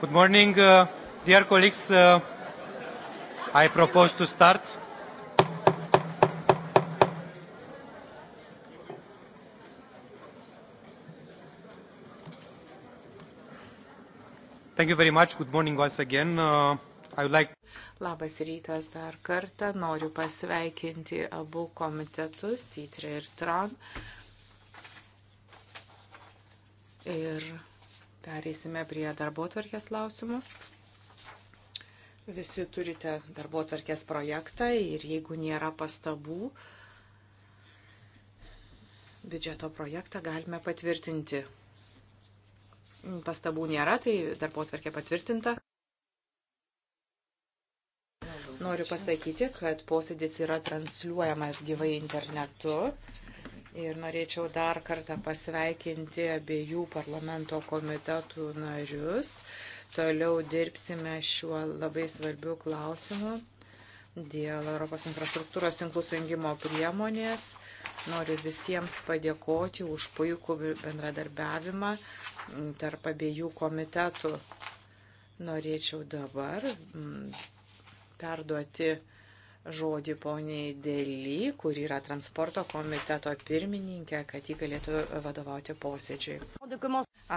Good morning, uh, dear colleagues. Uh, I propose to start. Thank you very much. Good morning once again. Uh, I would like Labas rytas dar kartą. Noriu pasveikinti abu komitetus, ITRE ir TRAN. Ir Pereisime prie darbo tvarkės klausimų. Visi turite darbo tvarkės projektą ir jeigu nėra pastabų, biudžeto projektą galime patvirtinti. Pastabų nėra, tai darbo tvarkė patvirtinta. Noriu pasakyti, kad posėdis yra transliuojamas gyvai internetu. Ir norėčiau dar kartą pasveikinti abiejų parlamento komitetų narius. Toliau dirbsime šiuo labai svarbiu klausimu dėl Europos infrastruktūros tinklų sujungimo priemonės. Noriu visiems padėkoti už puikų bendradarbiavimą tarp abiejų komitetų. Norėčiau dabar mm, perduoti žodį poniai Dėly, kur yra transporto komiteto pirmininkė, kad ji galėtų vadovauti posėdžiui.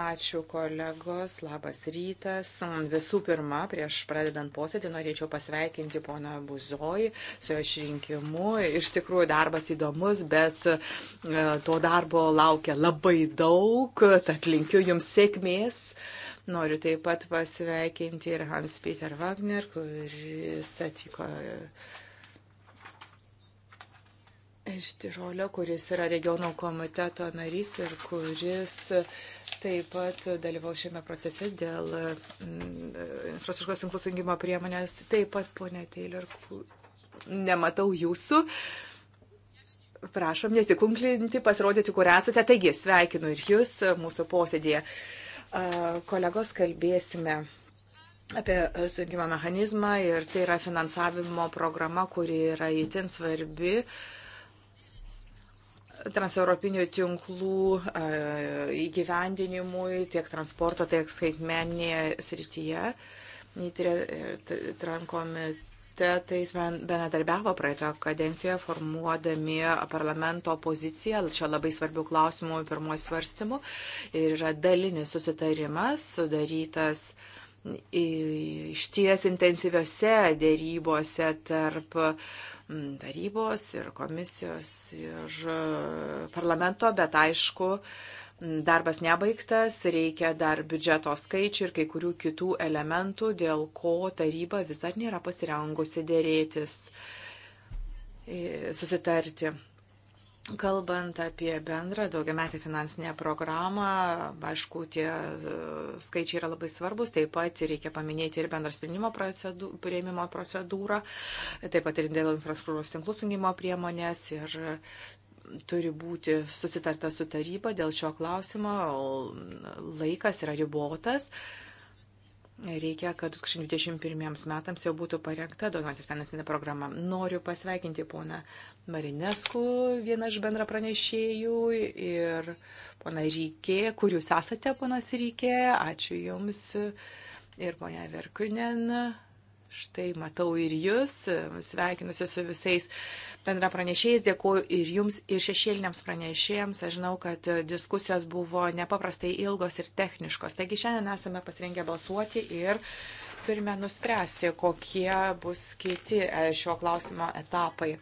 Ačiū kolegos, labas rytas. Visų pirma, prieš pradedant posėdį norėčiau pasveikinti poną Buzoj su išrinkimu. Iš tikrųjų darbas įdomus, bet e, to darbo laukia labai daug, tad linkiu jums sėkmės. Noriu taip pat pasveikinti ir Hans Peter Wagner, kuris atvyko iš Tirolio, kuris yra regiono komiteto narys ir kuris taip pat dalyvau šiame procese dėl mm, infrastruktūros tinklų sujungimo priemonės. Taip pat, ponė Taylor, nematau jūsų. Prašom nesikunklinti, pasirodyti, kur esate. Taigi, sveikinu ir jūs mūsų posėdėje. Kolegos, kalbėsime apie sujungimo mechanizmą ir tai yra finansavimo programa, kuri yra įtin svarbi. Uh, transeuropinių tinklų įgyvendinimui tiek transporto, tiek skaitmeninėje srityje. E, trankomitetais benedarbiavo praeitą kadenciją formuodami parlamento poziciją, čia labai svarbių klausimų pirmoji svarstymų, ir yra dalinis susitarimas sudarytas uh, išties intensyviose dėrybose tarp mm, tarybos ir komisijos ir e, parlamento, bet aišku, mm, darbas nebaigtas, reikia dar biudžeto skaičių ir kai kurių kitų elementų, dėl ko taryba vis dar nėra pasirengusi dėrėtis, e, susitarti. Kalbant apie bendrą daugiametį finansinę programą, aišku, tie e, skaičiai yra labai svarbus, taip pat reikia paminėti ir bendrą sprendimo procedū, prieimimo procedūrą, taip pat ir dėl infrastruktūros tinklų sungimo priemonės ir turi būti susitarta su taryba dėl šio klausimo, laikas yra ribotas. Uh, reikia, kad 2021 metams jau būtų parengta donatų finansinė programa. Noriu pasveikinti poną Marinesku, vieną iš bendra pranešėjų, ir poną Rykė, kur jūs esate, ponas Rykė, ačiū Jums, ir ponia Verkunen Štai matau ir jūs, sveikinusi su visais bendra pranešėjais, dėkuoju ir jums, ir šešėliniams pranešėjams. Aš žinau, kad diskusijos buvo nepaprastai ilgos ir techniškos. Taigi šiandien esame pasirengę balsuoti ir turime nuspręsti, kokie bus kiti e, šio klausimo etapai.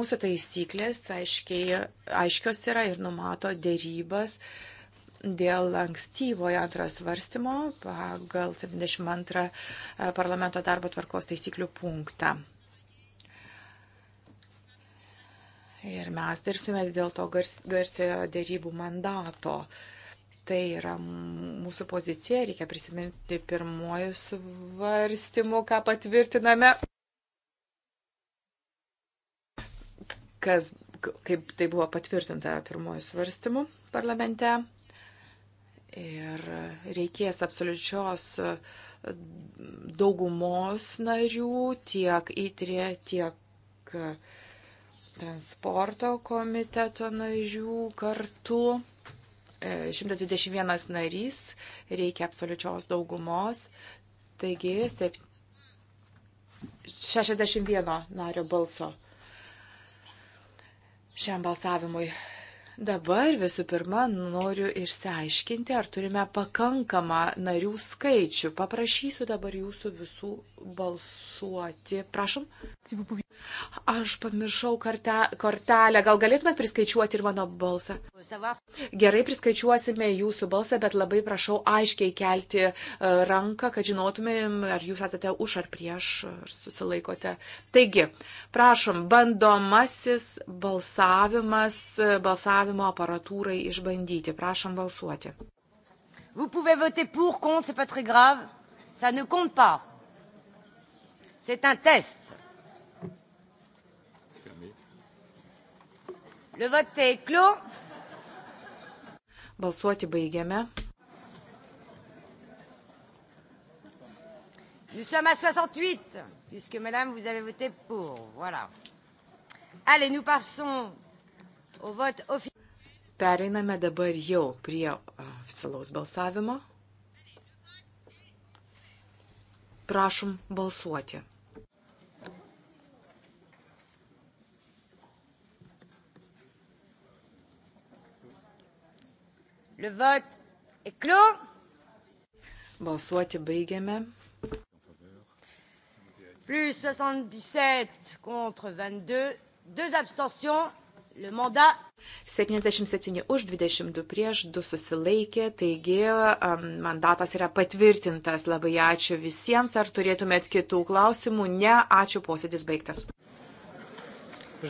Mūsų taisyklės aiškiai, aiškios yra ir numato dėrybas. Uh, dėl ankstyvojo antrojo svarstymo pagal 72 e, parlamento darbo tvarkos taisyklių punktą. Ir mes dirbsime dėl to garsiojo dėrybų mandato. Tai yra mūsų pozicija, reikia prisiminti pirmojų svarstymų, ką patvirtiname. Kas, kaip tai buvo patvirtinta pirmojų svarstymų parlamente. Ir reikės absoliučios daugumos narių tiek įtrė, tiek transporto komiteto narių kartu. 121 e, narys, reikia absoliučios daugumos, taigi 61 nario balso šiam balsavimui Dabar visų pirma noriu išsiaiškinti, ar turime pakankamą narių skaičių. Paprašysiu dabar jūsų visų balsuoti. Prašom. Aš pamiršau kartę, kortelę. Gal galėtumėt priskaičiuoti ir mano balsą? Gerai, priskaičiuosime jūsų balsą, bet labai prašau aiškiai kelti e, ranką, kad žinotumėm, ar jūs esate už ar prieš, ar susilaikote. Taigi, prašom, bandomasis balsavimas, e, balsavimas balsavimo aparatūrai išbandyti. Prašom balsuoti. Vous pouvez voter pour, contre, c'est pas très grave. Ça ne compte pas. C'est un test. Le vote est clos. Balsuoti baigiame. Nous sommes à 68, puisque madame, vous avez voté pour. Voilà. Allez, nous passons au vote officiel. Pereiname dabar jau prie oficialaus balsavimo. Prašom balsuoti. Le vote est clos. Balsuoti baigiame. Plus 77 contre 22, 2 abstentions mandat. 77 už 22 prieš 2 susilaikė, taigi um, mandatas yra patvirtintas. Labai ačiū visiems. Ar turėtumėt kitų klausimų? Ne, ačiū, posėdis baigtas. E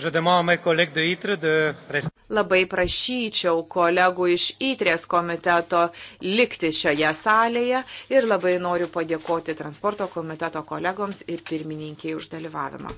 labai prašyčiau kolegų iš įtrės e komiteto likti šioje salėje ir labai noriu padėkoti transporto komiteto kolegoms ir pirmininkiai už dalyvavimą.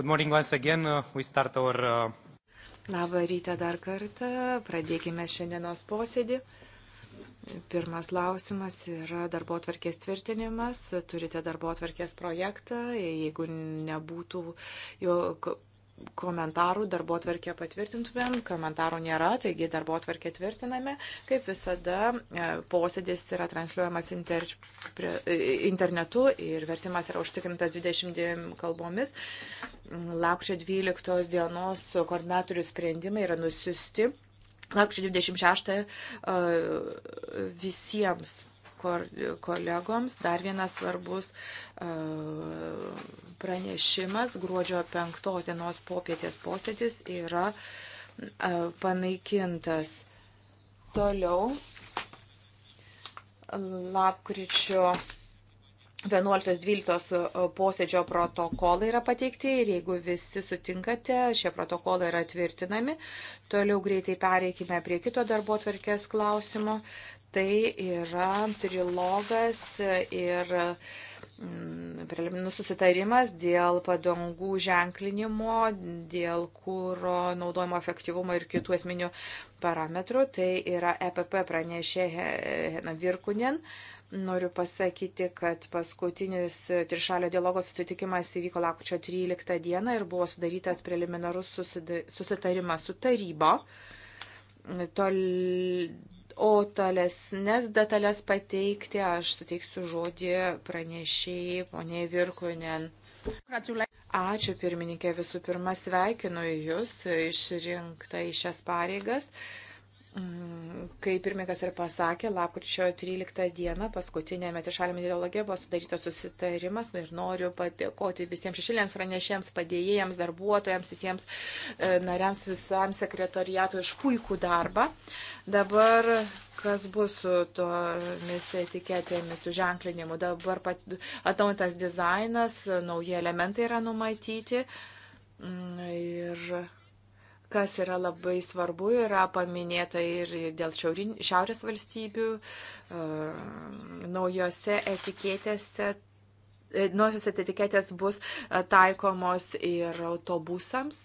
Good morning once again. Uh, we start our. Uh, Labą rytą dar kartą. Pradėkime šiandienos posėdį. Pirmas klausimas yra darbo atvarkės tvirtinimas. Turite darbo atvarkės projektą. Jeigu nebūtų jo komentarų darbo atvarkė patvirtintumėm. Komentarų nėra, taigi darbo atvarkė tvirtiname. Kaip visada, e, posėdis yra transliuojamas inter, internetu ir vertimas yra užtikrintas 20 kalbomis. Lapkričio 12 dienos koordinatorių sprendimai yra nusiusti. Lapkričio 26 e, visiems kolegoms dar vienas svarbus e, pranešimas. Gruodžio 5 dienos popietės posėdis yra e, panaikintas. Toliau lapkričio 11-12 posėdžio protokolai yra pateikti ir jeigu visi sutinkate, šie protokolai yra tvirtinami. Toliau greitai pereikime prie kito darbo tvarkės klausimo. Tai yra trilogas ir mm, preliminus susitarimas dėl padangų ženklinimo, dėl kūro naudojimo efektyvumo ir kitų esminių parametrų. Tai yra EPP pranešė Hena Virkunin. He, Noriu pasakyti, kad paskutinis trišalio dialogo susitikimas įvyko lakučio 13 dieną ir buvo sudarytas preliminarus susitarimas su taryba. Tol... O tolesnės detalės pateikti aš suteiksiu žodį pranešėjai poniai Virkunen. Ačiū pirmininkė, visų pirma sveikinu Jūs išrinktą į šias pareigas. Uh, Kaip pirmininkas ir pasakė, lapkričio 13 dieną paskutinėme trišalėme dialoge buvo sudarytas susitarimas ir noriu padėkoti visiems šešėliams pranešėjams, padėjėjams, darbuotojams, visiems e, nariams, visam sekretoriatui iš puikų darbą. Dabar kas bus su tomis etiketėmis, su ženklinimu. Dabar atnaujintas dizainas, nauji elementai yra numatyti. Mm, ir kas yra labai svarbu, yra paminėta ir dėl šiaurin, šiaurės valstybių e, naujose etiketėse. E, Nuosios etiketės bus e, taikomos ir autobusams.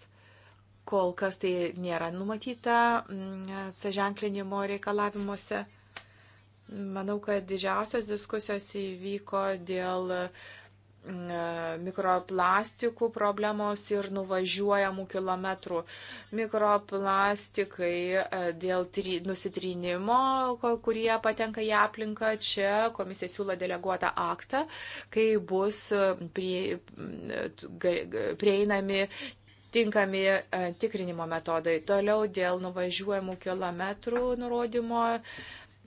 Kol kas tai nėra numatyta mm, saženklinimo reikalavimuose. Manau, kad didžiausios diskusijos įvyko dėl uh, E, mikroplastikų problemos ir nuvažiuojamų kilometrų. Mikroplastikai e, dėl tri, nusitrynimo, kurie patenka į aplinką, čia komisija siūlo deleguotą aktą, kai bus e, prie, prieinami tinkami tikrinimo metodai. Toliau dėl nuvažiuojamų kilometrų nurodymo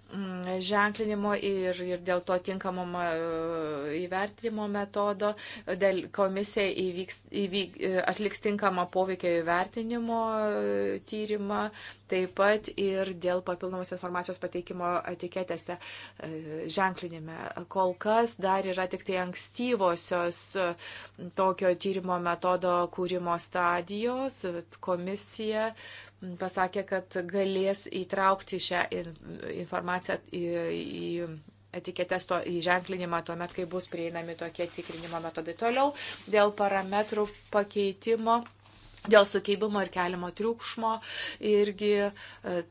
Mm, ženklinimo ir, ir dėl to tinkamo e, įvertinimo metodo. Dėl komisija įvyks, įvyk, e, atliks tinkamą poveikio įvertinimo e, tyrimą, taip pat ir dėl papildomos informacijos pateikimo etiketėse ženklinime. Kol kas dar yra tik tai ankstyvosios tokio tyrimo metodo kūrimo stadijos. Komisija uh, pasakė, kad galės įtraukti šią informaciją į, į etiketės to įženklinimą tuomet, kai bus prieinami tokie tikrinimo metodai. Toliau dėl parametrų pakeitimo Dėl sukeibimo ir keliamo triukšmo irgi e,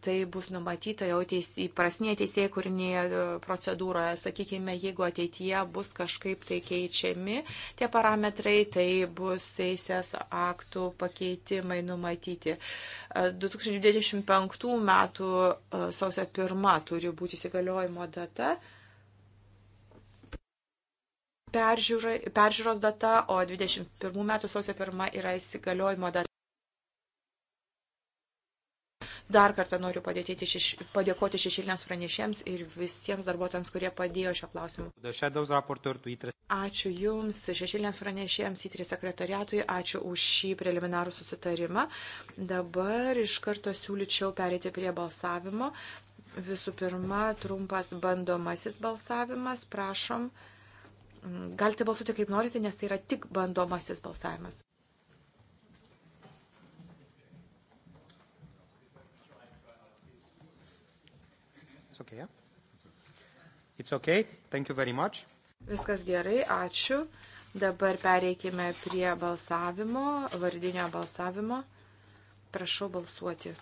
tai bus numatyta jau teis, įprasnėje teisėje kūrinėje e, procedūroje. Sakykime, jeigu ateityje bus kažkaip tai keičiami tie parametrai, tai bus teisės aktų pakeitimai numatyti. 2025 e, metų sausio pirma turi būti įsigaliojimo data peržiūra, peržiūros data, o 21 metų sausio 1 yra įsigaliojimo data. Dar kartą noriu šeš, padėkoti šešėliniams pranešėms ir visiems darbuotojams, kurie padėjo šio klausimu. E ačiū Jums, šešėliniams pranešėjams, įtri e sekretariatui, ačiū už šį preliminarų susitarimą. Dabar iš karto siūlyčiau perėti prie balsavimo. Visų pirma, trumpas bandomasis balsavimas. Prašom. Mm, galite balsuoti kaip norite, nes tai yra tik bandomasis balsavimas. It's okay. Yeah? It's okay. Thank you very much. Viskas gerai, ačiū. Dabar pereikime prie balsavimo, vardinio balsavimo. Prašau balsuoti.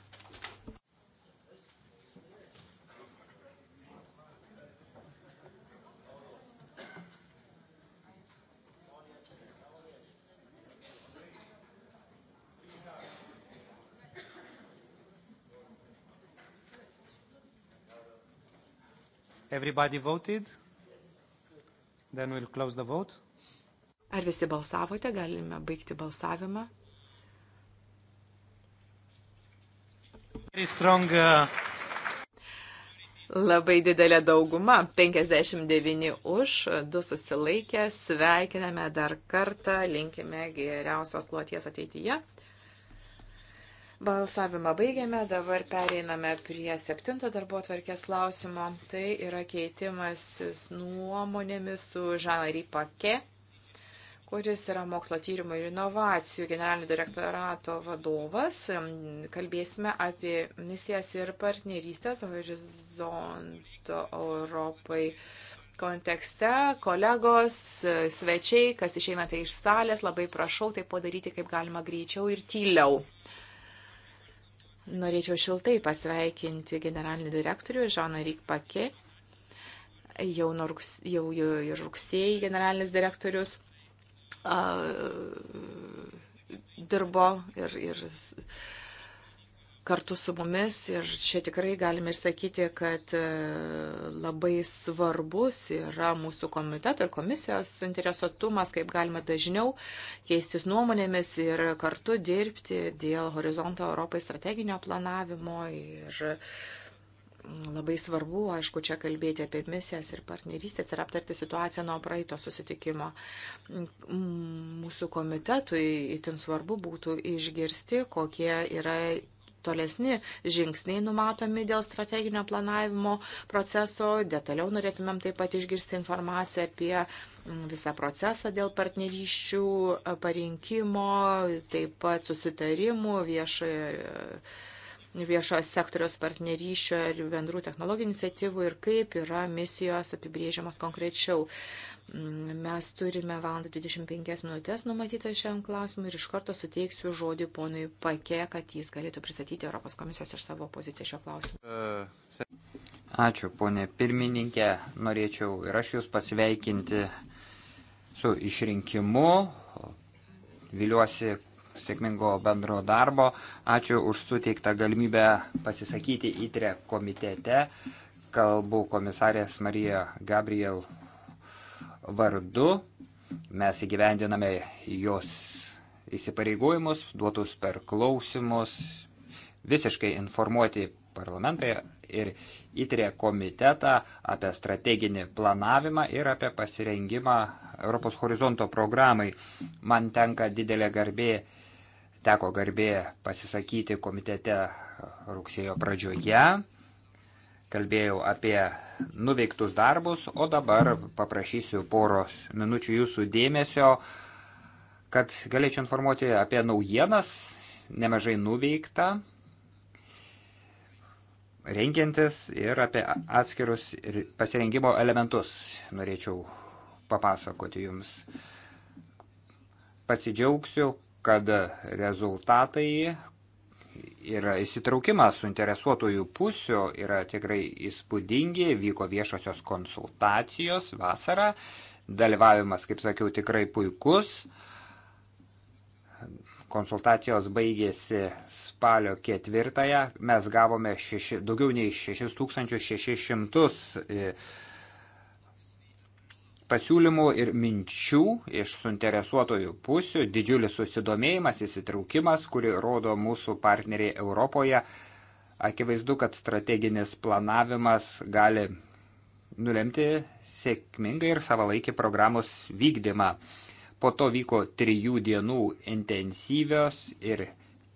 Everybody voted? Then we'll close the vote. Ar visi balsavote? Galime baigti balsavimą. Very strong uh, Labai didelė dauguma, 59 už, 2 susilaikė, sveikiname dar kartą, linkime geriausios kloties ateityje. Balsavimą baigėme, dabar pereiname prie septinto darbo atvarkės klausimo. Tai yra keitimasis nuomonėmis su Žana Rypake, kuris yra mokslo tyrimų ir inovacijų generalinio direktorato vadovas. Kalbėsime apie misijas ir partnerystės horizonto Europai kontekste, kolegos, svečiai, kas išeinate tai iš salės, labai prašau tai padaryti kaip galima greičiau ir tyliau. Norėčiau šiltai pasveikinti generalinį direktorių Žaną Ryk Pake, jau, rugs, jau, jau ir rugsėjai generalinis direktorius uh, dirbo ir, ir kartu su mumis ir čia tikrai galime ir sakyti, kad e, labai svarbus yra mūsų komiteto ir komisijos suinteresuotumas, kaip galima dažniau keistis nuomonėmis ir kartu dirbti dėl horizonto Europai strateginio planavimo ir mm, labai svarbu, aišku, čia kalbėti apie misijas ir partnerystės ir aptarti situaciją nuo praeito susitikimo. Mm, mūsų komitetui itin svarbu būtų išgirsti, kokie yra tolesni žingsniai numatomi dėl strateginio planavimo proceso. Detaliau norėtumėm taip pat išgirsti informaciją apie mm, visą procesą dėl partnerysčių e, parinkimo, taip pat susitarimų viešojo viešojo sektoriaus partnerysčio ir bendrų technologijų iniciatyvų ir kaip yra misijos apibrėžiamos konkrečiau. Mm, mes turime valandą 25 minutės numatytą šiam klausimui ir iš karto suteiksiu žodį ponui Pake, kad jis galėtų pristatyti Europos komisijos ir savo poziciją šio klausimu. Ačiū, ponė pirmininkė. Norėčiau ir aš jūs pasveikinti su išrinkimu. Viliuosi, sėkmingo bendro darbo. Ačiū už suteiktą galimybę pasisakyti įtrė komitete. Kalbu komisarės Marija Gabriel vardu. Mes įgyvendiname jos įsipareigojimus, duotus per klausimus, visiškai informuoti parlamentą ir įtrė komitetą apie strateginį planavimą ir apie pasirengimą Europos horizonto programai. Man tenka didelė garbė teko garbė pasisakyti komitete rugsėjo pradžioje. Kalbėjau apie nuveiktus darbus, o dabar paprašysiu poros minučių jūsų dėmesio, kad galėčiau informuoti apie naujienas, nemažai nuveikta, rengiantis ir apie atskirus pasirengimo elementus norėčiau papasakoti jums. Pasidžiaugsiu, kad rezultatai ir įsitraukimas suinteresuotojų pusių yra tikrai įspūdingi, vyko viešosios konsultacijos vasarą, dalyvavimas, kaip sakiau, tikrai puikus. Konsultacijos baigėsi spalio ketvirtąją, mes gavome šeši, daugiau nei 6600 pasiūlymų ir minčių iš suinteresuotojų pusių, didžiulis susidomėjimas, įsitraukimas, kurį rodo mūsų partneriai Europoje. Akivaizdu, kad strateginis planavimas gali nulemti sėkmingai ir savalaikį programos vykdymą. Po to vyko trijų dienų intensyvios ir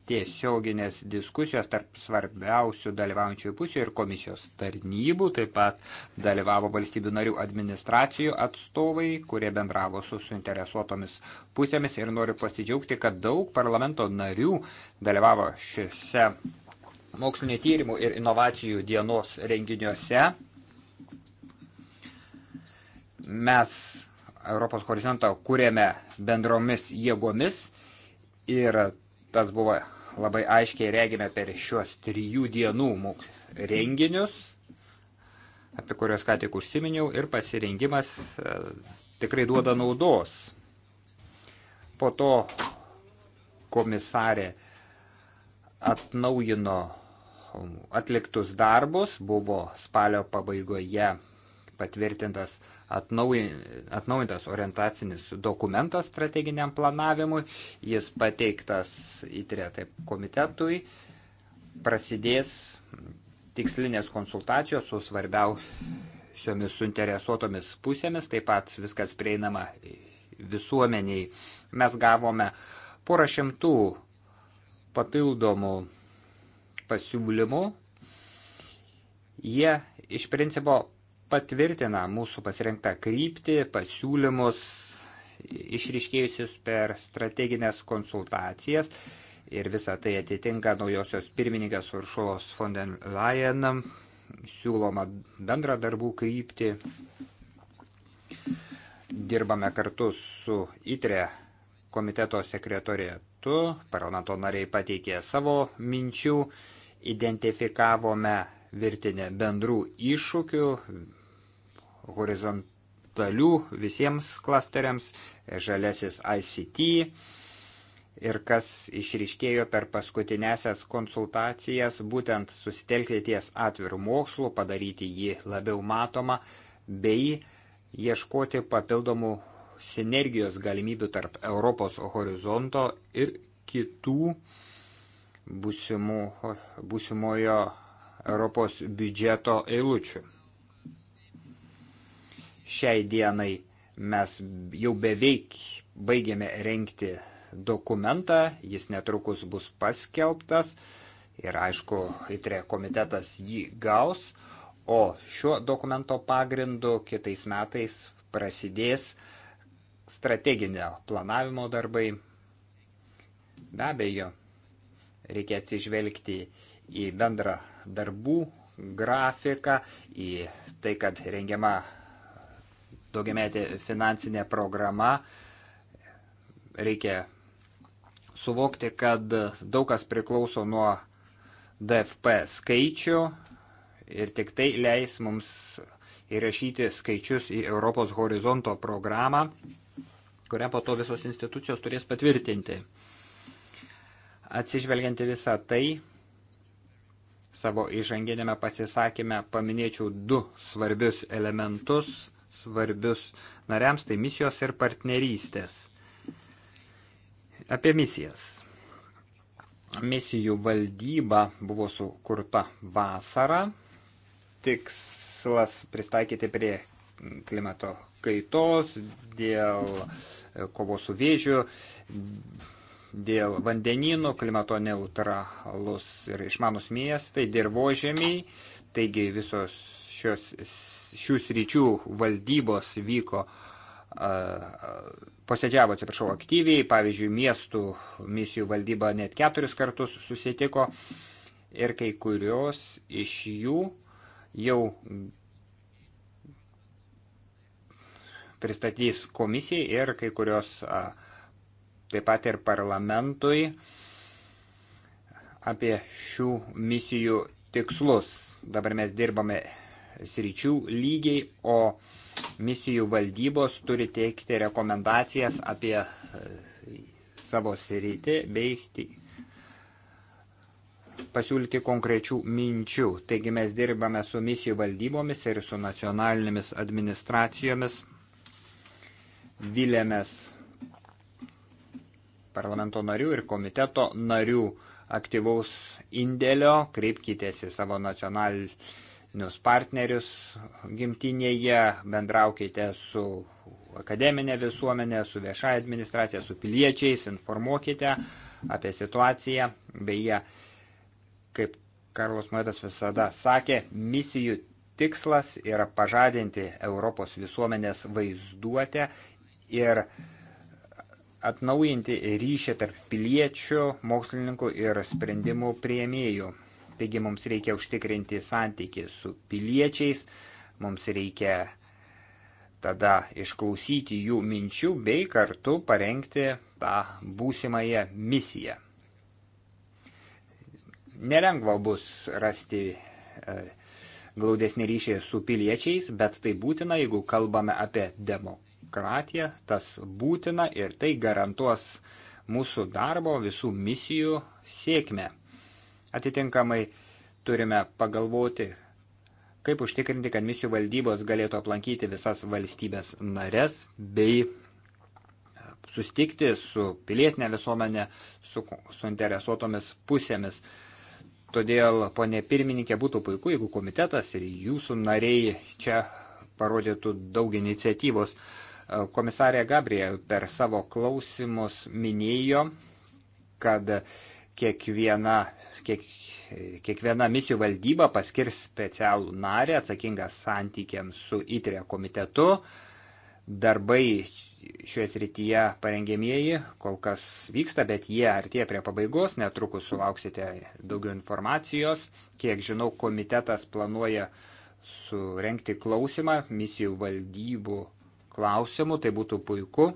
tiesioginės diskusijos tarp svarbiausių dalyvaujančių pusių ir komisijos tarnybų. Taip pat dalyvavo valstybių narių administracijų atstovai, kurie bendravo su suinteresuotomis pusėmis ir noriu pasidžiaugti, kad daug parlamento narių dalyvavo šiuose mokslinio tyrimų ir inovacijų dienos renginiuose. Mes Europos horizontą kūrėme bendromis jėgomis ir tas buvo labai aiškiai regime per šiuos trijų dienų renginius, apie kuriuos ką tik užsiminiau, ir pasirengimas e, tikrai duoda naudos. Po to komisarė atnaujino atliktus darbus, buvo spalio pabaigoje patvirtintas atnaujintas orientacinis dokumentas strateginiam planavimui, jis pateiktas įtrė taip komitetui, prasidės tikslinės konsultacijos su svarbiausiomis suinteresuotomis pusėmis, taip pat viskas prieinama visuomeniai. Mes gavome porą šimtų papildomų pasiūlymų. Jie iš principo patvirtina mūsų pasirinktą kryptį, pasiūlymus išriškėjusius per strateginės konsultacijas ir visa tai atitinka naujosios pirmininkės Uršulos von den Leyen siūloma bendra darbų krypti. Dirbame kartu su ITRE komiteto sekretorietu, parlamento nariai pateikė savo minčių, identifikavome virtinę bendrų iššūkių, horizontalių visiems klasteriams, žalesis ICT ir kas išriškėjo per paskutinėsias konsultacijas, būtent susitelkti ties atvirų mokslų, padaryti jį labiau matomą, bei ieškoti papildomų sinergijos galimybių tarp Europos horizonto ir kitų būsimų, būsimojo Europos biudžeto eilučių. Šiai dienai mes jau beveik baigėme renkti dokumentą, jis netrukus bus paskelbtas ir aišku, ITRE komitetas jį gaus, o šiuo dokumento pagrindu kitais metais prasidės strateginio planavimo darbai. Be abejo, reikia atsižvelgti į bendrą darbų grafiką, į tai, kad rengiama daugiametė finansinė programa. Reikia suvokti, kad daug kas priklauso nuo DFP skaičių ir tik tai leis mums įrašyti skaičius į Europos horizonto programą, kurią po to visos institucijos turės patvirtinti. Atsižvelgianti visą tai, savo įžanginėme pasisakymę paminėčiau du svarbius elementus svarbius nariams, tai misijos ir partnerystės. Apie misijas. Misijų valdyba buvo sukurta vasarą. Tikslas pristaikyti prie klimato kaitos, dėl kovos su vėžiu, dėl vandenynų, klimato neutralus ir išmanus miestai, dirbožemiai, taigi visos šios šių sričių valdybos vyko, posėdžiavo, atsiprašau, aktyviai, pavyzdžiui, miestų misijų valdyba net keturis kartus susitiko ir kai kurios iš jų jau pristatys komisijai ir kai kurios taip pat ir parlamentui apie šių misijų tikslus. Dabar mes dirbame sričių lygiai, o misijų valdybos turi teikti rekomendacijas apie e, savo sritį bei pasiūlyti konkrečių minčių. Taigi mes dirbame su misijų valdybomis ir su nacionalinėmis administracijomis. Vilėmės parlamento narių ir komiteto narių aktyvaus indėlio, kreipkitės į savo nacionalinį nes partnerius gimtinėje, bendraukite su akademinė visuomenė, su viešąja administracija, su piliečiais, informuokite apie situaciją. Beje, kaip Karlos Moedas visada sakė, misijų tikslas yra pažadinti Europos visuomenės vaizduotę ir atnaujinti ryšį tarp piliečių, mokslininkų ir sprendimų prieimėjų. Taigi mums reikia užtikrinti santykį su piliečiais, mums reikia tada išklausyti jų minčių bei kartu parengti tą būsimąją misiją. Nelengva bus rasti e, glaudesnį ryšį su piliečiais, bet tai būtina, jeigu kalbame apie demokratiją, tas būtina ir tai garantuos mūsų darbo, visų misijų sėkmę. Atitinkamai turime pagalvoti, kaip užtikrinti, kad misijų valdybos galėtų aplankyti visas valstybės nares bei e, sustikti su pilietinė visuomenė, su suinteresuotomis pusėmis. Todėl, ponė pirmininkė, būtų puiku, jeigu komitetas ir jūsų nariai čia parodytų daug iniciatyvos. E, komisarė Gabriel per savo klausimus minėjo, kad kiekviena, kiek, kiekviena misijų valdyba paskirs specialų narį atsakingą santykiams su ITRE komitetu. Darbai šioje srityje parengėmieji kol kas vyksta, bet jie artėja prie pabaigos, netrukus sulauksite daugiau informacijos. Kiek žinau, komitetas planuoja surenkti klausimą misijų valdybų klausimų, tai būtų puiku,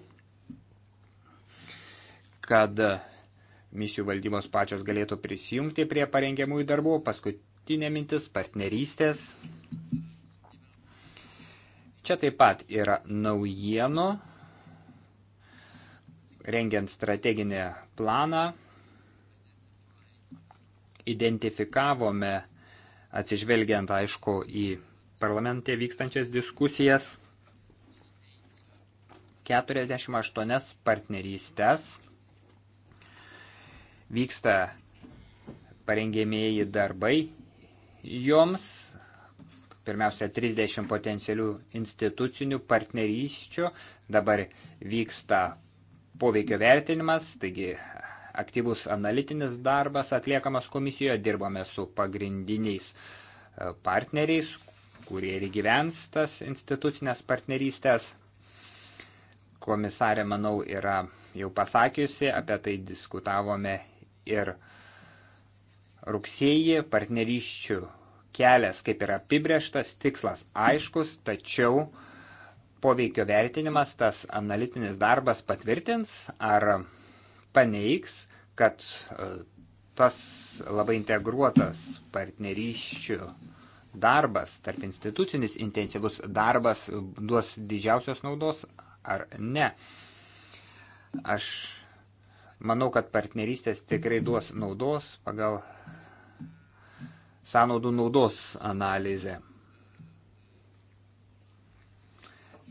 kad misijų valdybos pačios galėtų prisijungti prie parengiamųjų darbų. Paskutinė mintis - partnerystės. Čia taip pat yra naujienų, rengiant strateginį planą, identifikavome, atsižvelgiant aišku į parlamente vykstančias diskusijas, 48 partnerystės Vyksta parengėmėjai darbai joms, pirmiausia, 30 potencialių institucinių partnerysčių, dabar vyksta poveikio vertinimas, taigi aktyvus analitinis darbas atliekamas komisijoje, dirbame su pagrindiniais e, partneriais, kurie ir gyvens tas institucinės partnerystės. Komisarė, manau, yra jau pasakiusi, apie tai diskutavome ir rugsėjį partnerysčių kelias kaip ir apibrieštas, tikslas aiškus, tačiau poveikio vertinimas, tas analitinis darbas patvirtins ar paneigs, kad e, tas labai integruotas partnerysčių darbas, tarp institucinis intensyvus darbas duos didžiausios naudos ar ne. Aš Manau, kad partnerystės tikrai duos naudos pagal sąnaudų naudos analizę.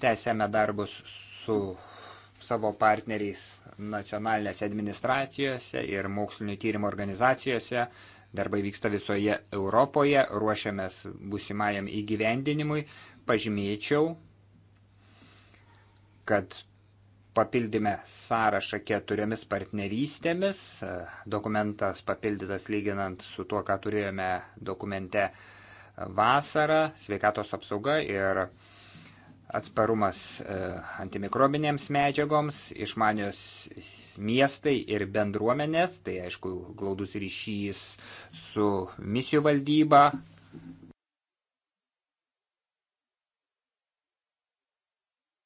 Tęsėme darbus su savo partneriais nacionalinėse administracijose ir mokslinio tyrimo organizacijose. Darbai vyksta visoje Europoje, ruošiamės būsimajam įgyvendinimui. Pažymėčiau, kad papildėme sąrašą keturiomis partnerystėmis. Dokumentas papildytas lyginant su tuo, ką turėjome dokumente vasarą, sveikatos apsauga ir atsparumas e, antimikrobinėms medžiagoms, išmanios miestai ir bendruomenės, tai aišku glaudus ryšys su misijų valdyba,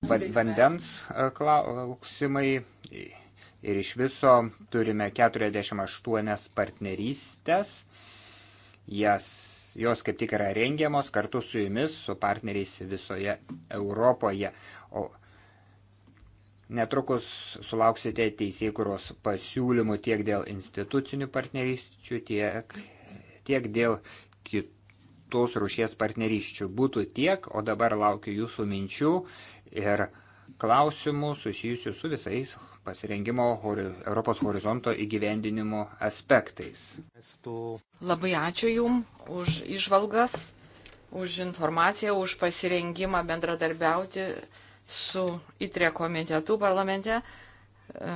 vandens e, klausimai ir iš viso turime 48 partnerystės. Jas, jos kaip tik yra rengiamos kartu su jumis, su partneriais visoje Europoje. O netrukus sulauksite teisėkuros pasiūlymų tiek dėl institucinių partnerysčių, tiek, tiek dėl kitų tos rušies partnerysčių būtų tiek, o dabar laukiu jūsų minčių ir klausimų susijusių su visais pasirengimo Europos horizonto įgyvendinimo aspektais. Labai ačiū Jum už išvalgas, už informaciją, už pasirengimą bendradarbiauti su ITRE komitetu parlamente. E,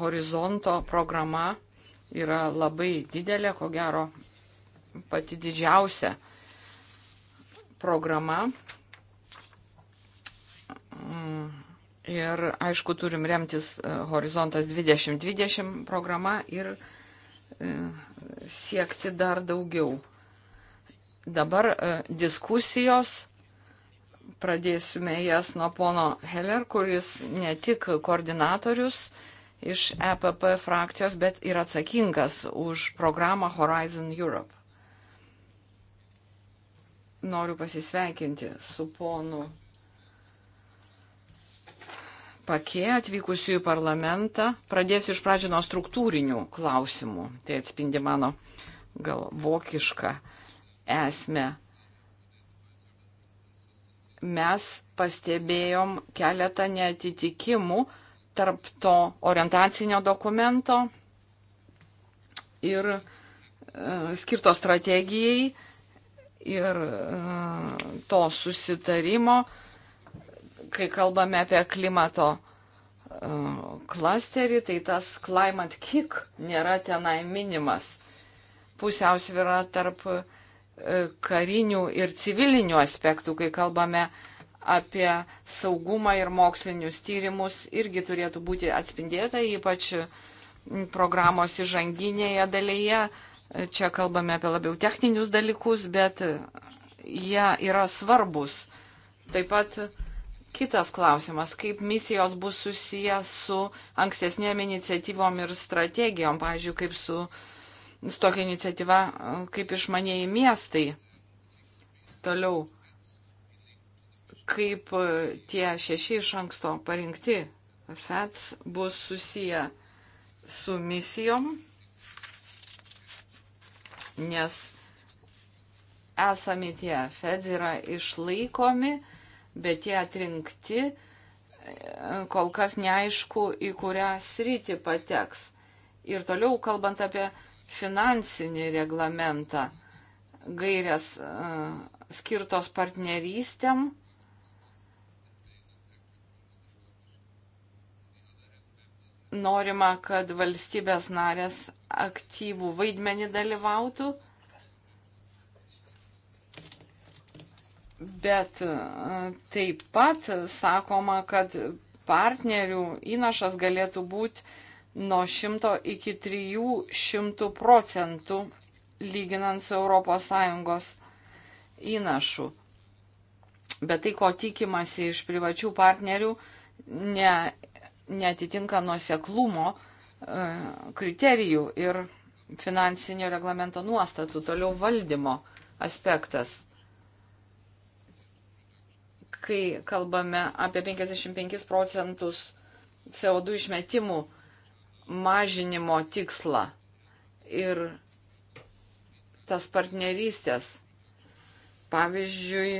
horizonto programa yra labai didelė, ko gero pati didžiausia programa Mm. Ir aišku, turim remtis e, Horizontas 2020 programa ir e, siekti dar daugiau. Dabar e, diskusijos, pradėsime jas nuo pono Heller, kuris ne tik koordinatorius iš EPP frakcijos, bet ir atsakingas už programą Horizon Europe. Noriu pasisveikinti su ponu pakė atvykusių į parlamentą. Pradėsiu iš pradžio nuo struktūrinių klausimų. Tai atspindi mano gal vokišką esmę. Mes pastebėjom keletą netitikimų tarp to orientacinio dokumento ir e, skirto strategijai ir e, to susitarimo e, kai kalbame apie klimato e, klasterį, tai tas climate kick nėra tenai minimas. Pusiausvyrą tarp e, karinių ir civilinių aspektų, kai kalbame apie saugumą ir mokslinius tyrimus, irgi turėtų būti atspindėta, ypač programos įžanginėje dalyje. E, čia kalbame apie labiau techninius dalykus, bet jie yra svarbus. Taip pat Kitas klausimas, kaip misijos bus susijęs su ankstesnėm iniciatyvom ir strategijom, pavyzdžiui, kaip su, su tokia iniciatyva, kaip išmanėjai miestai. Toliau, kaip tie šeši iš anksto parinkti FETS bus susiję su misijom, nes esami tie FETS yra išlaikomi bet tie atrinkti e, kol kas neaišku, į kurią sritį pateks. Ir toliau kalbant apie finansinį reglamentą, gairias e, skirtos partnerystėm. Norima, kad valstybės narės aktyvų vaidmenį dalyvautų Bet e, taip pat sakoma, kad partnerių įnašas galėtų būti nuo 100 iki 300 procentų lyginant su ES įnašu. Bet tai, ko tikimasi iš privačių partnerių, ne, netitinka nuoseklumo e, kriterijų ir finansinio reglamento nuostatų, toliau valdymo aspektas kai kalbame apie 55 procentus CO2 išmetimų mažinimo tikslą ir tas partnerystės. Pavyzdžiui,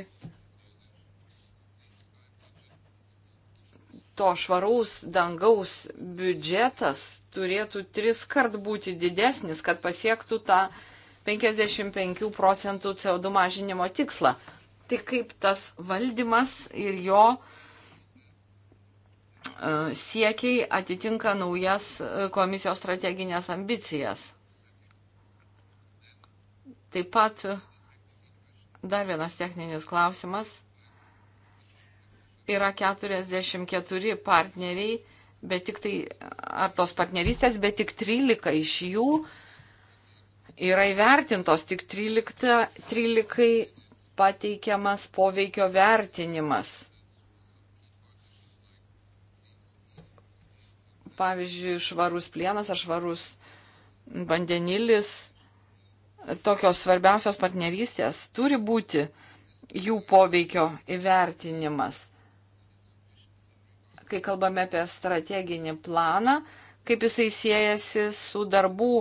to švaraus dangaus biudžetas turėtų tris kart būti didesnis, kad pasiektų tą 55 procentų CO2 mažinimo tikslą tai kaip tas valdymas ir jo e, siekiai atitinka naujas e, komisijos strateginės ambicijas. Taip pat e, dar vienas techninis klausimas. Yra 44 partneriai, bet tik tai, ar tos partnerystės, bet tik 13 iš jų yra įvertintos, tik 13, 13 pateikiamas poveikio vertinimas. Pavyzdžiui, švarus plienas ar švarus vandenilis, tokios svarbiausios partnerystės turi būti jų poveikio įvertinimas. Kai kalbame apie strateginį planą, kaip jisai siejasi su darbų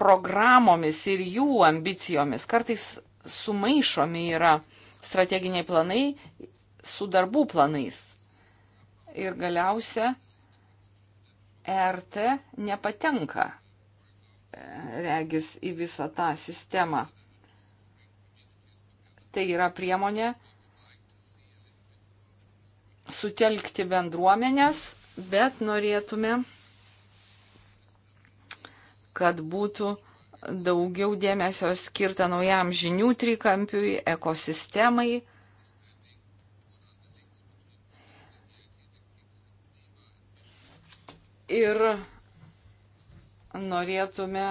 programomis ir jų ambicijomis. Kartais sumaišomi yra strateginiai planai su darbų planais. Ir galiausia, ERT nepatenka, e, regis, į visą tą sistemą. Tai yra priemonė sutelkti bendruomenės, bet norėtume, kad būtų uh, daugiau dėmesio skirta naujam žinių trikampiui, ekosistemai. Ir norėtume,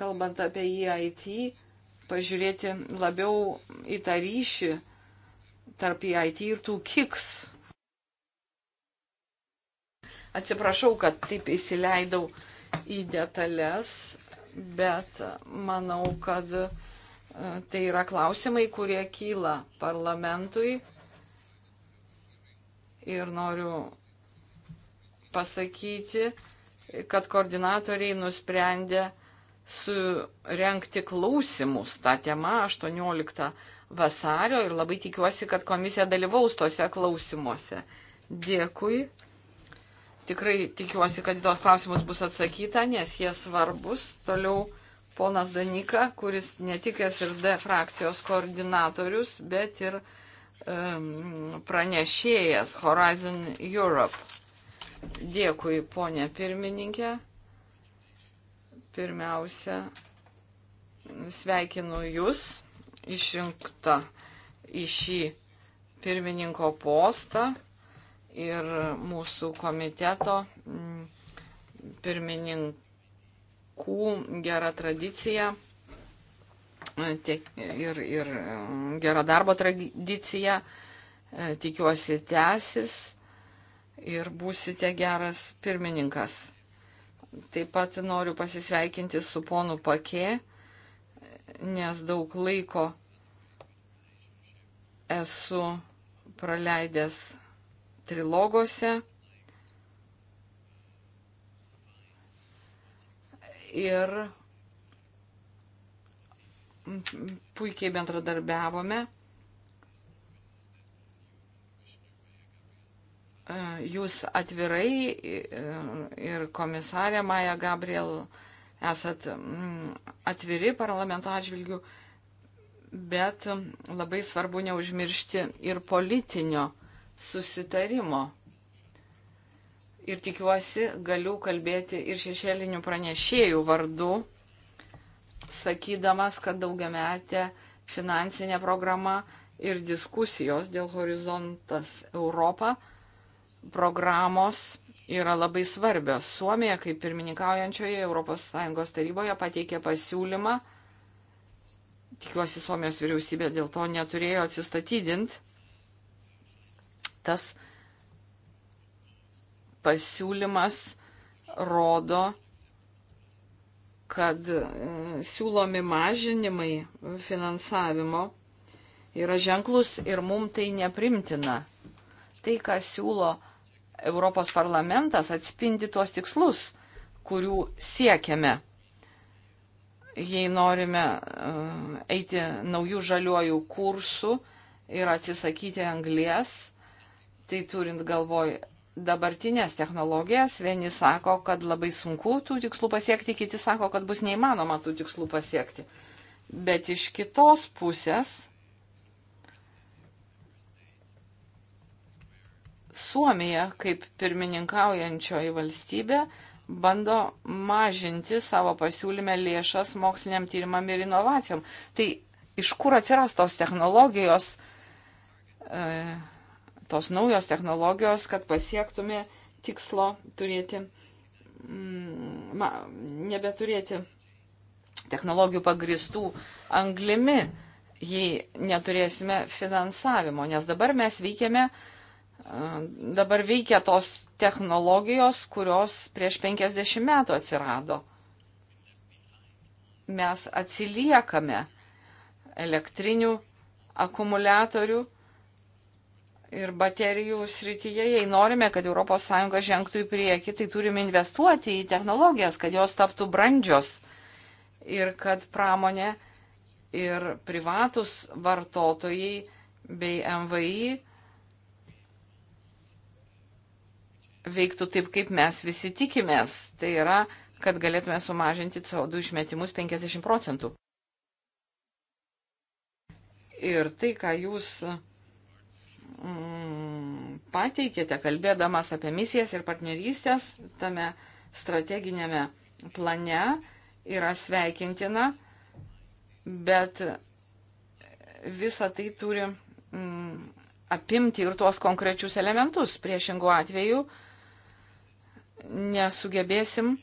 kalbant apie EIT, pažiūrėti labiau į tą ryšį tarp EIT ir tų kiks. Atsiprašau, kad taip įsileidau uh, į detalės, bet manau, kad e, tai yra klausimai, kurie kyla parlamentui. Ir noriu pasakyti, kad koordinatoriai nusprendė surenkti klausimus tą temą 18 vasario ir labai tikiuosi, kad komisija dalyvaus tose klausimuose. Dėkui. Tikrai tikiuosi, kad į tos klausimus bus atsakyta, nes jie svarbus. Toliau ponas Danika, kuris ne tik SRD frakcijos koordinatorius, bet ir um, pranešėjas Horizon Europe. Dėkui, ponė pirmininkė. Pirmiausia, sveikinu Jūs išrinktą į šį pirmininko postą ir mūsų komiteto mm, pirmininkų gera tradicija mm, ir, ir mm, gera darbo tradicija. E, tikiuosi tęsis ir būsite geras pirmininkas. Taip pat noriu pasisveikinti su ponu Pakė, nes daug laiko esu praleidęs trilogose. Ir puikiai bendradarbiavome. Jūs atvirai ir komisarė Maja Gabriel esat mm, atviri parlamento atžvilgių, bet labai svarbu neužmiršti ir politinio susitarimo. Ir tikiuosi, galiu kalbėti ir šešėlinių pranešėjų vardu, sakydamas, kad daugiametė finansinė programa ir diskusijos dėl horizontas Europą programos yra labai svarbios. Suomija, kaip pirmininkaujančioje ES taryboje, pateikė pasiūlymą, tikiuosi Suomijos vyriausybė dėl to neturėjo atsistatydinti, tas pasiūlymas rodo, kad e, siūlomi mažinimai finansavimo yra ženklus ir mums tai neprimtina. Tai, ką siūlo Europos parlamentas, atspindi tuos tikslus, kurių siekiame. Jei norime e, eiti naujų žaliuojų kursų ir atsisakyti anglės, Tai turint galvoj dabartinės technologijas, vieni sako, kad labai sunku tų tikslų pasiekti, kiti sako, kad bus neįmanoma tų tikslų pasiekti. Bet iš kitos pusės Suomija, kaip pirmininkaujančioji valstybė, bando mažinti savo pasiūlymę lėšas moksliniam tyrimam ir inovacijom. Tai iš kur atsiras tos technologijos? E, tos naujos technologijos, kad pasiektume tikslo turėti, mm, ma, nebeturėti technologijų pagristų anglimi, jei neturėsime finansavimo, nes dabar mes veikiame e, dabar veikia tos technologijos, kurios prieš 50 metų atsirado. Mes atsiliekame elektrinių akumuliatorių ir baterijų srityje, jei norime, kad ES žengtų į priekį, tai turime investuoti į technologijas, kad jos taptų brandžios ir kad pramonė ir privatus vartotojai bei MVI veiktų taip, kaip mes visi tikimės. Tai yra, kad galėtume sumažinti CO2 išmetimus 50 procentų. Ir tai, ką jūs Mm, pateikėte, kalbėdamas apie misijas ir partnerystės tame strateginėme plane, yra sveikintina, bet visa tai turi mm, apimti ir tuos konkrečius elementus. Priešingų atveju nesugebėsim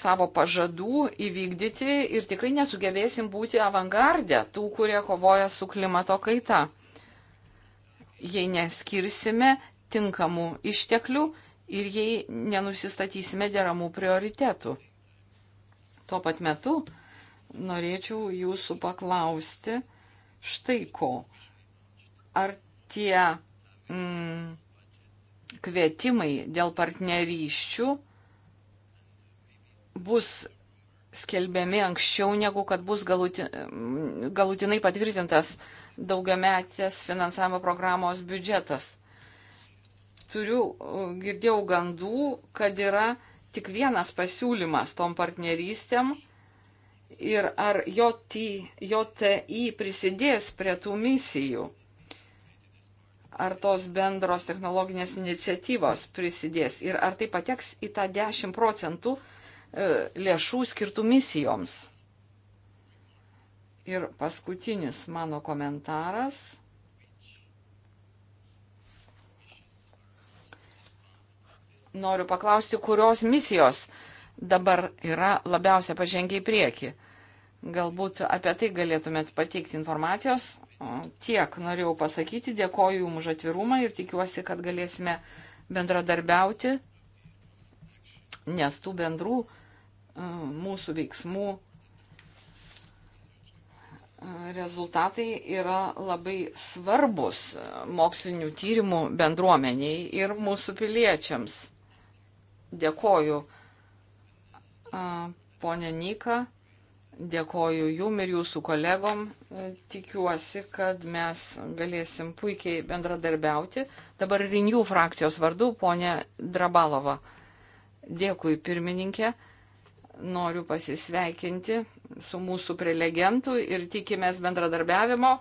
savo pažadų įvykdyti ir tikrai nesugebėsim būti avangardę tų, kurie kovoja su klimato kaita. Jei neskirsime tinkamų išteklių ir jei nenusistatysime deramų prioritetų. Tuo pat metu norėčiau jūsų paklausti štai ko. Ar tie mm, kvietimai dėl partnerysčių bus skelbiami anksčiau, negu kad bus galuti, galutinai patvirtintas daugiametės finansavimo programos biudžetas. Turiu, uh, girdėjau gandų, kad yra tik vienas pasiūlymas tom partnerystėm ir ar JTI prisidės prie tų misijų, ar tos bendros technologinės iniciatyvos prisidės ir ar tai pateks į tą 10 procentų E, lėšų skirtų misijoms. Ir paskutinis mano komentaras. Noriu paklausti, kurios misijos dabar yra labiausia pažengiai prieki. Galbūt apie tai galėtumėt pateikti informacijos. Tiek norėjau pasakyti, dėkoju Jums už atvirumą ir tikiuosi, kad galėsime bendradarbiauti, nes tų bendrų mūsų veiksmų rezultatai yra labai svarbus mokslinių tyrimų bendruomeniai ir mūsų piliečiams. Dėkoju ponė Nika, dėkoju jum ir jūsų kolegom. Tikiuosi, kad mes galėsim puikiai bendradarbiauti. Dabar Rinių frakcijos vardu ponė Drabalova. Dėkui pirmininkė noriu pasisveikinti su mūsų prelegentu ir tikimės bendradarbiavimo.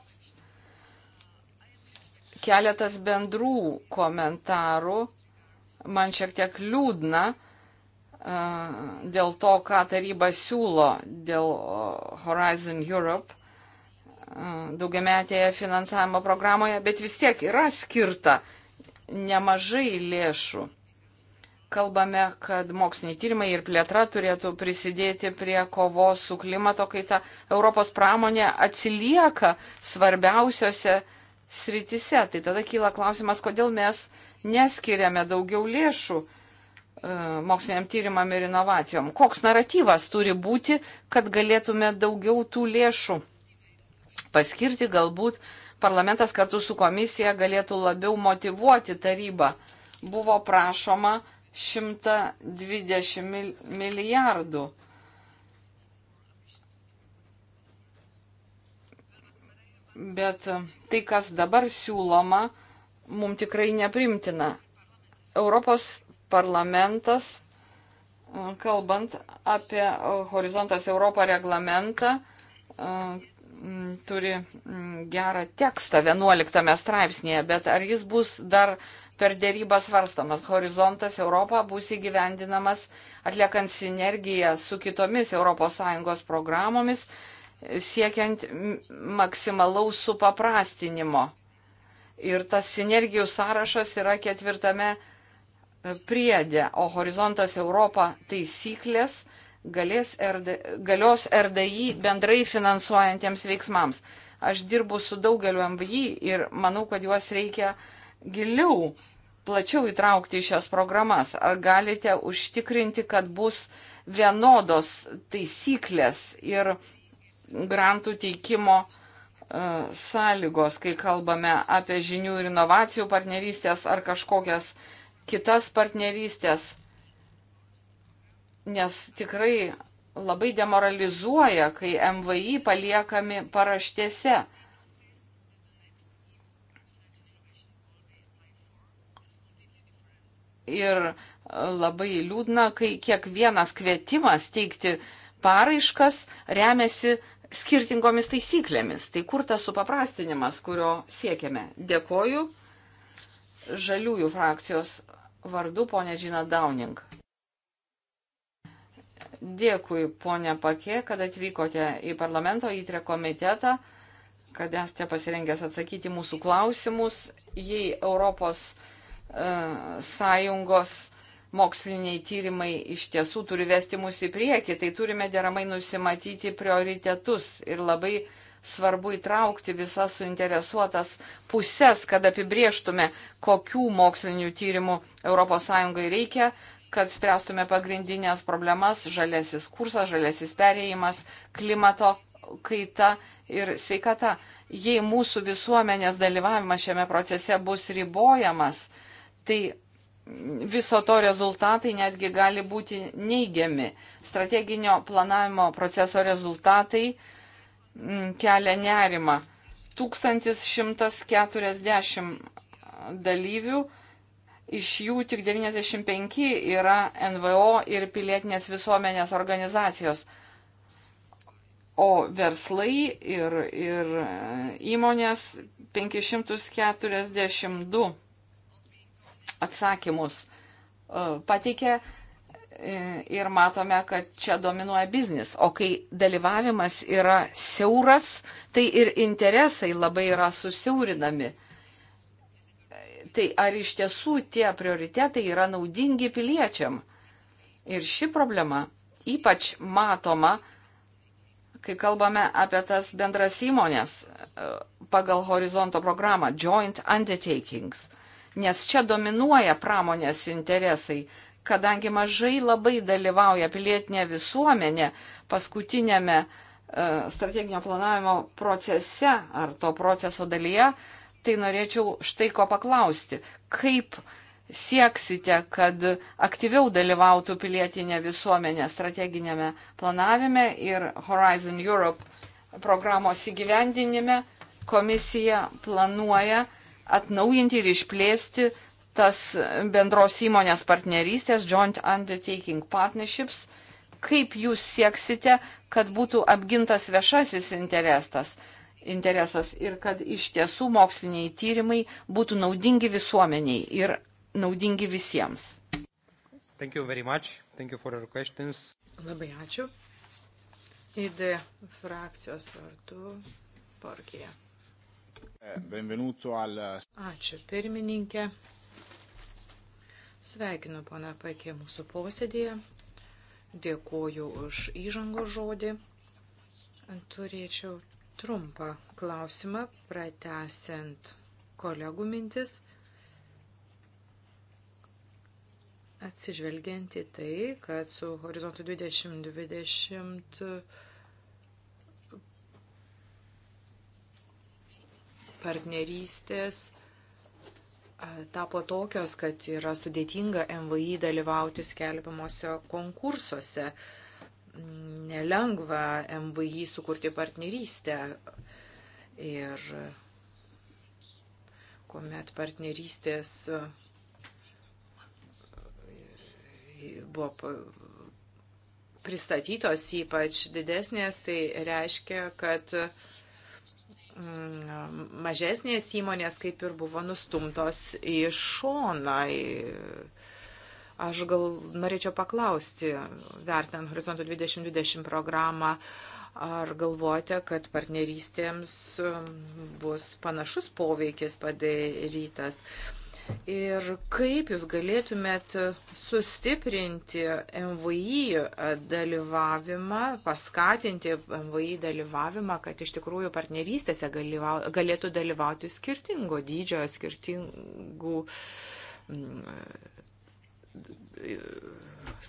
Keletas bendrų komentarų. Man šiek tiek liūdna dėl to, ką taryba siūlo dėl Horizon Europe daugiametėje finansavimo programoje, bet vis tiek yra skirta nemažai lėšų kalbame, kad moksliniai tyrimai ir plėtra turėtų prisidėti prie kovos su klimato kaita. Europos pramonė atsilieka svarbiausiose sritise. Tai tada kyla klausimas, kodėl mes neskiriame daugiau lėšų e, moksliniam tyrimam ir inovacijom. Koks naratyvas turi būti, kad galėtume daugiau tų lėšų paskirti, galbūt parlamentas kartu su komisija galėtų labiau motivuoti tarybą. Buvo prašoma uh, 120 milijardų. Bet tai, kas dabar siūloma, mums tikrai neprimtina. Europos parlamentas, kalbant apie Horizontas Europą reglamentą, turi gerą tekstą 11 straipsnėje, bet ar jis bus dar uh, per dėrybą svarstamas. Horizontas Europą bus įgyvendinamas atliekant sinergiją su kitomis ES programomis, siekiant maksimalaus supaprastinimo. Ir tas sinergijų sąrašas yra ketvirtame e, priedė, o Horizontas Europą taisyklės RD, galios RDI bendrai finansuojantiems veiksmams. Aš dirbu su daugeliu MVI ir manau, kad juos reikia uh, giliau, plačiau įtraukti į šias programas? Ar galite užtikrinti, kad bus vienodos taisyklės ir grantų teikimo uh, sąlygos, kai kalbame apie žinių ir inovacijų partnerystės ar kažkokias kitas partnerystės, nes tikrai labai demoralizuoja, kai MVI paliekami paraštėse. ir e, labai liūdna, kai kiekvienas kvietimas teikti paraiškas remiasi skirtingomis taisyklėmis. Tai kur tas supaprastinimas, kurio siekiame? Dėkoju žaliųjų frakcijos vardu, ponė Džina Downing. Dėkui, ponė Pakė, kad atvykote į parlamento įtrę komitetą, kad esate pasirengęs atsakyti mūsų klausimus. Jei Europos E, sąjungos moksliniai tyrimai iš tiesų turi vesti mus į priekį, tai turime deramai nusimatyti prioritetus ir labai svarbu įtraukti visas suinteresuotas pusės, kad apibrieštume, kokių mokslinių tyrimų ES reikia, kad spręstume pagrindinės problemas - žalesis kursas, žalesis perėjimas, klimato kaita ir sveikata. Jei mūsų visuomenės dalyvavimas šiame procese bus ribojamas, tai viso to rezultatai netgi gali būti neigiami. Strateginio planavimo proceso rezultatai mm, kelia nerimą. 1140 dalyvių, iš jų tik 95 yra NVO ir pilietinės visuomenės organizacijos. O verslai ir, ir e, įmonės 542 atsakymus e, pateikia e, ir matome, kad čia dominuoja biznis. O kai dalyvavimas yra siauras, tai ir interesai labai yra susiaurinami. Tai ar iš tiesų tie prioritetai yra naudingi piliečiam? Ir ši problema ypač matoma, kai kalbame apie tas bendras įmonės e, pagal horizonto programą Joint Undertakings – nes čia dominuoja pramonės interesai, kadangi mažai labai dalyvauja pilietinė visuomenė paskutinėme e, strateginio planavimo procese ar to proceso dalyje, tai norėčiau štai ko paklausti. Kaip sieksite, kad aktyviau dalyvautų pilietinė visuomenė strateginėme planavime ir Horizon Europe programos įgyvendinime. Komisija planuoja atnaujinti ir išplėsti tas bendros įmonės partnerystės, joint undertaking partnerships, kaip jūs sieksite, kad būtų apgintas viešasis interesas, interesas ir kad iš tiesų moksliniai tyrimai būtų naudingi visuomeniai ir naudingi visiems. Labai ačiū. ID frakcijos vardu Porkija. Eh, benvenuto al... Ačiū pirmininkė. Sveikinu pana Pakė mūsų posėdėje. Dėkuoju už įžango žodį. Turėčiau trumpą klausimą, pratesiant kolegų mintis. Atsižvelgiant į tai, kad su horizontu 2020 partnerystės tapo tokios, kad yra sudėtinga MVI dalyvauti skelbimuose konkursuose. Nelengva MVI sukurti partnerystę. Ir kuomet partnerystės buvo pristatytos ypač didesnės, tai reiškia, kad uh, Mm, mažesnės įmonės kaip ir buvo nustumtos į šoną. Aš gal norėčiau paklausti, vertinant Horizonto 2020 programą, ar galvojate, kad partnerystėms mm, bus panašus poveikis padarytas? Ir kaip jūs galėtumėt sustiprinti MVI dalyvavimą, paskatinti MVI dalyvavimą, kad iš tikrųjų partnerystėse galėtų dalyvauti skirtingo dydžio, skirtingų, mm,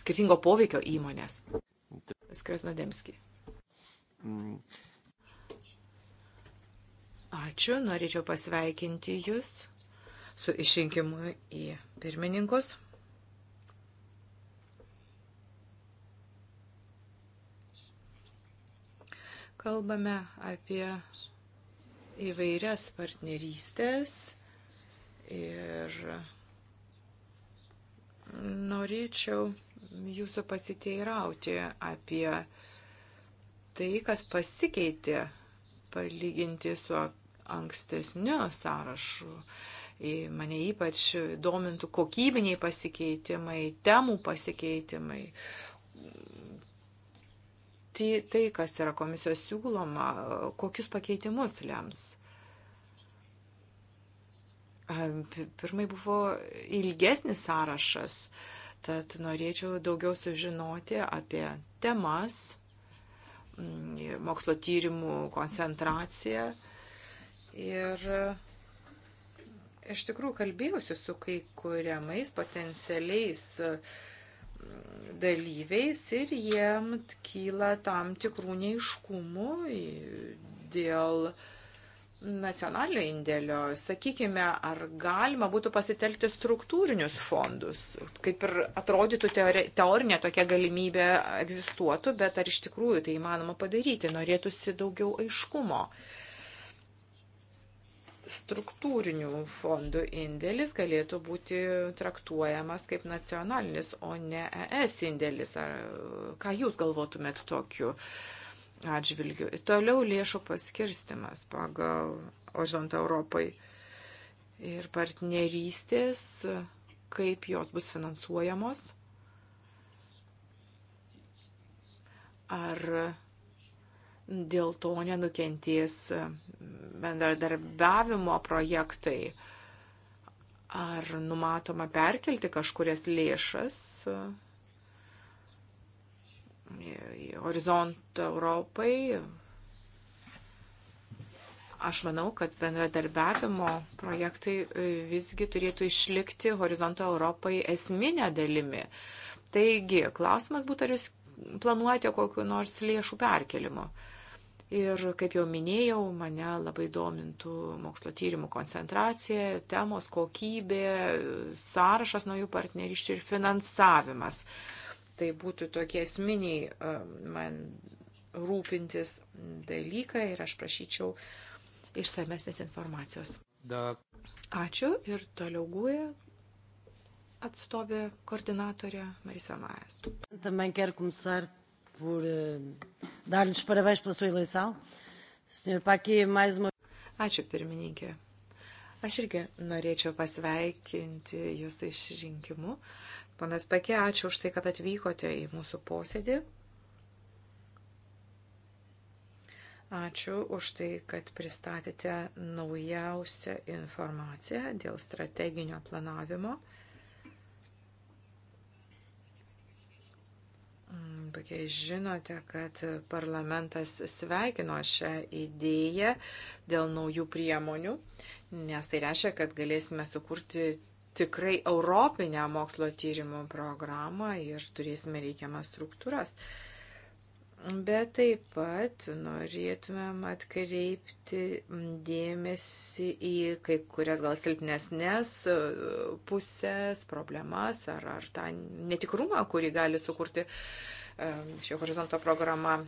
skirtingo poveikio įmonės. Skrasnodemski. Mm. Ačiū, norėčiau pasveikinti Jūs su išrinkimu į pirmininkus. Kalbame apie įvairias partnerystės ir norėčiau jūsų pasiteirauti apie tai, kas pasikeitė palyginti su ankstesniu sąrašu. Uh, Mane ypač domintų kokybiniai pasikeitimai, temų pasikeitimai. Tai, tai kas yra komisijos siūloma, kokius pakeitimus lems. Pirmai buvo ilgesnis sąrašas, tad norėčiau daugiau sužinoti apie temas, mokslo tyrimų koncentraciją ir Iš tikrųjų, kalbėjusi su kai kuriamais potencialiais e, dalyviais ir jiem kyla tam tikrų neiškumų dėl nacionalinio indėlio, sakykime, ar galima būtų pasitelkti struktūrinius fondus. Kaip ir atrodytų teorinė tokia galimybė egzistuotų, bet ar iš tikrųjų tai įmanoma padaryti, norėtųsi daugiau aiškumo. Uh, struktūrinių fondų indėlis galėtų būti traktuojamas kaip nacionalinis, o ne ES indėlis. Ar, ką jūs galvotumėt tokiu atžvilgiu? Toliau lėšų paskirstimas pagal Ožantą Europai ir partnerystės, kaip jos bus finansuojamos. Ar dėl to nenukentės e, bendradarbiavimo projektai. Ar numatoma perkelti kažkurias lėšas e, į horizontą Europai? Aš manau, kad bendradarbiavimo projektai e, visgi turėtų išlikti horizonto Europai esminę dalimi. Taigi, klausimas būtų, ar jūs planuojate kokiu nors lėšų perkelimu? Uh, Ir, kaip jau minėjau, mane labai domintų mokslo tyrimų koncentracija, temos kokybė, sąrašas naujų partneriščių ir finansavimas. Tai būtų tokie esminiai e, man rūpintis dalykai ir aš prašyčiau išsamesnės informacijos. Da. Ačiū ir toliau guoja atstovė koordinatorė Marisa Majas por uh, dar-lhes parabéns pela sua eleição. Senhor Paqui, mais uma. Ačiū, pirmininkė. Aš irgi norėčiau pasveikinti Jūs išrinkimu. Panas Pakė, ačiū už tai, kad atvykote į mūsų posėdį. Ačiū už tai, kad pristatėte naujausią informaciją dėl strateginio planavimo. puikiai žinote, kad parlamentas sveikino šią idėją dėl naujų priemonių, nes tai reiškia, kad galėsime sukurti tikrai europinę mokslo tyrimų programą ir turėsime reikiamas struktūras. Bet taip pat norėtumėm atkreipti dėmesį į kai kurias gal silpnesnės pusės, problemas ar, ar tą netikrumą, kurį gali sukurti uh, šio horizonto programa.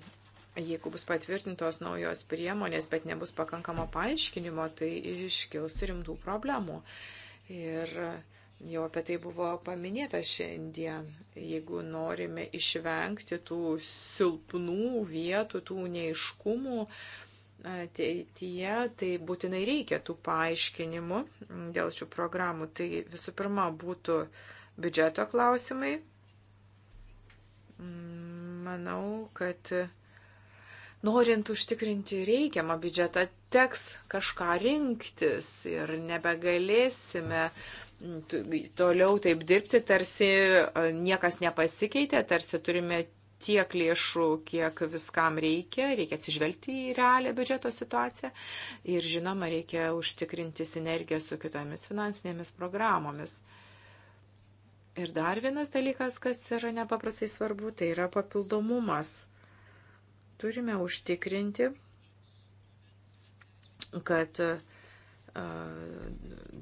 Jeigu bus patvirtintos naujos priemonės, bet nebus pakankamo paaiškinimo, tai iškils rimtų problemų. Ir Jau apie tai buvo paminėta šiandien. Jeigu norime išvengti tų silpnų vietų, tų neiškumų ateityje, tai būtinai reikia tų paaiškinimų dėl šių programų. Tai visų pirma būtų biudžeto klausimai, Manau, kad norint užtikrinti reikiamą biudžetą, teks kažką rinktis ir nebegalėsime toliau taip dirbti, tarsi e, niekas nepasikeitė, tarsi turime tiek lėšų, kiek viskam reikia, reikia atsižvelgti į realią biudžeto situaciją ir žinoma, reikia užtikrinti sinergiją su kitomis finansinėmis programomis. Ir dar vienas dalykas, kas yra nepaprastai svarbu, tai yra papildomumas. Turime užtikrinti, kad e,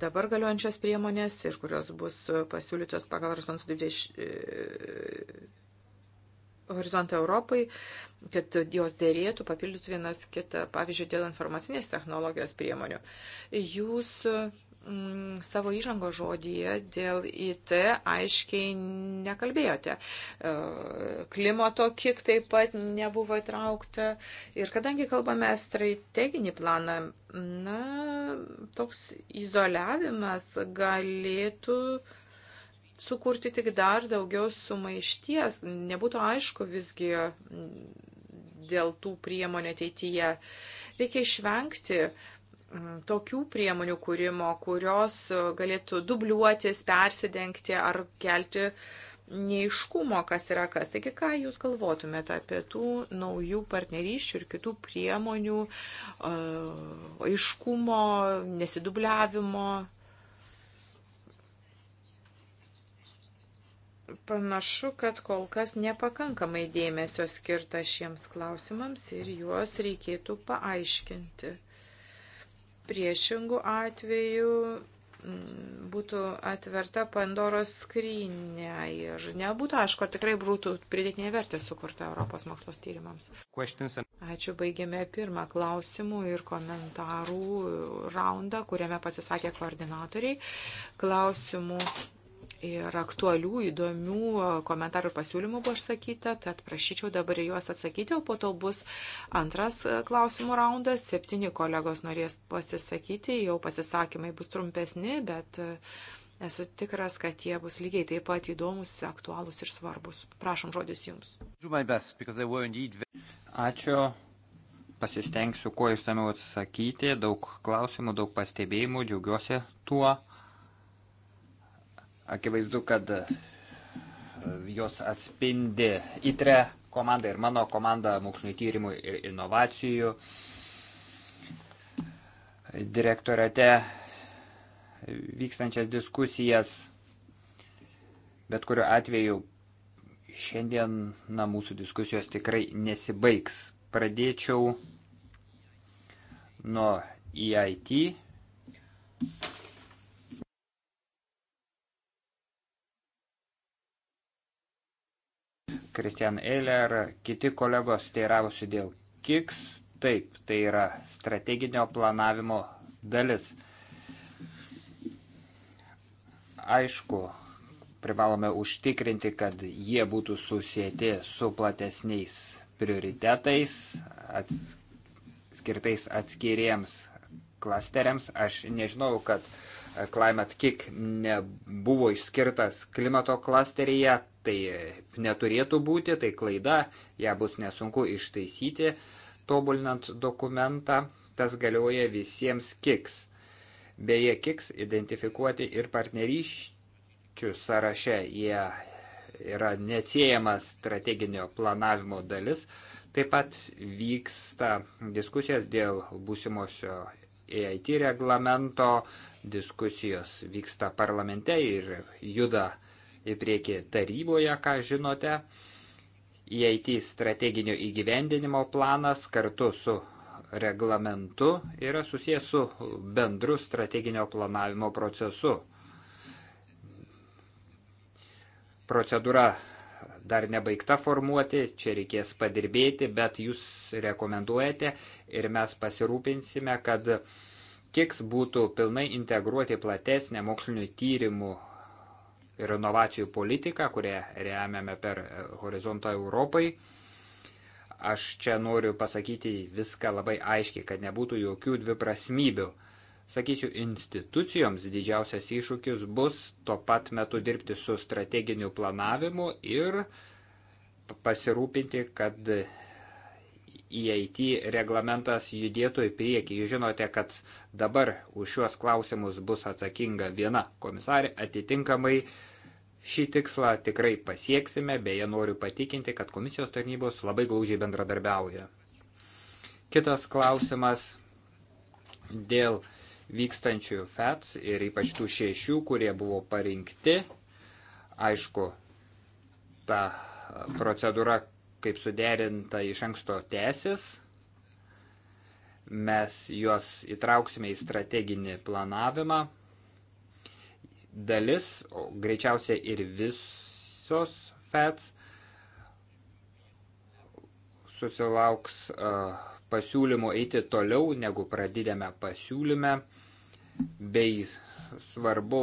dabar galiojančios priemonės ir kurios bus pasiūlytos pagal horizontą e, Europai, kad jos dėrėtų, papildytų vienas kitą, pavyzdžiui, dėl informacinės technologijos priemonių. Jūs Mm, savo įžango žodyje dėl IT aiškiai nekalbėjote. E, klimato kiek taip pat nebuvo įtraukta. Ir kadangi kalbame strateginį planą, na, toks izoliavimas galėtų sukurti tik dar daugiau sumaišties. Nebūtų aišku visgi mm, dėl tų priemonių ateityje. Reikia išvengti uh, Mm, tokių priemonių kūrimo, kurios e, galėtų dubliuotis, persidengti ar kelti neiškumo, kas yra kas. Taigi, ką Jūs galvotumėte apie tų naujų partnerysčių ir kitų priemonių, e, aiškumo, nesidubliavimo? Panašu, kad kol kas nepakankamai dėmesio skirta šiems klausimams ir juos reikėtų paaiškinti. Priešingų atvejų mm, būtų atverta Pandoros skrynė ir nebūtų aišku, ar tikrai būtų pridėtinė vertė sukurta Europos mokslus tyrimams. Ačiū, baigėme pirmą klausimų ir komentarų raundą, kuriame pasisakė koordinatoriai. Klausimų ir aktualių, įdomių e, komentarų ir pasiūlymų buvo išsakyta, tad prašyčiau dabar juos atsakyti, o po to bus antras e, klausimų raundas. Septyni kolegos norės pasisakyti, jau pasisakymai bus trumpesni, bet e, esu tikras, kad jie bus lygiai taip pat įdomus, aktualūs ir svarbus. Prašom žodis jums. Ačiū. Pasistengsiu kuo įsamiau atsakyti, daug klausimų, daug pastebėjimų, džiaugiuosi tuo. Akivaizdu, kad e, jos atspindi ITRE komandą ir mano komandą mokslinio tyrimų ir inovacijų direktorate vykstančias diskusijas. Bet kuriu atveju šiandieną mūsų diskusijos tikrai nesibaigs. Pradėčiau nuo EIT Kristian Eiler, kiti kolegos teiravosi dėl KIKS. Taip, tai yra strateginio planavimo dalis. Aišku, privalome užtikrinti, kad jie būtų susijęti su platesniais prioritetais, skirtais atskiriems klasteriams. Aš nežinau, kad Climate Kick nebuvo išskirtas klimato klasteryje, tai neturėtų būti, tai klaida, ją bus nesunku ištaisyti, tobulinant dokumentą, tas galioja visiems kiks. Beje, kiks identifikuoti ir partneryščių sąraše, jie yra neatsiejamas strateginio planavimo dalis. Taip pat vyksta diskusijos dėl būsimosio EIT reglamento, diskusijos vyksta parlamente ir juda į priekį taryboje, ką žinote. EIT strateginio įgyvendinimo planas kartu su reglamentu yra susijęs su bendru strateginio planavimo procesu. Procedūra dar nebaigta formuoti, čia reikės padirbėti, bet jūs rekomenduojate ir mes pasirūpinsime, kad KIKS būtų pilnai integruoti platesnę mokslinio tyrimų ir inovacijų politiką, kurią remiame per Horizontą Europai. Aš čia noriu pasakyti viską labai aiškiai, kad nebūtų jokių dviprasmybių sakyčiau, institucijoms didžiausias iššūkis bus tuo pat metu dirbti su strateginiu planavimu ir pasirūpinti, kad EIT reglamentas judėtų į priekį. Jūs žinote, kad dabar už šiuos klausimus bus atsakinga viena komisarė, atitinkamai šį tikslą tikrai pasieksime, beje noriu patikinti, kad komisijos tarnybos labai glaužiai bendradarbiauja. Kitas klausimas dėl vykstančių FETS ir ypač tų šešių, kurie buvo parinkti. Aišku, ta procedūra, kaip suderinta iš anksto tęsis, mes juos įtrauksime į strateginį planavimą. Dalis, o greičiausiai ir visos FETS susilauks uh, pasiūlymų eiti toliau negu pradidėme pasiūlyme, bei svarbu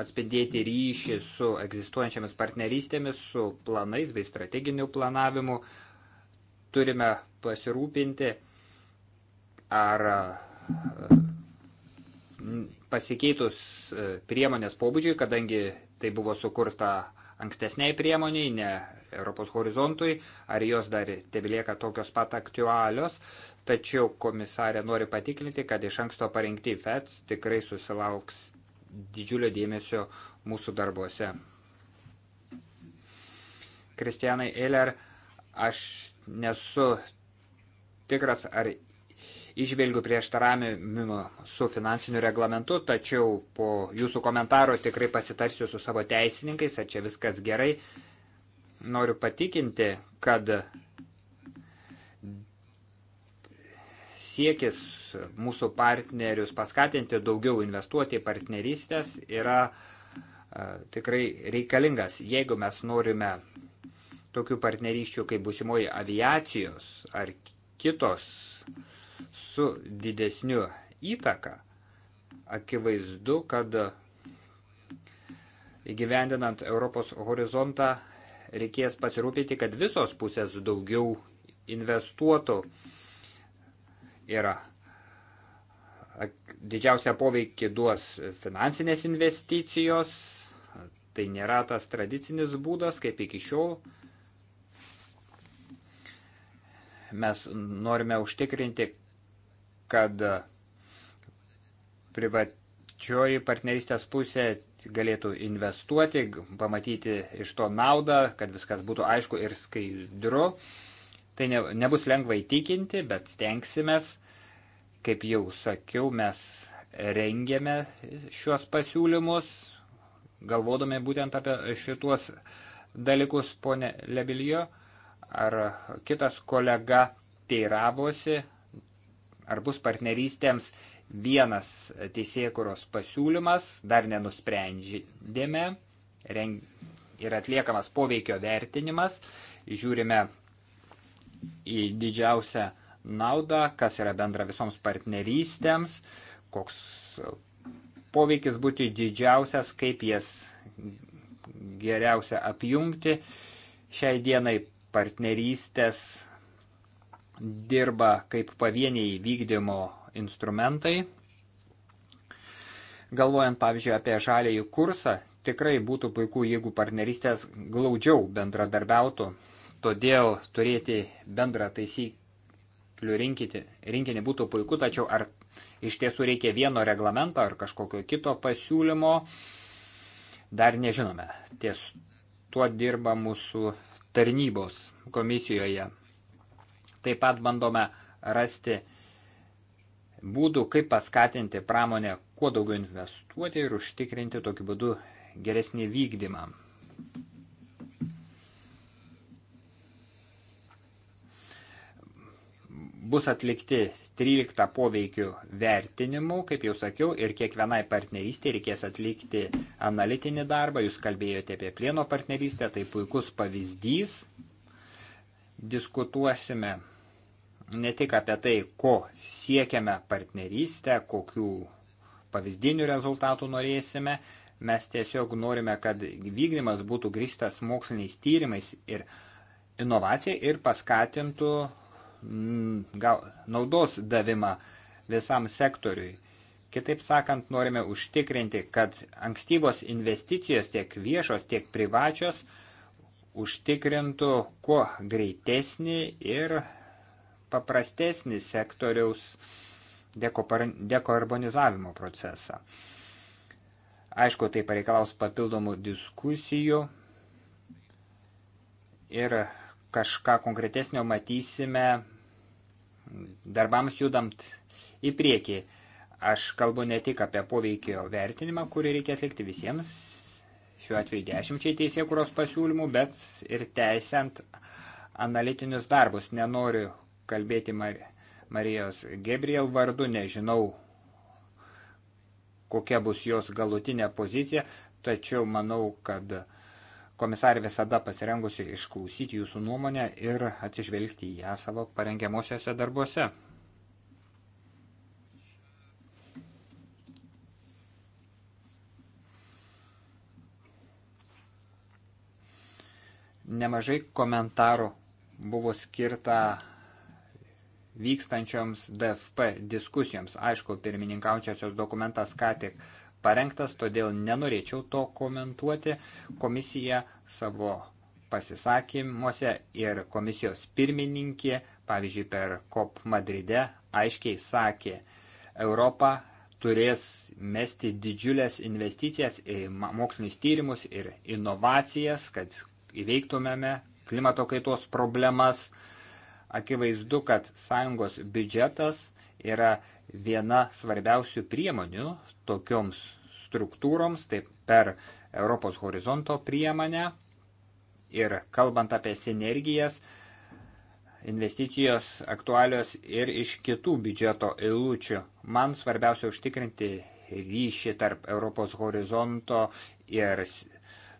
atspindėti ryšį su egzistuojančiamis partnerystėmis, su planais bei strateginiu planavimu. Turime pasirūpinti, ar pasikeitus e, priemonės pobūdžiui, kadangi tai buvo sukurta ankstesniai priemoniai, ne Europos horizontui, ar jos dar tebelieka tokios pat aktualios, tačiau komisarė nori patikrinti, kad iš anksto parengti FETS tikrai susilauks didžiulio dėmesio mūsų darbuose. Kristianai Eiler, aš nesu tikras, ar išvelgiu prieštaravimų su finansiniu reglamentu, tačiau po jūsų komentaro tikrai pasitarsiu su savo teisininkais, ar čia viskas gerai noriu patikinti, kad siekis mūsų partnerius paskatinti daugiau investuoti į partnerystės yra e, tikrai reikalingas. Jeigu mes norime tokių partnerysčių kaip būsimoji aviacijos ar kitos su didesniu įtaka, akivaizdu, kad įgyvendinant Europos horizontą reikės pasirūpinti, kad visos pusės daugiau investuotų. Yra didžiausią poveikį duos finansinės investicijos, tai nėra tas tradicinis būdas kaip iki šiol. Mes norime užtikrinti, kad privačioji partnerystės pusė galėtų investuoti, pamatyti iš to naudą, kad viskas būtų aišku ir skaidru. Tai ne, nebus lengva įtikinti, bet tenksimės, kaip jau sakiau, mes rengėme šiuos pasiūlymus, galvodami būtent apie šituos dalykus, ponė Lebilijo, ar kitas kolega teiravosi, ar bus partnerystėms Vienas teisėkuros pasiūlymas dar nenusprendėme ir atliekamas poveikio vertinimas. Žiūrime į didžiausią naudą, kas yra bendra visoms partnerystėms, koks poveikis būtų didžiausias, kaip jas geriausia apjungti. Šiai dienai partnerystės dirba kaip pavieniai vykdymo instrumentai. Galvojant, pavyzdžiui, apie žalėjį kursą, tikrai būtų puiku, jeigu partnerystės glaudžiau bendradarbiautų. Todėl turėti bendrą taisyklių rinkyti, rinkinį būtų puiku, tačiau ar iš tiesų reikia vieno reglamento ar kažkokio kito pasiūlymo, dar nežinome. Ties tuo dirba mūsų tarnybos komisijoje. Taip pat bandome rasti būdų, kaip paskatinti pramonę kuo daugiau investuoti ir užtikrinti tokiu būdu geresnį vykdymą. Bus atlikti 13 poveikių vertinimų, kaip jau sakiau, ir kiekvienai partnerystė reikės atlikti analitinį darbą. Jūs kalbėjote apie plieno partnerystę, tai puikus pavyzdys. Diskutuosime ne tik apie tai, ko siekiame partnerystę, kokių pavyzdinių rezultatų norėsime, mes tiesiog norime, kad vykdymas būtų grįstas moksliniais tyrimais ir inovacija ir paskatintų mm, naudos davimą visam sektoriui. Kitaip sakant, norime užtikrinti, kad ankstyvos investicijos tiek viešos, tiek privačios užtikrintų kuo greitesnį ir paprastesnį sektoriaus dekarbonizavimo procesą. Aišku, tai pareikalaus papildomų diskusijų ir kažką konkretesnio matysime darbams judant į priekį. Aš kalbu ne tik apie poveikio vertinimą, kurį reikia atlikti visiems, šiuo atveju dešimčiai teisėkuros pasiūlymų, bet ir teisiant analitinius darbus. Nenoriu kalbėti Mar Marijos Gabriel vardu, nežinau, kokia bus jos galutinė pozicija, tačiau manau, kad komisarė visada pasirengusi išklausyti jūsų nuomonę ir atsižvelgti į ją savo parengiamosiose darbuose. Nemažai komentarų buvo skirta vykstančioms DFP diskusijoms. Aišku, pirmininkaučiosios dokumentas ką tik parengtas, todėl nenorėčiau to komentuoti. Komisija savo pasisakymuose ir komisijos pirmininkė, pavyzdžiui, per COP Madride aiškiai sakė, Europa turės mesti didžiulės investicijas į mokslinis tyrimus ir inovacijas, kad įveiktumėme klimato kaitos problemas, uh, Akivaizdu, kad sąjungos biudžetas yra viena svarbiausių priemonių tokioms struktūroms, taip per Europos horizonto priemonę. Ir kalbant apie sinergijas, investicijos aktualios ir iš kitų biudžeto eilučių. Man svarbiausia užtikrinti ryšį tarp Europos horizonto ir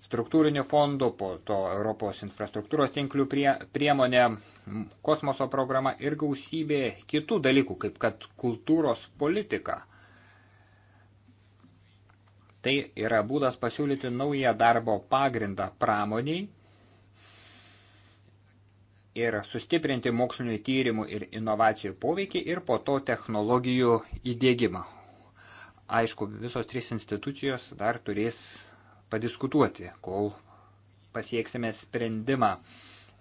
struktūrinių fondų, po to Europos infrastruktūros tinklių prie, priemonė, kosmoso programa ir gausybė kitų dalykų, kaip kad kultūros politika. Tai yra būdas pasiūlyti naują darbo pagrindą pramoniai ir sustiprinti mokslinių tyrimų ir inovacijų poveikį ir po to technologijų įdėgymą. Aišku, visos trys institucijos dar turės padiskutuoti, kol pasieksime sprendimą.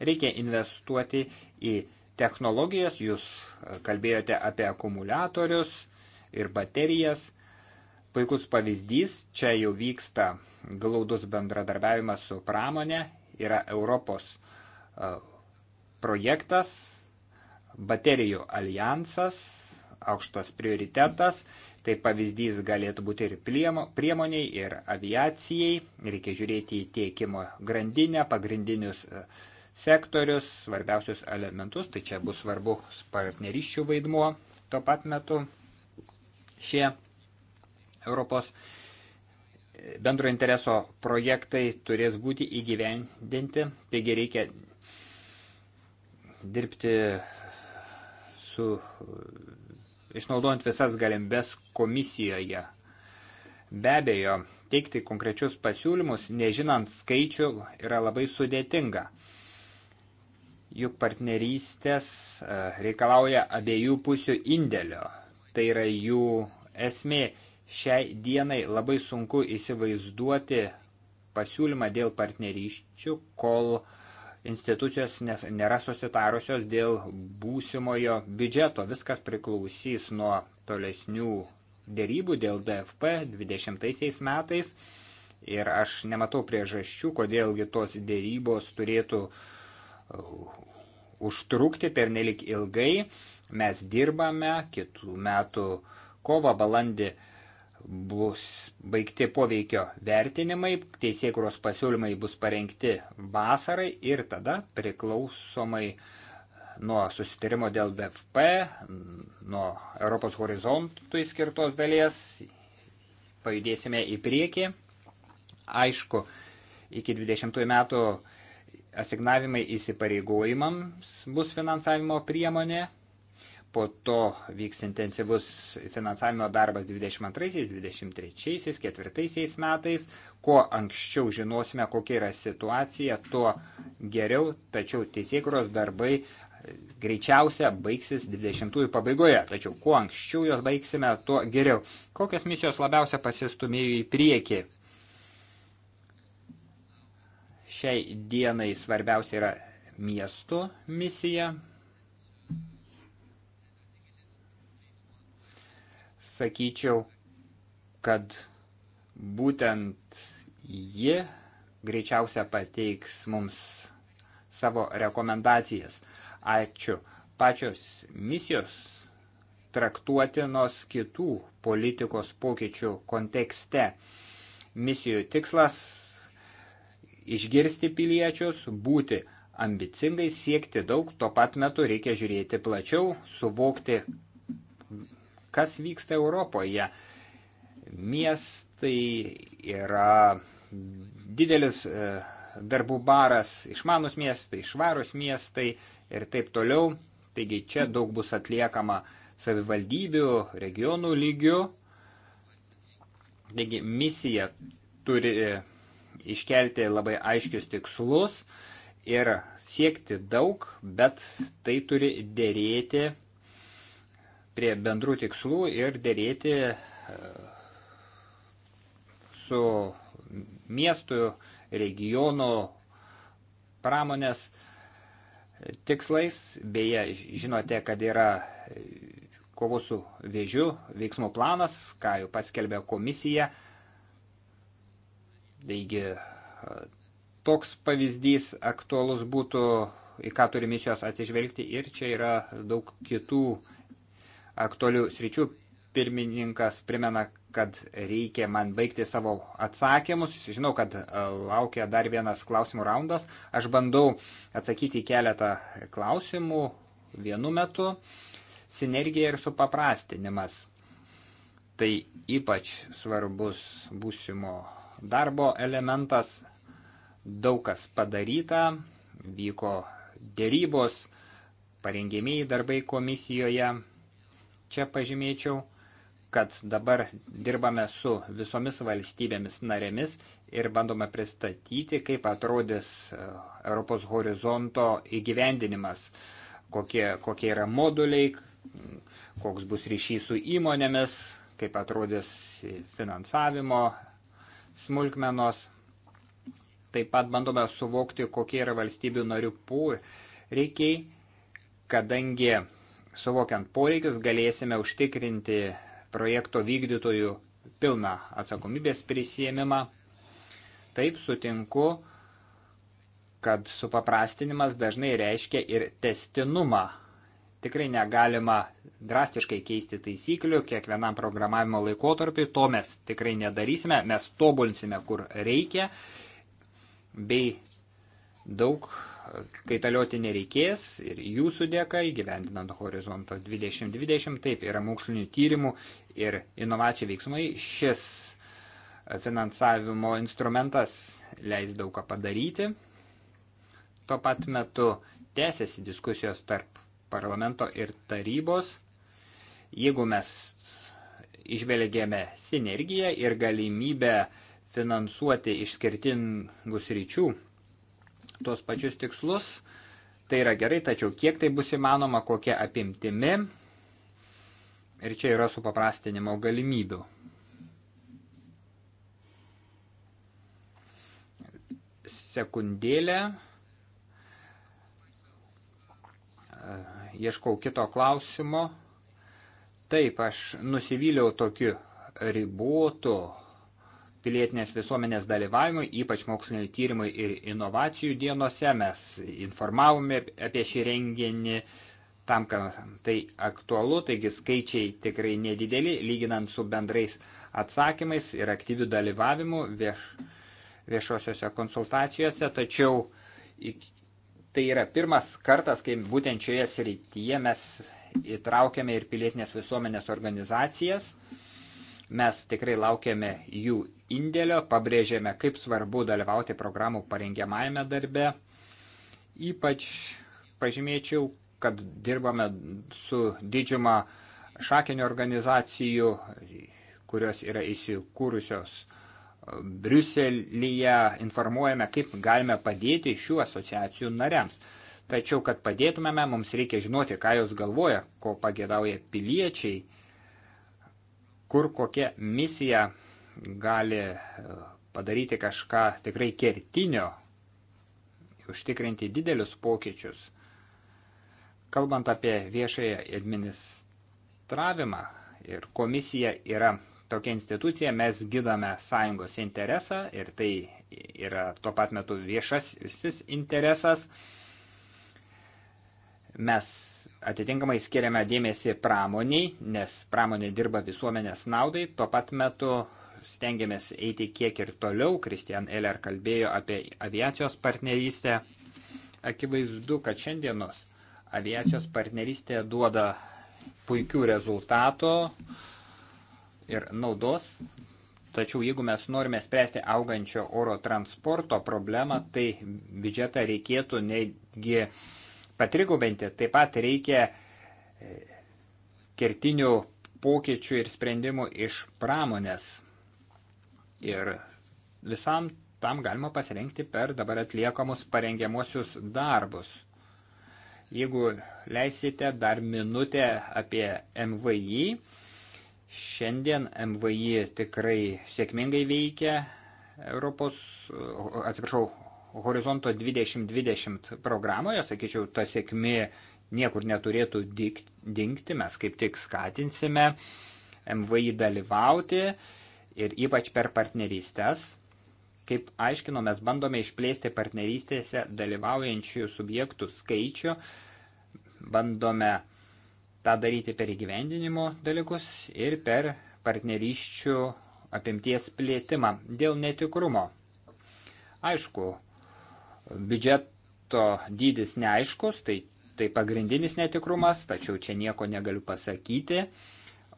Reikia investuoti į technologijas, jūs kalbėjote apie akumuliatorius ir baterijas. Puikus pavyzdys, čia jau vyksta glaudus bendradarbiavimas su pramonė, yra Europos e, projektas, baterijų alijansas, aukštas prioritetas, Tai pavyzdys galėtų būti ir priemoniai, ir aviacijai. Reikia žiūrėti į tiekimo grandinę, pagrindinius e, sektorius, svarbiausius elementus. Tai čia bus svarbu partneriščių vaidmuo. Tuo pat metu šie Europos e, bendro intereso projektai turės būti įgyvendinti. Taigi reikia dirbti su išnaudojant visas galimybes komisijoje. Be abejo, teikti konkrečius pasiūlymus, nežinant skaičių, yra labai sudėtinga. Juk partnerystės e, reikalauja abiejų pusių indėlio. Tai yra jų esmė. Šiai dienai labai sunku įsivaizduoti pasiūlymą dėl partnerysčių, kol uh, institucijos nėra susitarusios dėl būsimojo biudžeto. Viskas priklausys nuo tolesnių dėrybų dėl DFP 20 metais. Ir aš nematau priežasčių, kodėlgi tos dėrybos turėtų uh, užtrukti per nelik ilgai. Mes dirbame kitų metų kovo, balandį bus baigti poveikio vertinimai, teisėkuros pasiūlymai bus parengti vasarai ir tada priklausomai nuo susitarimo dėl DFP, nuo Europos horizontui skirtos dalies, pajudėsime į priekį. Aišku, iki 20 metų asignavimai įsipareigojimams bus finansavimo priemonė, po to vyks intensyvus finansavimo darbas 22, 23, 4 metais. Kuo anksčiau žinosime, kokia yra situacija, tuo geriau, tačiau teisėkuros darbai greičiausia baigsis 20-ųjų pabaigoje. Tačiau kuo anksčiau jos baigsime, tuo geriau. Kokios misijos labiausia pasistumėjo į priekį? Šiai dienai svarbiausia yra miestų misija sakyčiau, kad būtent ji greičiausia pateiks mums savo rekomendacijas. Ačiū. Pačios misijos traktuotinos kitų politikos pokyčių kontekste. Misijų tikslas - išgirsti piliečius, būti ambicingai, siekti daug, tuo pat metu reikia žiūrėti plačiau, suvokti kas vyksta Europoje. Miestai yra didelis e, darbų baras, išmanus miestai, išvarus miestai ir taip toliau. Taigi čia daug bus atliekama savivaldybių, regionų lygių. Taigi misija turi e, iškelti labai aiškius tikslus ir siekti daug, bet tai turi dėrėti prie bendrų tikslų ir dėrėti e, su miestų, regionų, pramonės tikslais. Beje, žinote, kad yra kovos su vėžiu veiksmų planas, ką jau paskelbė komisija. Taigi, e, toks pavyzdys aktualus būtų, į ką turi misijos atsižvelgti ir čia yra daug kitų uh, aktualių sričių. Pirmininkas primena, kad reikia man baigti savo atsakymus. Žinau, kad e, laukia dar vienas klausimų raundas. Aš bandau atsakyti keletą klausimų vienu metu. Sinergija ir supaprastinimas. Tai ypač svarbus būsimo darbo elementas. Daug kas padaryta, vyko dėrybos, parengėmiai darbai komisijoje. Čia pažymėčiau, kad dabar dirbame su visomis valstybėmis narėmis ir bandome pristatyti, kaip atrodys e, Europos horizonto įgyvendinimas, kokie, kokie yra moduliai, koks bus ryšys su įmonėmis, kaip atrodys finansavimo smulkmenos. Taip pat bandome suvokti, kokie yra valstybių narių poreikiai, kadangi suvokiant poreikius, galėsime užtikrinti projekto vykdytojų pilną atsakomybės prisėmimą. Taip sutinku, kad supaprastinimas dažnai reiškia ir testinumą. Tikrai negalima drastiškai keisti taisyklių kiekvienam programavimo laikotarpiu, to mes tikrai nedarysime, mes tobulinsime kur reikia, bei daug kaitalioti nereikės ir jūsų dėka įgyvendinant horizontą 2020, taip yra mokslinių tyrimų ir inovacijų veiksmai. Šis e, finansavimo instrumentas leis daug ką padaryti. Tuo pat metu tęsiasi diskusijos tarp parlamento ir tarybos. Jeigu mes išvelgėme sinergiją ir galimybę finansuoti išskirtingus ryčių tuos pačius tikslus. Tai yra gerai, tačiau kiek tai bus įmanoma, kokia apimtimi. Ir čia yra supaprastinimo galimybių. Sekundėlę. Ieškau kito klausimo. Taip, aš nusivyliau tokiu ribotu pilietinės visuomenės dalyvavimui, ypač mokslinio tyrimui ir inovacijų dienose. Mes informavome apie šį renginį tam, kam tai aktualu, taigi skaičiai tikrai nedideli, lyginant su bendrais atsakymais ir aktyvių dalyvavimų vieš, viešosiuose konsultacijose, tačiau tai yra pirmas kartas, kai būtent šioje srityje mes įtraukiame ir pilietinės visuomenės organizacijas. Mes tikrai laukiame jų indėlio, pabrėžėme, kaip svarbu dalyvauti programų parengiamajame darbe. Ypač pažymėčiau, kad dirbame su didžiuma šakinių organizacijų, kurios yra įsikūrusios e, Briuselyje, informuojame, kaip galime padėti šių asociacijų nariams. Tačiau, kad padėtumėme, mums reikia žinoti, ką jos galvoja, ko pagėdauja piliečiai, kur kokia misija gali e, padaryti kažką tikrai kertinio, užtikrinti didelius pokyčius. Kalbant apie viešąją administravimą ir komisija yra tokia institucija, mes gydame sąjungos interesą ir tai yra tuo pat metu viešasis interesas. Mes atitinkamai skiriame dėmesį pramoniai, nes pramonė dirba visuomenės naudai, tuo pat metu stengiamės eiti kiek ir toliau. Kristian Eller kalbėjo apie aviacijos partnerystę. Akivaizdu, kad šiandienos aviacijos partnerystė duoda puikių rezultatų ir naudos. Tačiau jeigu mes norime spręsti augančio oro transporto problemą, tai biudžetą reikėtų netgi patrigubinti. Taip pat reikia e, kertinių pokyčių ir sprendimų iš pramonės. Ir visam tam galima pasirengti per dabar atliekamus parengiamuosius darbus. Jeigu leisite dar minutę apie MVI, šiandien MVI tikrai sėkmingai veikia Europos, atsiprašau, Horizonto 2020 programoje, sakyčiau, ta sėkmė niekur neturėtų dingti, mes kaip tik skatinsime MVI dalyvauti ir ypač per partnerystės. Kaip aiškino, mes bandome išplėsti partnerystėse dalyvaujančių subjektų skaičių, bandome tą daryti per įgyvendinimo dalykus ir per partnerysčių apimties plėtimą dėl netikrumo. Aišku, biudžeto dydis neaiškus, tai, tai pagrindinis netikrumas, tačiau čia nieko negaliu pasakyti. Uh,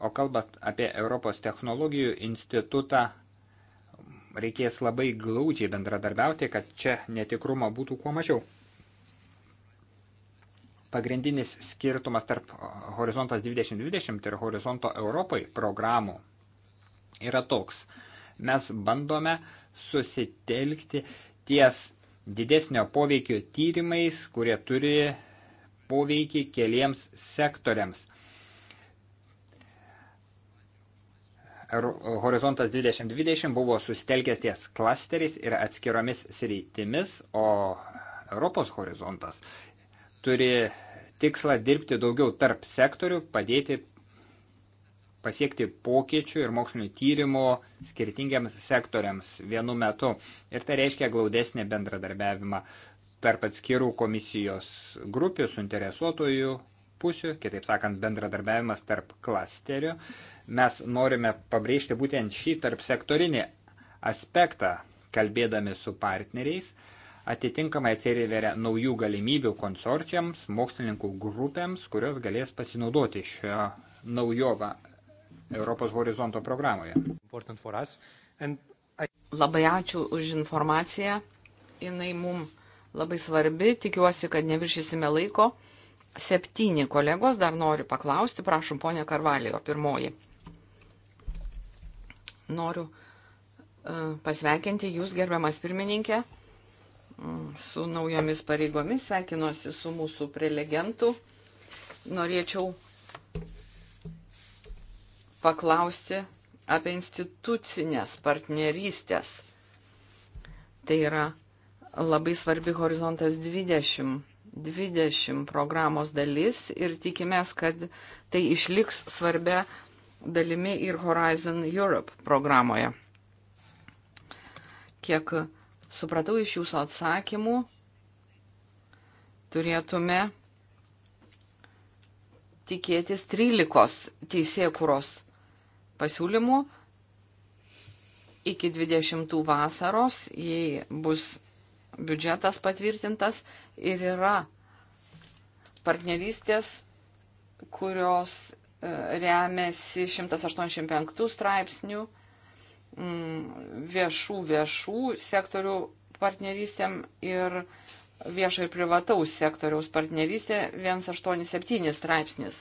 O kalbant apie Europos technologijų institutą, reikės labai glaudžiai bendradarbiauti, kad čia netikrumo būtų kuo mažiau. Pagrindinis skirtumas tarp Horizontas 2020 ir Horizonto Europai programų yra toks. Mes bandome susitelkti ties didesnio poveikio tyrimais, kurie turi poveikį keliems sektoriams – Horizontas 2020 buvo susitelkęs ties klasteriais ir atskiromis sritimis, o Europos horizontas turi tikslą dirbti daugiau tarp sektorių, padėti pasiekti pokyčių ir mokslinio tyrimo skirtingiams sektoriams vienu metu. Ir tai reiškia glaudesnį bendradarbiavimą tarp atskirų komisijos grupių, suinteresuotojų pusių, kitaip sakant, bendradarbiavimas tarp klasterių. Mes norime pabrėžti būtent šį tarp sektorinį aspektą, kalbėdami su partneriais, atitinkamai atsiveria naujų galimybių konsorčiams, mokslininkų grupėms, kurios galės pasinaudoti šio naujovą Europos horizonto programoje. Labai ačiū už informaciją, jinai mums labai svarbi, tikiuosi, kad neviršysime laiko. Septyni kolegos dar noriu paklausti, prašom, ponia Karvalijo, pirmoji. Noriu e, pasveikinti jūs, gerbiamas pirmininkė, su naujomis pareigomis, sveikinuosi su mūsų prelegentu. Norėčiau paklausti apie institucinės partnerystės. Tai yra labai svarbi horizontas 20 20 programos dalis ir tikimės, kad tai išliks svarbia dalimi ir Horizon Europe programoje. Kiek supratau iš jūsų atsakymų, turėtume tikėtis 13 teisėkuros pasiūlymų iki 20 vasaros, jei bus biudžetas patvirtintas ir yra partnerystės, kurios e, remiasi 185 straipsnių mm, viešų viešų sektorių partnerystėm ir viešo ir privataus sektoriaus partnerystė 187 straipsnis.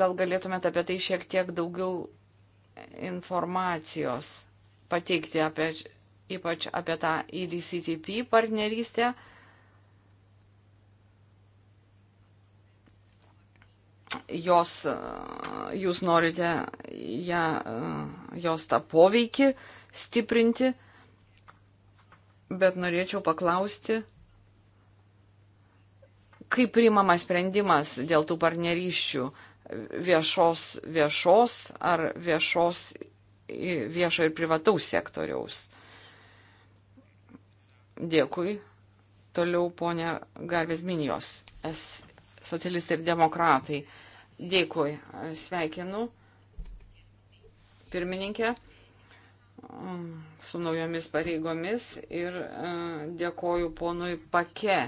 Gal galėtumėte apie tai šiek tiek daugiau informacijos pateikti apie ypač apie tą EDCTP partnerystę. Jos, e, jūs norite ją, e, jos tą poveikį stiprinti, bet norėčiau paklausti, kaip priimamas sprendimas dėl tų partnerysčių viešos, viešos ar viešos, viešo ir privataus sektoriaus. Dėkui. Toliau ponia Garvės Minijos, socialistai ir demokratai. Dėkui. Sveikinu pirmininkė mm, su naujomis pareigomis ir e, dėkoju ponui Pake,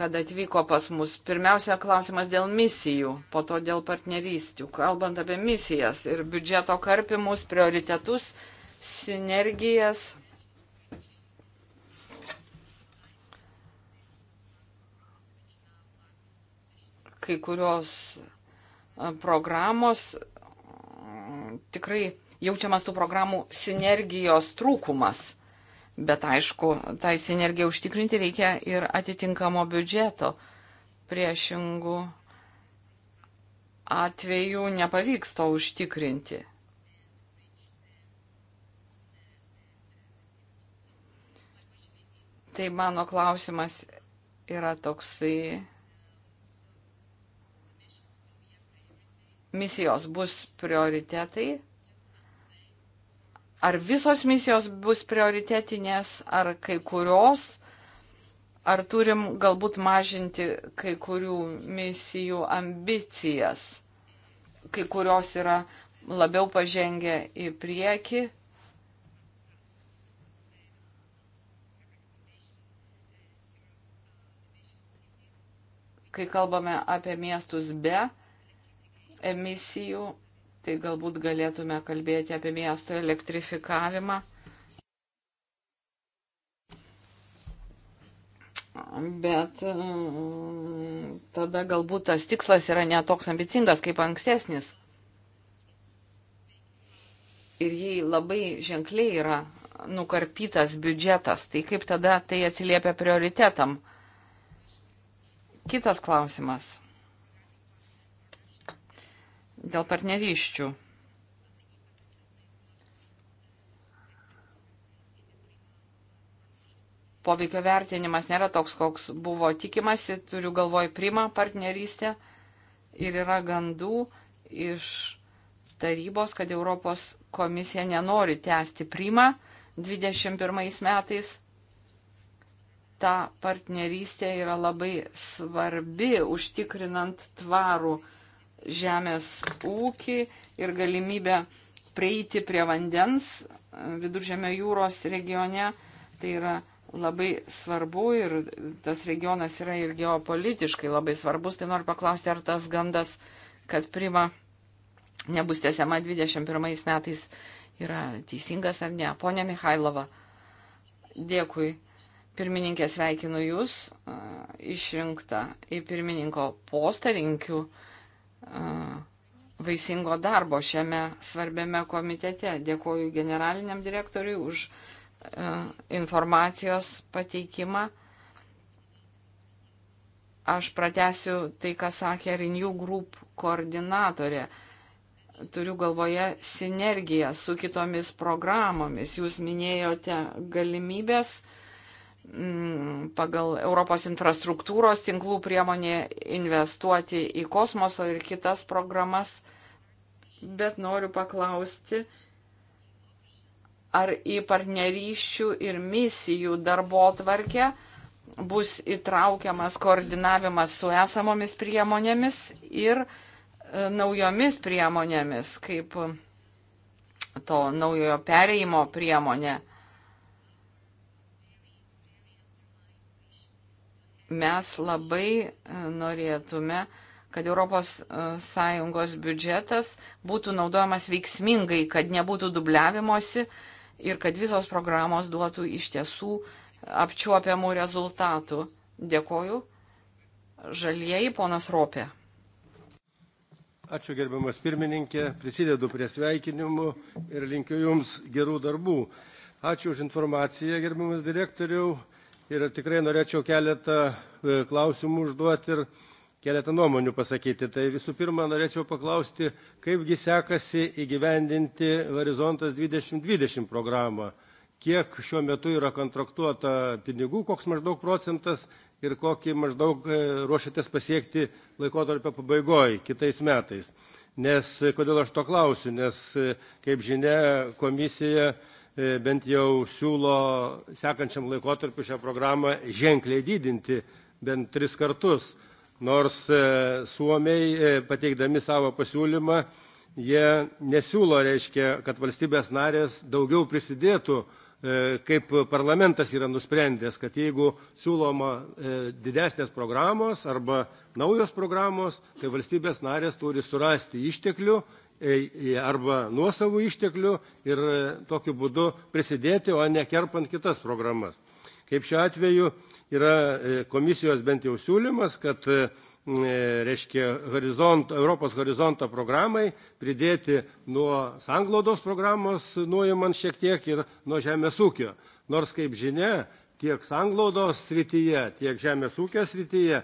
kad atvyko pas mus. Pirmiausia, klausimas dėl misijų, po to dėl partnerystų. Kalbant apie misijas ir biudžeto karpimus, prioritetus, sinergijas kai kurios e, programos tikrai jaučiamas tų programų sinergijos trūkumas. Bet aišku, tai sinergiją užtikrinti reikia ir atitinkamo biudžeto. Priešingų atvejų nepavyks to užtikrinti. Tai mano klausimas yra toksai misijos bus prioritetai? Ar visos misijos bus prioritetinės, ar kai kurios? Ar turim galbūt mažinti kai kurių misijų ambicijas? Kai kurios yra labiau pažengę į priekį, kai kalbame apie miestus be emisijų, tai galbūt galėtume kalbėti apie miesto elektrifikavimą. Bet mm, tada galbūt tas tikslas yra netoks ambicingas kaip ankstesnis. Ir jei labai ženkliai yra nukarpytas biudžetas, tai kaip tada tai atsiliepia prioritetam? Kitas klausimas dėl partnerysčių. Poveikio vertinimas nėra toks, koks buvo tikimasi, turiu galvoj primą partnerystę ir yra gandų iš tarybos, kad Europos komisija nenori tęsti primą 21 metais. Ta partnerystė yra labai svarbi, užtikrinant tvarų žemės ūkį ir galimybę prieiti prie vandens e, viduržėmio jūros regione. Tai yra labai svarbu ir tas regionas yra ir geopolitiškai labai svarbus. Tai noriu paklausti, ar tas gandas, kad prima nebus tiesiama 21 metais, yra teisingas ar ne. Pone Mikhailova, dėkui. Pirmininkė sveikinu Jūs e, išrinktą į pirmininko postą, rinkiu vaisingo darbo šiame svarbiame komitete. Dėkoju generaliniam direktoriui už informacijos pateikimą. Aš pratesiu tai, ką sakė Renew Group koordinatorė. Turiu galvoje sinergiją su kitomis programomis. Jūs minėjote galimybės uh, Mm, pagal Europos infrastruktūros tinklų priemonė investuoti į kosmoso ir kitas programas, bet noriu paklausti, ar į partnerysčių ir misijų darbo tvarkę bus įtraukiamas koordinavimas su esamomis priemonėmis ir e, naujomis priemonėmis, kaip to naujojo pereimo priemonė. mes labai e, norėtume, kad ES e, biudžetas būtų naudojamas veiksmingai, kad nebūtų dubliavimosi ir kad visos programos duotų iš tiesų apčiuopiamų rezultatų. Dėkoju. Žalieji, ponas Ropė. Ačiū gerbiamas pirmininkė, prisidedu prie sveikinimų ir linkiu Jums gerų darbų. Ačiū už informaciją, gerbiamas direktoriau ir tikrai norėčiau keletą e, klausimų užduoti ir keletą nuomonių pasakyti. Tai visų pirma, norėčiau paklausti, kaipgi sekasi įgyvendinti Horizontas 2020 programą. Kiek šiuo metu yra kontraktuota pinigų, koks maždaug procentas ir kokį maždaug e, ruošiatės pasiekti laikotarpio pabaigoje kitais metais. Nes kodėl aš to klausiu, nes e, kaip žinia, komisija E, bent jau siūlo sekančiam laikotarpiu šią programą ženkliai didinti bent tris kartus. Nors e, Suomiai, e, pateikdami savo pasiūlymą, jie nesiūlo, reiškia, kad valstybės narės daugiau prisidėtų, kaip parlamentas yra nusprendęs, kad jeigu siūloma didesnės programos arba naujos programos, tai valstybės narės turi surasti išteklių arba nuosavų išteklių ir e, tokiu būdu prisidėti, o ne kerpant kitas programas. Kaip šiuo atveju yra e, komisijos bent jau siūlymas, kad e, reiškia horizont, Europos horizonto programai pridėti nuo sanglaudos programos nuimant šiek tiek ir nuo žemės ūkio. Nors, kaip žinia, tiek sanglaudos srityje, tiek žemės ūkio srityje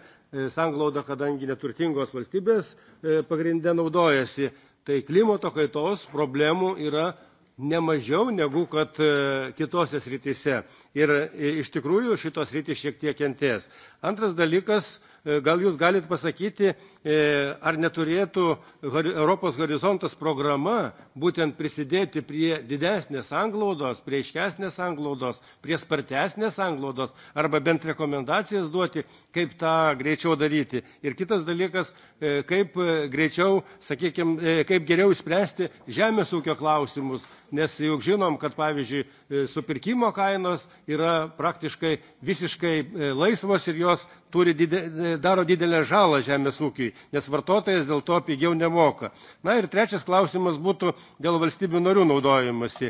sanglauda, kadangi neturtingos valstybės pagrindė naudojasi tai klimato kaitos problemų yra nemažiau negu kad e, kitose srityse ir e, iš tikrųjų šitos sritys šiek tiek kentės. Antras dalykas E, gal jūs galite pasakyti, e, ar neturėtų Europos horizontas programa būtent prisidėti prie didesnės anglaudos, prie iškesnės anglaudos, prie spartesnės anglaudos, arba bent rekomendacijas duoti, kaip tą greičiau daryti. Ir kitas dalykas, e, kaip greičiau, sakykime, kaip geriau išspręsti žemės ūkio klausimus, nes juk žinom kad pavyzdžiui e, supirkimo kainos yra praktiškai visiškai e, laisvos ir jos turi dide, e, daro didelę žalą žemės ūkiui nes vartotojas dėl to pigiau nemoka. Na ir trečias klausimas būtų dėl valstybių narių naudojimasi.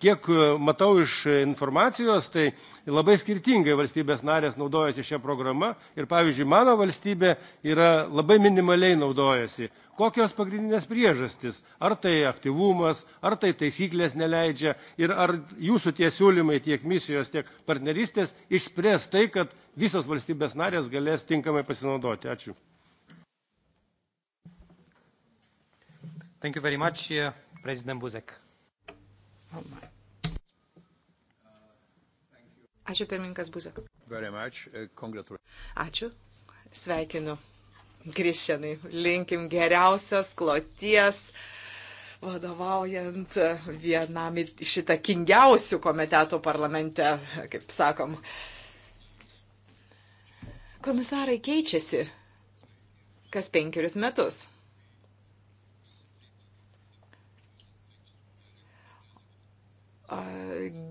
Kiek matau iš informacijos, tai labai skirtingai valstybės narės naudojasi šią programą ir pavyzdžiui mano valstybė yra labai minimaliai naudojasi kokios pagrindinės priežastys ar tai aktyvumas ar tai taisyklės neleidžia ir ar jūsų tie siūlymai tiek misijos tiek partnerystės išspręs tai kad visos valstybės narės galės tinkamai pasinaudoti ačiū Thank you very much, uh, President Buzek. Oh my. Ačiū pirmininkas Buzek. Uh, ačiū. Sveikinu Grišenai. Linkim geriausios kloties vadovaujant vienam iš įtakingiausių komitetų parlamente, kaip sakom. Komisarai keičiasi kas penkerius metus.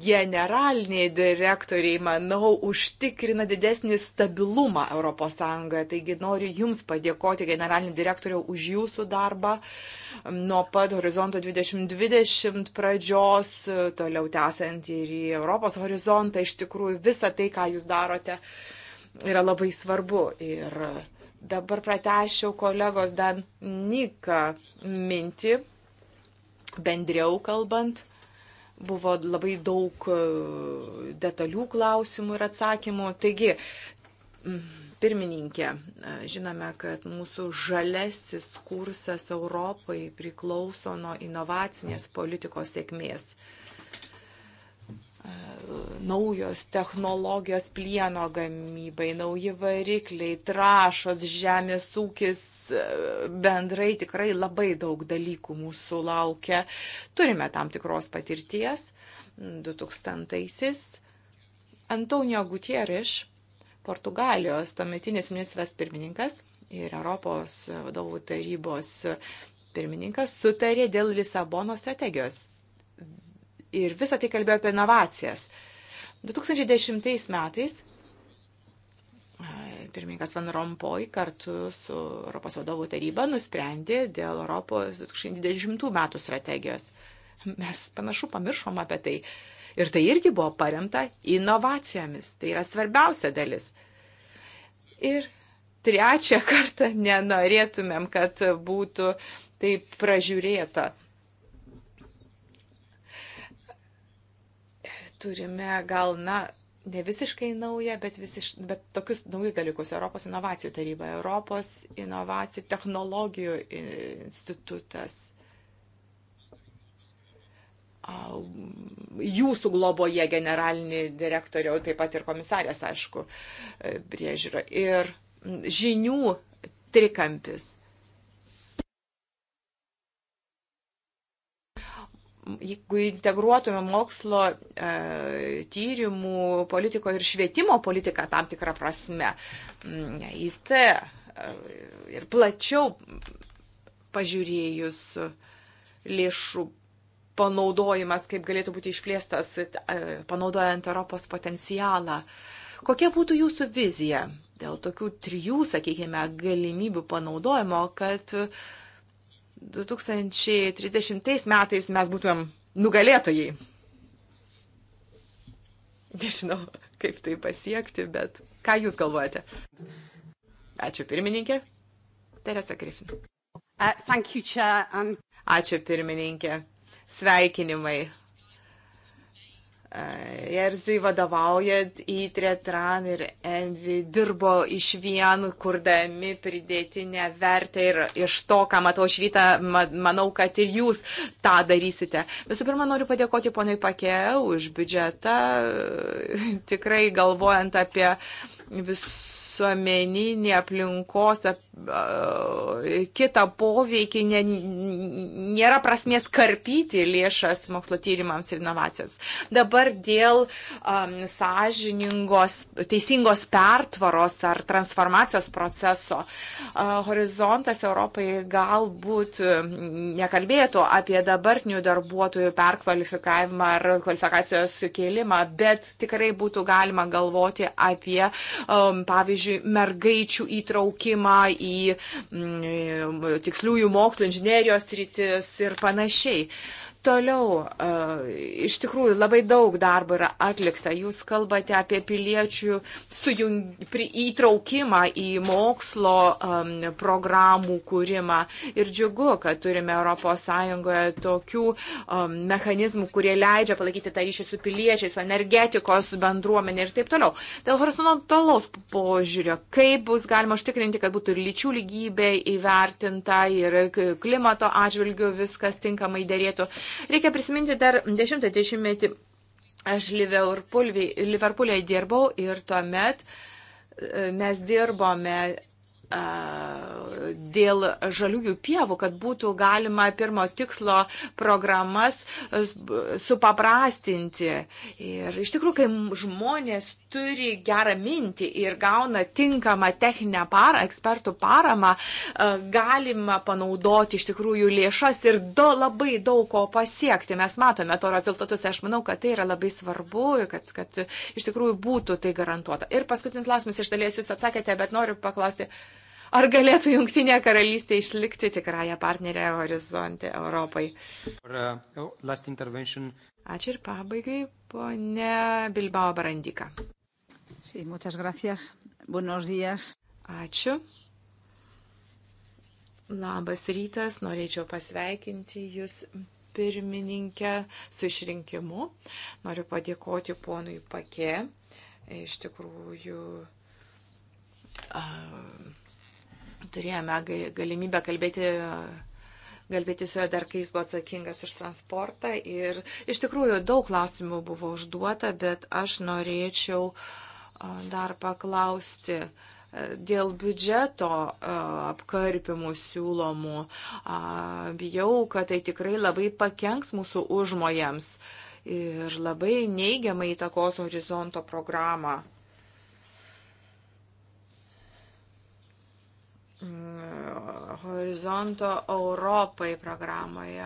generaliniai direktoriai, manau, užtikrina didesnį stabilumą ES. Taigi noriu Jums padėkoti, generalinį direktoriau, už Jūsų darbą. Nuo pat horizonto 2020 pradžios, toliau tęsiant ir į Europos horizontą, iš tikrųjų visa tai, ką Jūs darote, yra labai svarbu. Ir dabar pratešiau kolegos Dan Nika mintį, bendriau kalbant. Buvo labai daug e, detalių klausimų ir atsakymų. Taigi, pirmininkė, e, žinome, kad mūsų žalesis kursas Europai priklauso nuo inovacinės politikos sėkmės. Mhm naujos technologijos plieno gamybai, nauji varikliai, trašos, žemės ūkis, e, bendrai tikrai labai daug dalykų mūsų laukia. Turime tam tikros patirties 2000-aisiais. Antonio Gutierrez, Portugalijos tuometinis ministras pirmininkas ir Europos vadovų tarybos pirmininkas sutarė dėl Lisabono strategijos. Ir visą tai kalbėjo apie inovacijas. Uh, 2010 metais pirmininkas Van Rompuy kartu su Europos vadovų taryba nusprendė dėl Europos 2020 metų strategijos. Mes panašu pamiršom apie tai. Ir tai irgi buvo paremta inovacijomis. Tai yra svarbiausia dalis. Ir trečią kartą nenorėtumėm, kad būtų taip pražiūrėta turime gal, na, ne visiškai naują, bet, visiš, bet tokius naujus dalykus. Europos inovacijų taryba, Europos inovacijų technologijų institutas. Jūsų globoje generalinį direktoriau, taip pat ir komisarės, aišku, priežiūro. Ir žinių trikampis. jeigu integruotume mokslo e, tyrimų politiko ir švietimo politiką tam tikrą prasme, IT mm, e, ir plačiau pažiūrėjus lėšų panaudojimas, kaip galėtų būti išplėstas, e, panaudojant Europos potencialą. Kokia būtų jūsų vizija dėl tokių trijų, sakykime, galimybių panaudojimo, kad uh, 2030 metais mes būtumėm nugalėtojai. Nežinau, kaip tai pasiekti, bet ką Jūs galvojate? Ačiū pirmininkė. Teresa Griffin. Uh, you, chair, um... Ačiū pirmininkė. Sveikinimai Jerzy vadovauja įtrė, tran ir envi, dirbo iš vien, kurdami pridėtinę vertę ir iš to, ką matau šį rytą, manau, kad ir jūs tą darysite. Visų pirma, noriu padėkoti ponui Pakė už biudžetą, tikrai galvojant apie visus visuomeninį aplinkos ap kitą poveikį, ne, nėra prasmės karpyti lėšas mokslo tyrimams ir inovacijoms. Dabar dėl um, sąžiningos, teisingos pertvaros ar transformacijos proceso uh, horizontas Europai galbūt um, nekalbėtų apie dabartinių darbuotojų perkvalifikavimą ar kvalifikacijos kėlimą, bet tikrai būtų galima galvoti apie, um, pavyzdžiui, mergaičių įtraukimą į į mm, tiksliųjų mokslų, inžinerijos rytis ir panašiai. Uh, Toliau, iš tikrųjų, labai daug darbo yra atlikta. Jūs kalbate apie piliečių sujung, pri, įtraukimą į mokslo um, programų kūrimą. Ir džiugu, kad turime ES tokių um, mechanizmų, kurie leidžia palaikyti tą ryšį su piliečiais, su energetikos bendruomenė ir taip toliau. Dėl horizontalaus požiūrio, kaip bus galima užtikrinti, kad būtų ir lyčių lygybė įvertinta ir klimato atžvilgių viskas tinkamai dėrėtų. Reikia prisiminti dar 10-metį. Aš Liverpoolėje dirbau ir tuomet e, mes dirbome dėl žaliųjų pievų, kad būtų galima pirmo tikslo programas supaprastinti. Ir iš tikrųjų, kai žmonės turi gerą mintį ir gauna tinkamą techninę parą, ekspertų paramą, galima panaudoti iš tikrųjų lėšas ir do, labai daug ko pasiekti. Mes matome to rezultatus. Aš manau, kad tai yra labai svarbu, kad, kad iš tikrųjų būtų tai garantuota. Ir paskutinis klausimas iš dalies jūs atsakėte, bet noriu paklausti. Uh, Ar galėtų Junktinė karalystė išlikti tikrąją partnerę horizonte Europai? Uh, oh, Ačiū ir pabaigai, ponė Bilbao Barandika. Sí, muchas gracias. Buenos días. Ačiū. Labas rytas, norėčiau pasveikinti Jūs pirmininkę su išrinkimu. Noriu padėkoti ponui Pake. Iš tikrųjų, uh, turėjome galimybę kalbėti kalbėti su juo dar, kai jis buvo atsakingas už transportą. Ir iš tikrųjų daug klausimų buvo užduota, bet aš norėčiau dar paklausti dėl biudžeto apkarpimų siūlomų. Bijau, kad tai tikrai labai pakenks mūsų užmojams ir labai neigiamai įtakos horizonto programą. Mm, horizonto Europai programoje.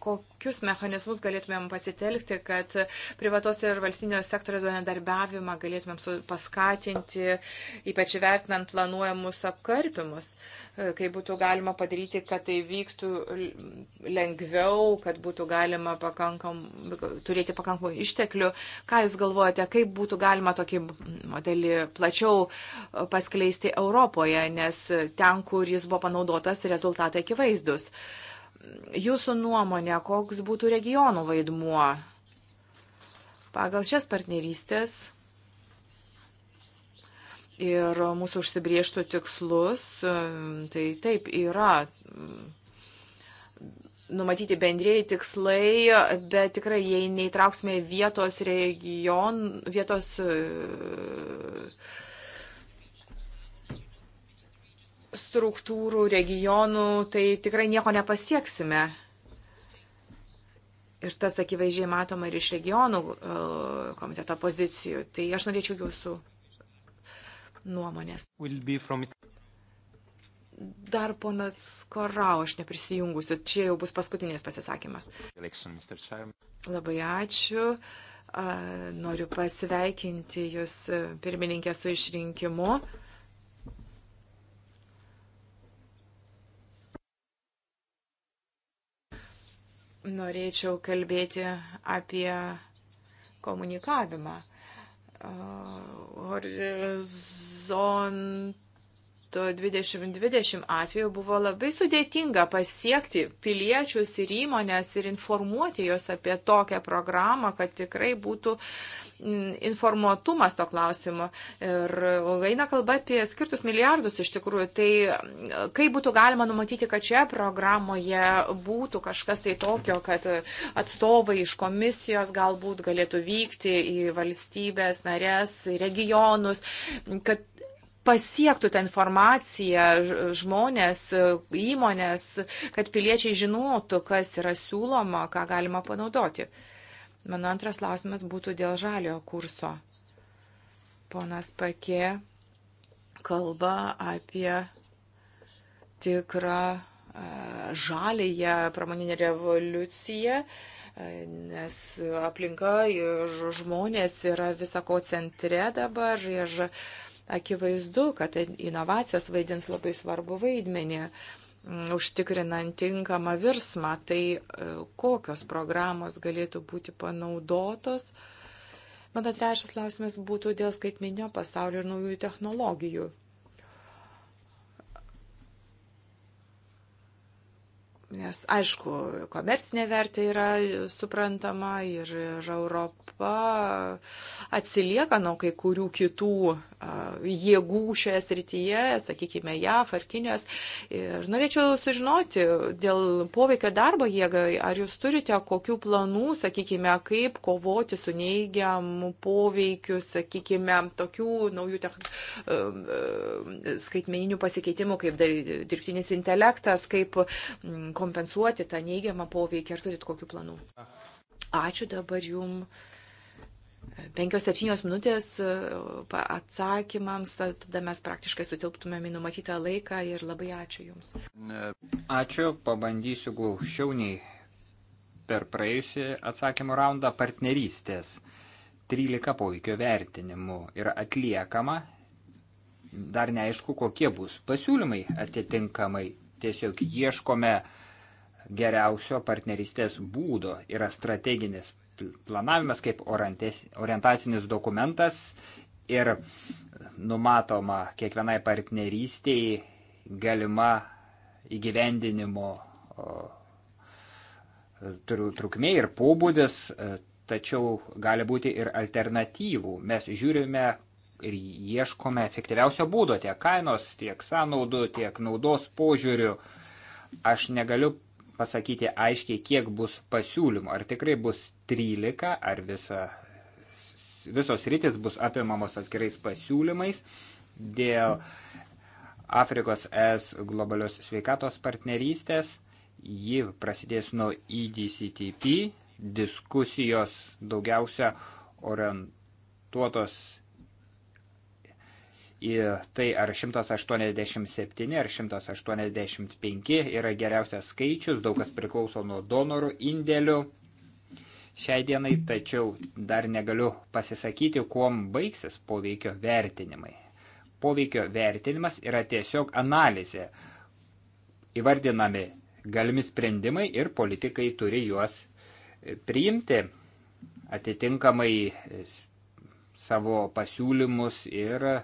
Kokius mechanizmus galėtumėm pasitelkti, kad privatos ir valstybinio sektoriaus bendarbiavimą galėtumėm paskatinti, ypač vertinant planuojamus apkarpimus, kai būtų galima padaryti, kad tai vyktų lengviau, kad būtų galima pakankam, turėti pakankamų išteklių. Ką Jūs galvojate, kaip būtų galima tokį modelį plačiau paskleisti Europoje, nes ten, kur jis buvo panaudotas, rezultatai akivaizdus. Jūsų nuomonė, koks būtų regionų vaidmuo pagal šias partnerystės ir mūsų užsibrieštų tikslus, tai taip yra numatyti bendrėjai tikslai, bet tikrai jei neįtrauksime vietos region, vietos uh, struktūrų, regionų, tai tikrai nieko nepasieksime. Ir tas akivaizdžiai matoma ir iš regionų e, komiteto pozicijų. Tai aš norėčiau jūsų nuomonės. Dar ponas Korau, aš neprisijungusiu. Čia jau bus paskutinis pasisakymas. Labai ačiū. Noriu pasveikinti Jūs pirmininkė su išrinkimu. norėčiau kalbėti apie komunikavimą. Horizonto 2020 atveju buvo labai sudėtinga pasiekti piliečius ir įmonės ir informuoti juos apie tokią programą, kad tikrai būtų uh, Mm, informuotumas to klausimo. Ir eina kalba apie skirtus milijardus iš tikrųjų. Tai mm, kaip būtų galima numatyti, kad čia programoje būtų kažkas tai tokio, kad atstovai iš komisijos galbūt galėtų vykti į valstybės, narės, regionus, kad pasiektų tą informaciją žmonės, įmonės, kad piliečiai žinotų, kas yra siūloma, ką galima panaudoti. Uh, Mano antras klausimas būtų dėl žaliojo kurso. Ponas Pakė kalba apie tikrą e, žalėje pramoninė revoliucija, e, nes aplinka ir žmonės yra visako centre dabar ir akivaizdu, kad inovacijos vaidins labai svarbu vaidmenį. Mm, užtikrinant tinkamą virsmą, tai e, kokios programos galėtų būti panaudotos. Mano trečias klausimas būtų dėl skaitminio pasaulio ir naujų technologijų. Nes, aišku, komercinė vertė yra suprantama ir, ir Europa atsilieka nuo kai kurių kitų jėgų šioje srityje, sakykime, JAF ar Kinijos. Ir norėčiau sužinoti dėl poveikio darbo jėgai, ar jūs turite kokių planų, sakykime, kaip kovoti su neigiamu poveikiu, sakykime, tokių naujų techn... Um, um, skaitmeninių pasikeitimų kaip dirbtinis intelektas, kaip kompensuoti tą neigiamą poveikį? Ar turit kokių planų? Ačiū dabar jum. 5-7 minutės e, atsakymams, tada mes praktiškai sutilptumėm į numatytą laiką ir labai ačiū Jums. Ačiū, pabandysiu glaušiau nei per praėjusį atsakymų raundą partnerystės. 13 poveikio vertinimų yra atliekama, dar neaišku, kokie bus pasiūlymai atitinkamai. Tiesiog ieškome uh, geriausio partneristės būdo. Yra strateginis planavimas kaip orientacinis dokumentas ir numatoma kiekvienai partnerystiai galima įgyvendinimo trukmė ir pobūdis, e, tačiau gali būti ir alternatyvų. Mes žiūrime ir ieškome efektyviausio būdo tiek kainos, tiek sąnaudų, tiek naudos požiūrių. Aš negaliu pasakyti aiškiai, kiek bus pasiūlymų. Ar tikrai bus 13, ar visa, visos rytis bus apimamos atskirais pasiūlymais dėl Afrikos S globalios sveikatos partnerystės. Ji prasidės nuo EDCTP. Diskusijos daugiausia orientuotos į tai, ar 187 ar 185 yra geriausias skaičius, daug kas priklauso nuo donorų indėlių. Šiai dienai tačiau dar negaliu pasisakyti, kuom baigsis poveikio vertinimai. Poveikio vertinimas yra tiesiog analizė. Įvardinami galimi sprendimai ir politikai turi juos priimti atitinkamai savo pasiūlymus ir uh,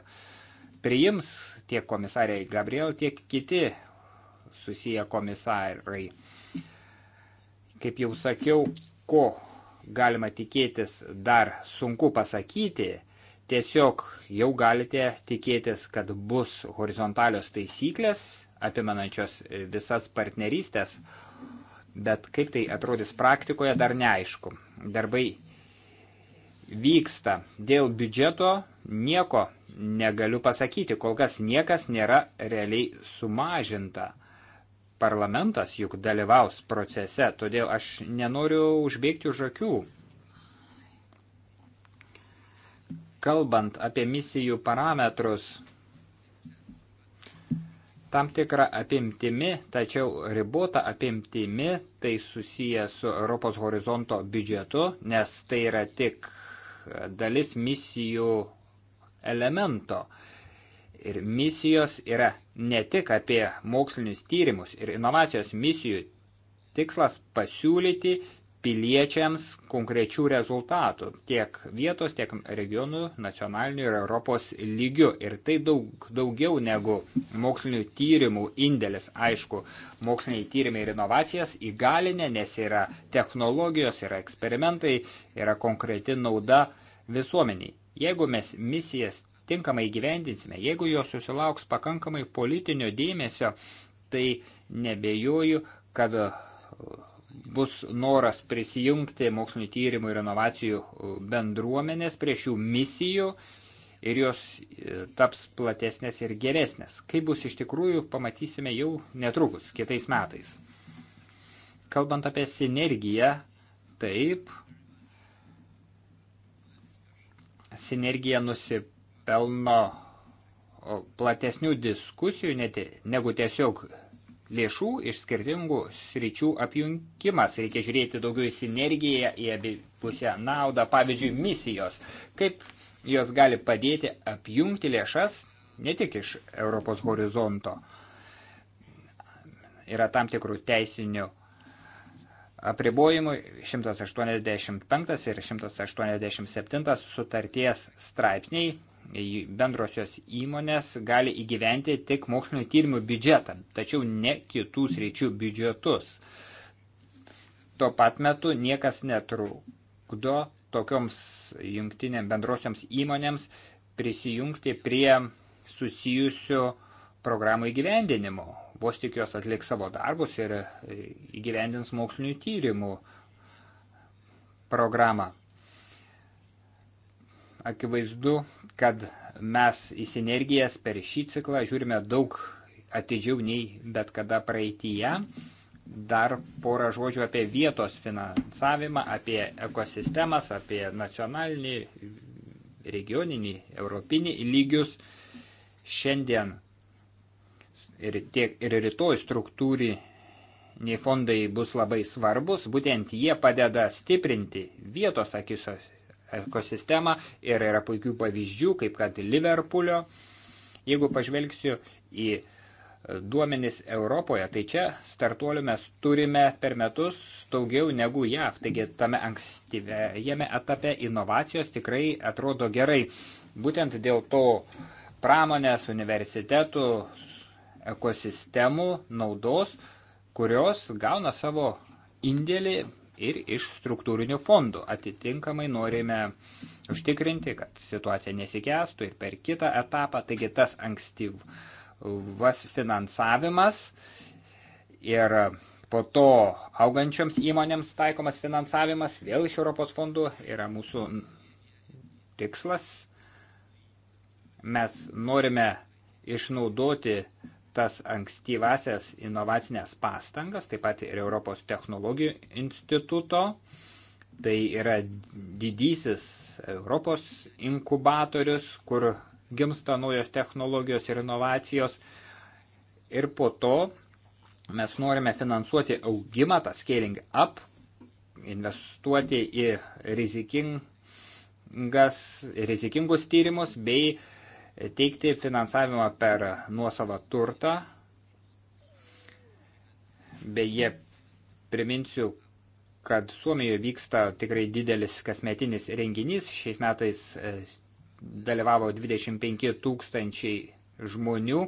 priims tiek komisarė Gabriel, tiek kiti susiję komisarai. Kaip jau sakiau, ko galima tikėtis dar sunku pasakyti, tiesiog jau galite tikėtis, kad bus horizontalios taisyklės, apimanančios visas partnerystės, bet kaip tai atrodys praktikoje dar neaišku. Darbai vyksta. Dėl biudžeto nieko negaliu pasakyti, kol kas niekas nėra realiai sumažinta. Parlamentas juk dalyvaus procese, todėl aš nenoriu užbėgti už akių. Kalbant apie misijų parametrus, tam tikrą apimtimi, tačiau ribotą apimtimi tai susiję su Europos horizonto biudžetu, nes tai yra tik uh, dalis misijų elemento. Ir misijos yra ne tik apie mokslinius tyrimus ir inovacijos misijų tikslas pasiūlyti piliečiams konkrečių rezultatų tiek vietos, tiek regionų, nacionalinių ir Europos lygių. Ir tai daug, daugiau negu mokslinių tyrimų indėlis. Aišku, moksliniai tyrimai ir inovacijas įgalinę, nes yra technologijos, yra eksperimentai, yra konkreti nauda visuomeniai. Jeigu mes misijas tinkamai gyvendinsime, jeigu jos susilauks pakankamai politinio dėmesio, tai nebejoju, kad bus noras prisijungti mokslinio tyrimų ir inovacijų bendruomenės prie šių misijų ir jos e, taps platesnės ir geresnės. Kaip bus iš tikrųjų, pamatysime jau netrukus, kitais metais. Kalbant apie sinergiją, taip, sinergija nusipelno platesnių diskusijų negu tiesiog lėšų iš skirtingų sričių apjungimas. Reikia žiūrėti daugiau į sinergiją, į abipusę naudą, pavyzdžiui, misijos. Kaip jos gali padėti apjungti lėšas ne tik iš Europos horizonto. Yra tam tikrų teisinių apribojimų 185 ir 187 sutarties straipsniai bendrosios įmonės gali įgyventi tik mokslinio tyrimų biudžetą, tačiau ne kitų sričių biudžetus. Tuo pat metu niekas netrukdo tokioms jungtinėms bendrosioms įmonėms prisijungti prie susijusių programų įgyvendinimo. Vos tik jos atliks savo darbus ir įgyvendins mokslinių tyrimų programą. Akivaizdu, kad mes į sinergijas per šį ciklą žiūrime daug atidžiau nei bet kada praeitįje. Dar porą žodžių apie vietos finansavimą, apie ekosistemas, apie nacionalinį, regioninį, europinį lygius. Šiandien ir, tiek, ir rytoj struktūriniai fondai bus labai svarbus, būtent jie padeda stiprinti vietos akisos ekosistemą ir yra puikių pavyzdžių, kaip kad Liverpoolio. Jeigu pažvelgsiu į duomenis Europoje, tai čia startuolių mes turime per metus daugiau negu JAV. Taigi tame ankstyvėjame etape inovacijos tikrai atrodo gerai. Būtent dėl to pramonės, universitetų, ekosistemų naudos, kurios gauna savo indėlį ir iš struktūrinių fondų. Atitinkamai norime užtikrinti, kad situacija nesikestų ir per kitą etapą, taigi tas ankstyvas finansavimas ir po to augančioms įmonėms taikomas finansavimas vėl iš Europos fondų yra mūsų tikslas. Mes norime išnaudoti tas ankstyvasias inovacinės pastangas, taip pat ir Europos technologijų instituto. Tai yra didysis Europos inkubatorius, kur gimsta naujos technologijos ir inovacijos. Ir po to mes norime finansuoti augimą, tą scaling up, investuoti į rizikingas, rizikingus tyrimus bei uh, teikti finansavimą per nuosavą turtą. Beje, priminsiu, kad Suomijoje vyksta tikrai didelis kasmetinis renginys. Šiais metais e, dalyvavo 25 tūkstančiai žmonių.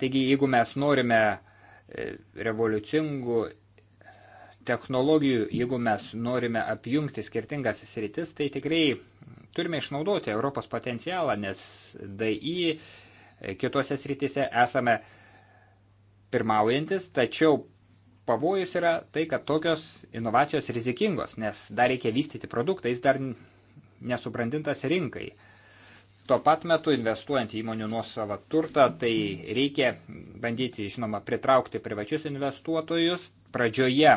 Taigi, jeigu mes norime e, revoliucingų technologijų, jeigu mes norime apjungti skirtingas sritis, tai tikrai Turime išnaudoti Europos potencialą, nes DI kitose srityse esame pirmaujantis, tačiau pavojus yra tai, kad tokios inovacijos rizikingos, nes dar reikia vystyti produktą, jis dar nesubrandintas rinkai. Tuo pat metu investuojant į įmonių nuosavą turtą, tai reikia bandyti, žinoma, pritraukti privačius investuotojus. Pradžioje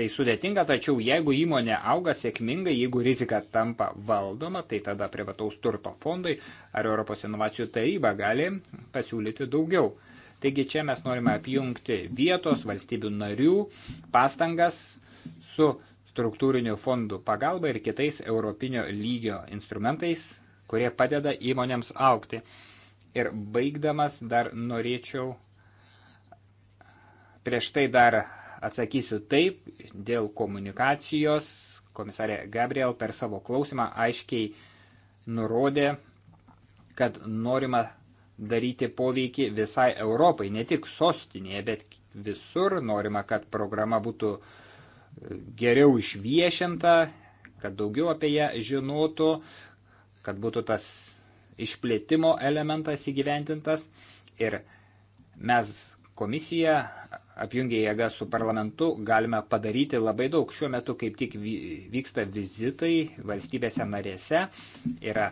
tai sudėtinga, tačiau jeigu įmonė auga sėkmingai, jeigu rizika tampa valdoma, tai tada privataus turto fondai ar Europos inovacijų taryba gali pasiūlyti daugiau. Taigi čia mes norime apjungti vietos valstybių narių pastangas su struktūrinių fondų pagalba ir kitais europinio lygio instrumentais, kurie padeda įmonėms aukti. Ir baigdamas dar norėčiau prieš tai dar Atsakysiu taip, dėl komunikacijos komisarė Gabriel per savo klausimą aiškiai nurodė, kad norima daryti poveikį visai Europai, ne tik sostinėje, bet visur norima, kad programa būtų geriau išviešinta, kad daugiau apie ją žinotų, kad būtų tas išplėtimo elementas įgyventintas ir mes komisija apjungę jėgą su parlamentu galime padaryti labai daug. Šiuo metu kaip tik vyksta vizitai valstybėse narėse, yra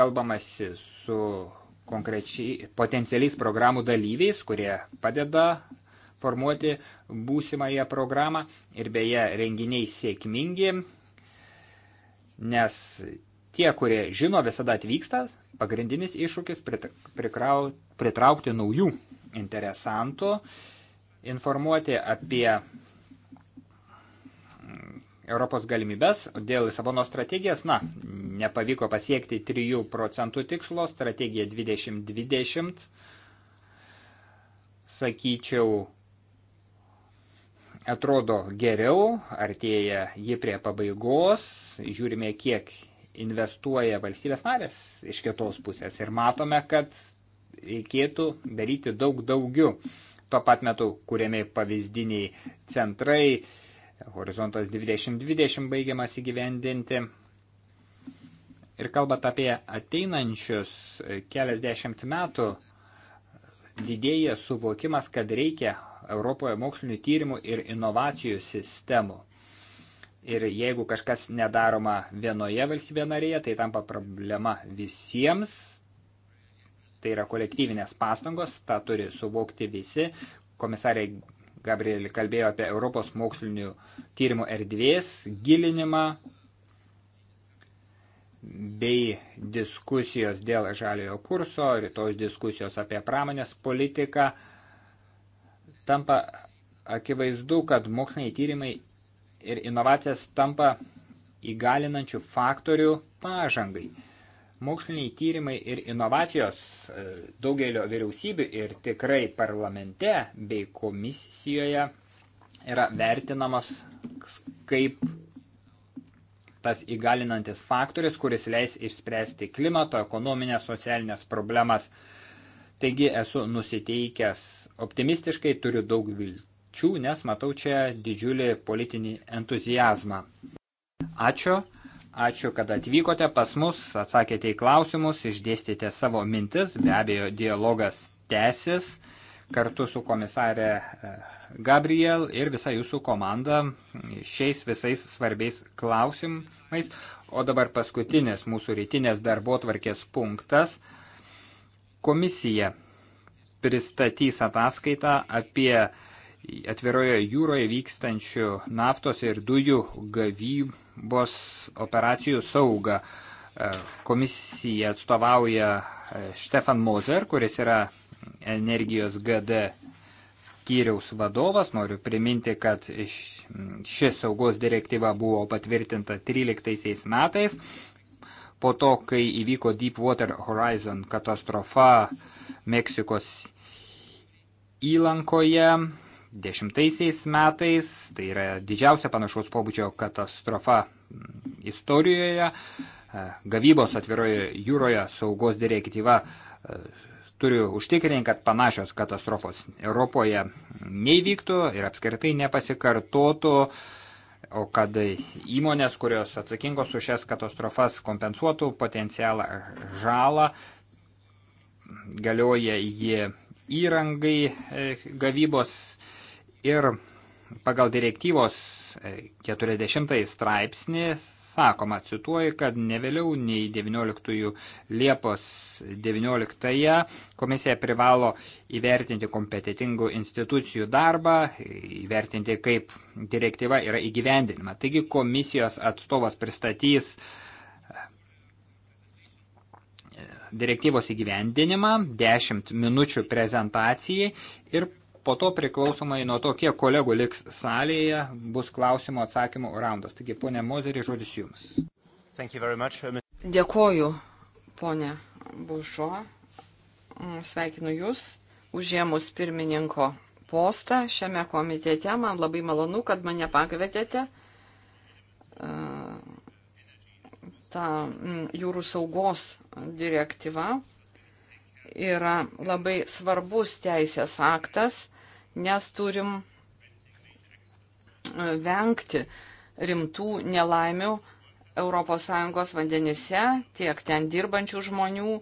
kalbamasi su konkrečiai potencialiais programų dalyviais, kurie padeda formuoti būsimąją programą ir beje renginiai sėkmingi, nes tie, kurie žino, visada atvyksta, pagrindinis iššūkis pritraukti naujų interesantų informuoti apie mm, Europos galimybės. Dėl Lisabono strategijos, na, nepavyko pasiekti 3 procentų tikslo, strategija 2020, sakyčiau, atrodo geriau, artėja ji prie pabaigos, žiūrime, kiek investuoja valstybės narės iš kitos pusės ir matome, kad reikėtų daryti daug daugiau. Tuo pat metu kuriami pavyzdiniai centrai, horizontas 2020 baigiamas įgyvendinti. Ir kalbant apie ateinančius keliasdešimt metų, didėja suvokimas, kad reikia Europoje mokslinių tyrimų ir inovacijų sistemų. Ir jeigu kažkas nedaroma vienoje valstybėje narėje, tai tampa problema visiems Tai yra kolektyvinės pastangos, tą turi suvokti visi. Komisarė Gabrielė kalbėjo apie Europos mokslinių tyrimų erdvės gilinimą bei diskusijos dėl žaliojo kurso, rytojus diskusijos apie pramonės politiką. Tampa akivaizdu, kad moksliniai tyrimai ir inovacijas tampa įgalinančių faktorių pažangai. Moksliniai tyrimai ir inovacijos e, daugelio vyriausybių ir tikrai parlamente bei komisijoje yra vertinamas kaip tas įgalinantis faktorius, kuris leis išspręsti klimato, ekonominės, socialinės problemas. Taigi esu nusiteikęs optimistiškai, turiu daug vilčių, nes matau čia didžiulį politinį entuzijazmą. Ačiū. Ačiū, kad atvykote pas mus, atsakėte į klausimus, išdėstėte savo mintis, be abejo, dialogas tęsis kartu su komisarė e, Gabriel ir visa jūsų komanda šiais visais svarbiais klausimais. O dabar paskutinis mūsų rytinės darbo tvarkės punktas. Komisija pristatys ataskaitą apie atviroje jūroje vykstančių naftos ir dujų gavybos operacijų saugą. E, komisija atstovauja Stefan e, Moser, kuris yra energijos GD skyriaus vadovas. Noriu priminti, kad ši saugos direktyva buvo patvirtinta 13 metais. Po to, kai įvyko Deepwater Horizon katastrofa Meksikos įlankoje, 2010 metais, tai yra didžiausia panašaus pobūdžio katastrofa istorijoje. E, gavybos atviroje jūroje saugos direktyva e, turi užtikrinti, kad panašios katastrofos Europoje neįvyktų ir apskritai nepasikartotų, o kad įmonės, kurios atsakingos už šias katastrofas, kompensuotų potencialą žalą, galioja jie įrangai e, gavybos Ir pagal direktyvos 40 e, straipsnį sakoma, cituoju, kad ne vėliau nei 19 Liepos 19 komisija privalo įvertinti kompetitingų institucijų darbą, įvertinti, kaip direktyva yra įgyvendinima. Taigi komisijos atstovas pristatys e, direktyvos įgyvendinimą, 10 minučių prezentacijai ir po to priklausomai nuo to, kiek kolegų liks salėje, bus klausimo atsakymų raundas. Taigi, ponė Mozerį, žodis jums. Much, uh, Dėkoju, ponė Bužo. Mm, sveikinu Jūs užėmus pirmininko postą šiame komitete. Man labai malonu, kad mane pakvietėte uh, ta mm, jūrų saugos direktyva yra labai svarbus teisės aktas nes turim e, vengti rimtų nelaimių ES vandenise, tiek ten dirbančių žmonių e,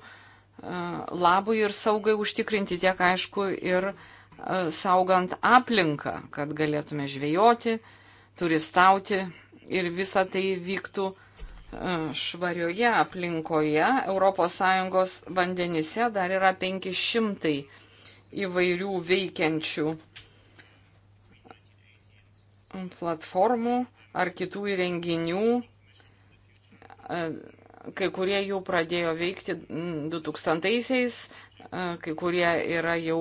labui ir saugai užtikrinti, tiek aišku ir e, saugant aplinką, kad galėtume žvejoti, turistauti ir visa tai vyktų švarioje aplinkoje. ES vandenise dar yra 500 įvairių veikiančių platformų ar kitų įrenginių. E, kai kurie jau pradėjo veikti 2000-aisiais, e, kai kurie yra jau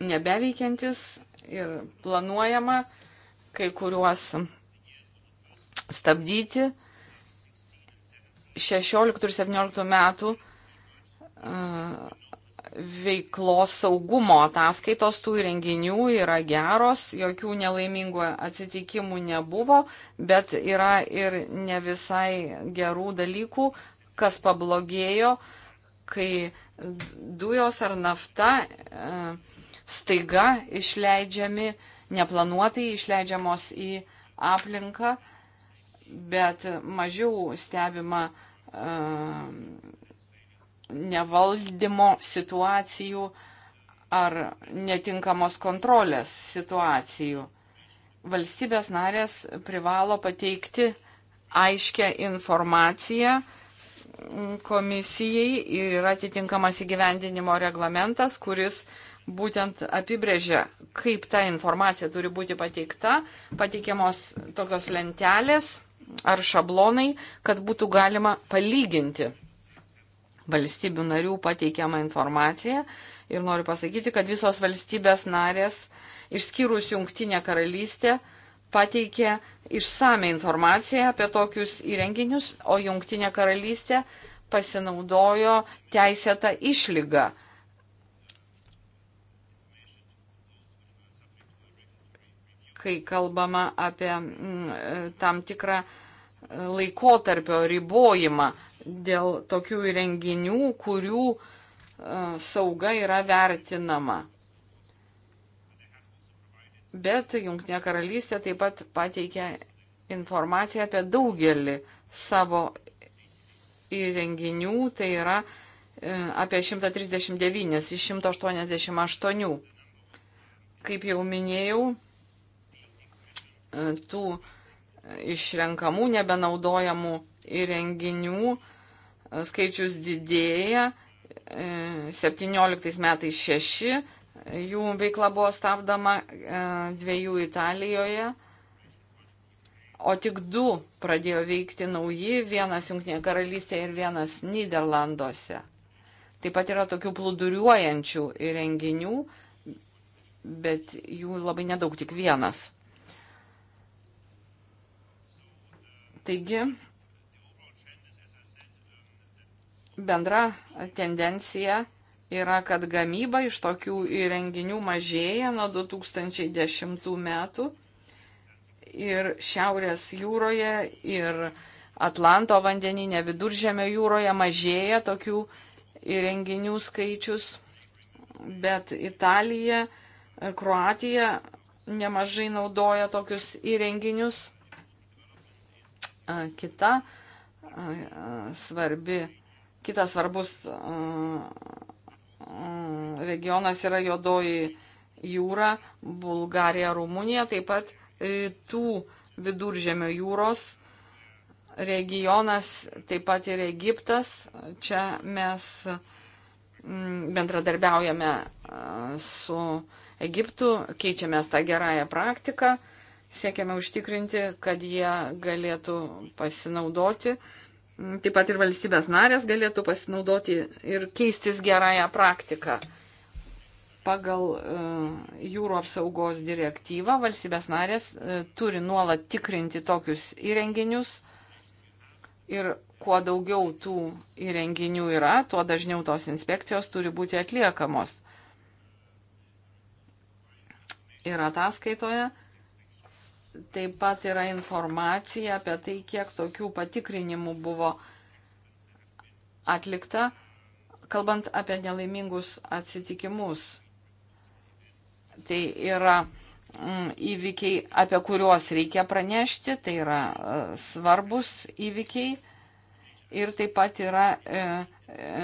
nebeveikiantis ir planuojama kai kuriuos stabdyti. 16 ir 17 metų e, veiklos saugumo ataskaitos tų įrenginių yra geros, jokių nelaimingų atsitikimų nebuvo, bet yra ir ne visai gerų dalykų, kas pablogėjo, kai dujos ar nafta e, staiga išleidžiami, neplanuotai išleidžiamos į aplinką, bet mažiau stebima e, nevaldymo situacijų ar netinkamos kontrolės situacijų. Valstybės narės privalo pateikti aiškę informaciją komisijai ir yra atitinkamas įgyvendinimo reglamentas, kuris būtent apibrėžia, kaip ta informacija turi būti pateikta, pateikiamos tokios lentelės ar šablonai, kad būtų galima palyginti valstybių narių pateikiamą informaciją ir noriu pasakyti, kad visos valstybės narės, išskyrus Junktinė karalystė, pateikė išsame informaciją apie tokius įrenginius, o Junktinė karalystė pasinaudojo teisėtą išlygą. Kai kalbama apie mm, tam tikrą laikotarpio ribojimą dėl tokių įrenginių, kurių e, sauga yra vertinama. Bet Junktinė karalystė taip pat pateikia informaciją apie daugelį savo įrenginių, tai yra e, apie 139 iš 188. Kaip jau minėjau, e, tų išrenkamų, nebenaudojamų įrenginių e, skaičius didėja. 17 e, metais 6 jų veikla buvo stabdama, e, dviejų Italijoje, o tik du pradėjo veikti nauji, vienas Junktinėje karalystėje ir vienas Niderlanduose. Taip pat yra tokių plūduriuojančių įrenginių, bet jų labai nedaug, tik vienas. Taigi, bendra tendencija yra, kad gamyba iš tokių įrenginių mažėja nuo 2010 metų ir Šiaurės jūroje ir Atlanto vandeninė viduržėmio jūroje mažėja tokių įrenginių skaičius, bet Italija, Kroatija nemažai naudoja tokius įrenginius. Kita svarbi Kitas svarbus mm, mm, regionas yra Jodoji jūra, Bulgarija, Rumunija, taip pat rytų viduržėmio jūros regionas, taip pat ir Egiptas. Čia mes mm, bendradarbiaujame e, su Egiptu, keičiamės tą gerąją praktiką, siekiame užtikrinti, kad jie galėtų pasinaudoti uh, Taip pat ir valstybės narės galėtų pasinaudoti ir keistis gerąją praktiką. Pagal e, jūrų apsaugos direktyvą valstybės narės e, turi nuolat tikrinti tokius įrenginius ir kuo daugiau tų įrenginių yra, tuo dažniau tos inspekcijos turi būti atliekamos. Ir ataskaitoje Taip pat yra informacija apie tai, kiek tokių patikrinimų buvo atlikta, kalbant apie nelaimingus atsitikimus. Tai yra mm, įvykiai, apie kuriuos reikia pranešti, tai yra e, svarbus įvykiai ir taip pat yra e, e,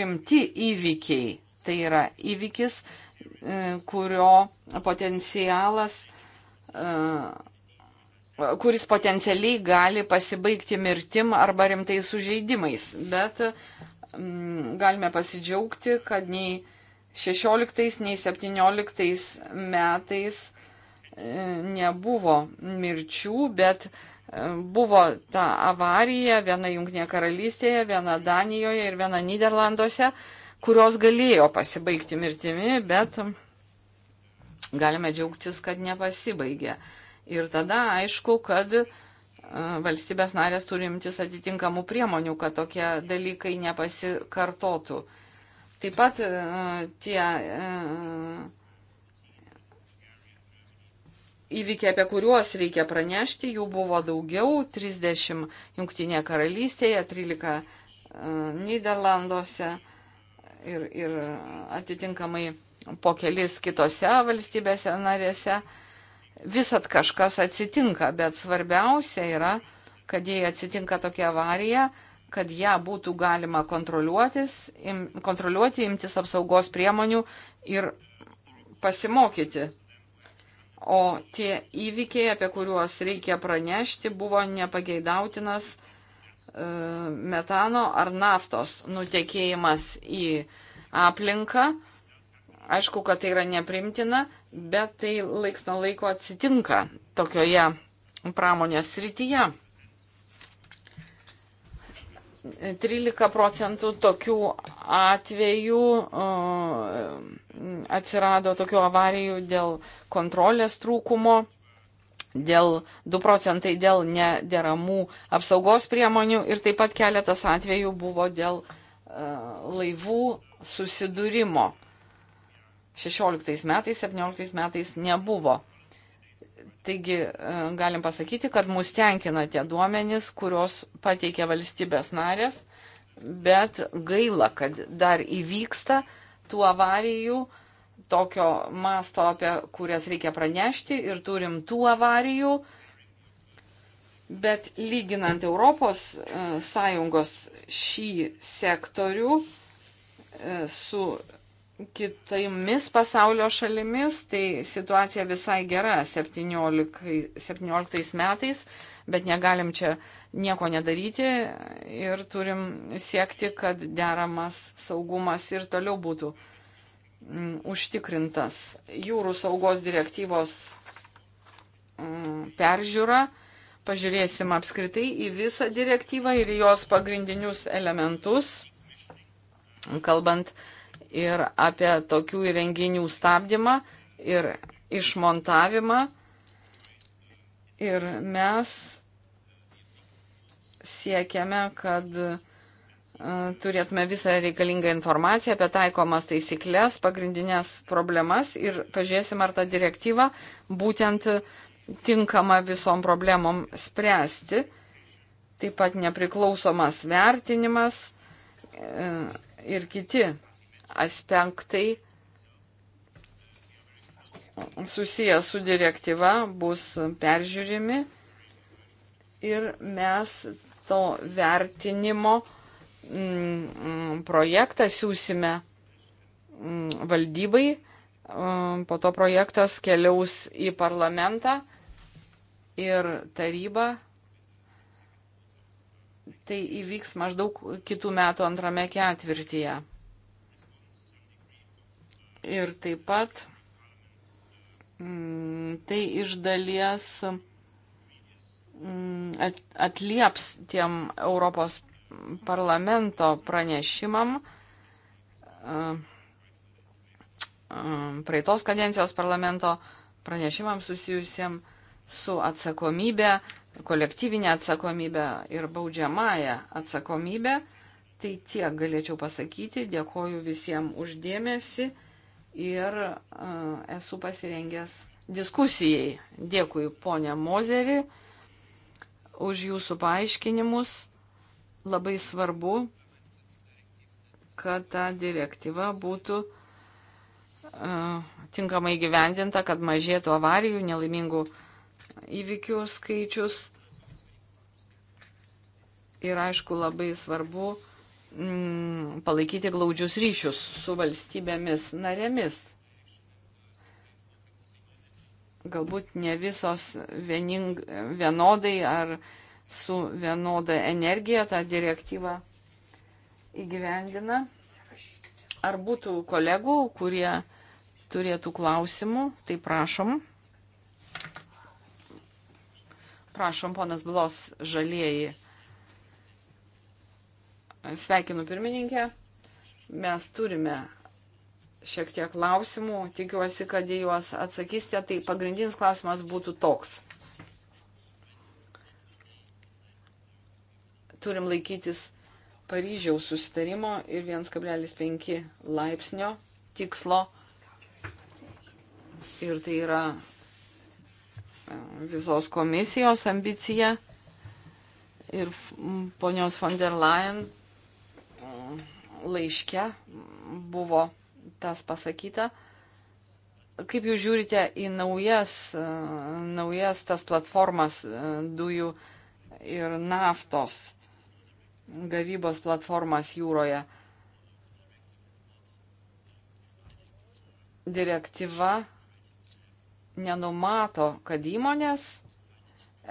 rimti įvykiai. Tai yra įvykis, kurio potencialas kuris potencialiai gali pasibaigti mirtim arba rimtais sužeidimais. Bet mm, galime pasidžiaugti, kad nei 16, nei 17 metais e, nebuvo mirčių, bet e, buvo ta avarija viena Junktinėje karalystėje, viena Danijoje ir viena Niderlanduose, kurios galėjo pasibaigti mirtimi, bet mm, galime džiaugtis, kad nepasibaigė. Ir tada aišku, kad e, valstybės narės turi imtis atitinkamų priemonių, kad tokie dalykai nepasikartotų. Taip pat e, tie e, įvykiai, apie kuriuos reikia pranešti, jų buvo daugiau - 30 Junktinėje karalystėje, 13 Niderlanduose ir, ir atitinkamai po kelis kitose valstybėse narėse. Visat kažkas atsitinka, bet svarbiausia yra, kad jei atsitinka tokia avarija, kad ją būtų galima im, kontroliuoti, imtis apsaugos priemonių ir pasimokyti. O tie įvykiai, apie kuriuos reikia pranešti, buvo nepageidautinas e, metano ar naftos nutekėjimas į aplinką Aišku, kad tai yra neprimtina, bet tai laiks nuo laiko atsitinka tokioje pramonės srityje. 13 procentų tokių atvejų atsirado tokių avarijų dėl kontrolės trūkumo, dėl 2 procentai dėl nederamų apsaugos priemonių ir taip pat keletas atvejų buvo dėl e, laivų susidūrimo. 16 metais, 17 metais nebuvo. Taigi e, galim pasakyti, kad mus tenkina tie duomenys, kurios pateikia valstybės narės, bet gaila, kad dar įvyksta tų avarijų tokio masto, apie kurias reikia pranešti ir turim tų avarijų. Bet lyginant Europos e, Sąjungos šį sektorių e, su kitomis pasaulio šalimis, tai situacija visai gera 17, 17 metais, bet negalim čia nieko nedaryti ir turim siekti, kad deramas saugumas ir toliau būtų m, mm, užtikrintas. Jūrų saugos direktyvos m, mm, peržiūra. Pažiūrėsim apskritai į visą direktyvą ir jos pagrindinius elementus, kalbant uh, ir apie tokių įrenginių stabdymą ir išmontavimą. Ir mes siekiame, kad e, turėtume visą reikalingą informaciją apie taikomas taisyklės, pagrindinės problemas ir pažiūrėsim, ar ta direktyva būtent tinkama visom problemom spręsti. Taip pat nepriklausomas vertinimas e, ir kiti aspektai susijęs su direktyva bus peržiūrimi ir mes to vertinimo mm, projektą siūsime mm, valdybai, mm, po to projektas keliaus į parlamentą ir tarybą. Tai įvyks maždaug kitų metų antrame ketvirtyje. Ir taip pat mm, tai iš dalies mm, atlieps tiem Europos parlamento pranešimam. Praeitos kadencijos parlamento pranešimam susijusiam su atsakomybė, kolektyvinė atsakomybė ir baudžiamąją atsakomybę. Tai tiek galėčiau pasakyti. Dėkoju visiems uždėmesi ir esu pasirengęs diskusijai. Dėkui, ponė Mozerį, už jūsų paaiškinimus. Labai svarbu, kad ta direktyva būtų tinkamai gyvendinta, kad mažėtų avarijų, nelaimingų įvykių skaičius. Ir aišku, labai svarbu, Mm, palaikyti glaudžius ryšius su valstybėmis narėmis. Galbūt ne visos viening, vienodai ar su vienoda energija tą direktyvą įgyvendina. Ar būtų kolegų, kurie turėtų klausimų, tai prašom. Prašom, ponas Blos, žalieji. Sveikinu pirmininkę. Mes turime šiek tiek klausimų. Tikiuosi, kad į juos atsakysite. Tai pagrindinis klausimas būtų toks. Turim laikytis Paryžiaus sustarimo ir 1,5 laipsnio tikslo. Ir tai yra e, visos komisijos ambicija. Ir ponios von der Leyen laiške buvo tas pasakyta. Kaip jūs žiūrite į naujas, naujas tas platformas dujų ir naftos gavybos platformas jūroje? Direktyva nenumato, kad įmonės,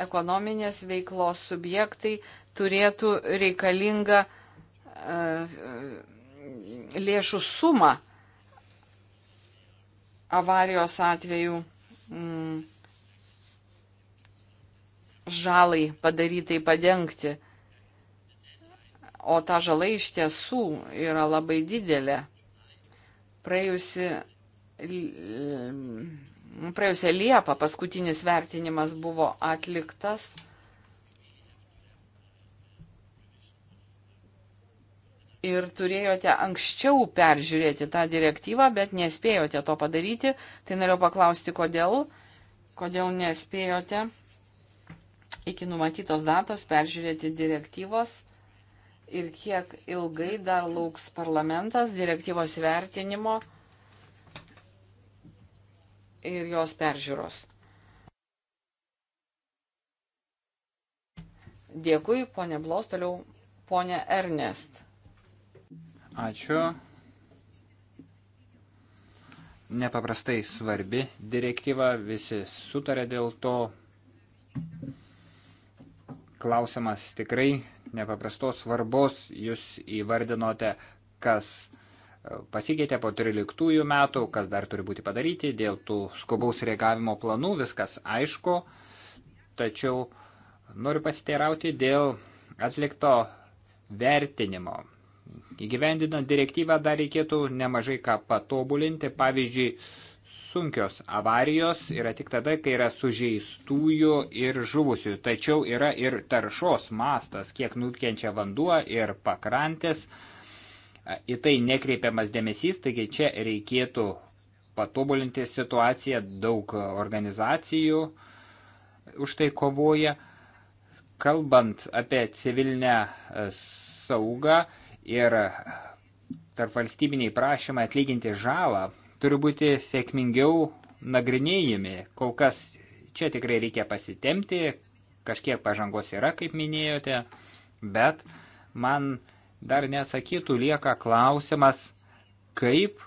ekonominės veiklos subjektai turėtų reikalingą uh, E, lėšų sumą avarijos atveju mm, žalai padarytai padengti. O ta žala iš tiesų yra labai didelė. Praėjusi, praėjusią Liepą paskutinis vertinimas buvo atliktas ir turėjote anksčiau peržiūrėti tą direktyvą, bet nespėjote to padaryti. Tai noriu paklausti, kodėl, kodėl nespėjote iki numatytos datos peržiūrėti direktyvos ir kiek ilgai dar lauks parlamentas direktyvos vertinimo ir jos peržiūros. Dėkui, ponė Blaus, toliau ponė Ernest. Ačiū. Nepaprastai svarbi direktyva, visi sutarė dėl to. Klausimas tikrai nepaprastos svarbos, jūs įvardinote, kas pasikeitė po 13 metų, kas dar turi būti padaryti, dėl tų skubaus reagavimo planų viskas aišku, tačiau noriu pasiteirauti dėl atlikto vertinimo. Įgyvendinant direktyvą dar reikėtų nemažai ką patobulinti, pavyzdžiui, sunkios avarijos yra tik tada, kai yra sužeistųjų ir žuvusių, tačiau yra ir taršos mastas, kiek nukenčia vanduo ir pakrantės, į tai nekreipiamas dėmesys, taigi čia reikėtų patobulinti situaciją, daug organizacijų už tai kovoja. Kalbant apie civilinę saugą, ir tarp valstybiniai prašymai atlyginti žalą turi būti sėkmingiau nagrinėjami. Kol kas čia tikrai reikia pasitemti, kažkiek pažangos yra, kaip minėjote, bet man dar neatsakytų lieka klausimas, kaip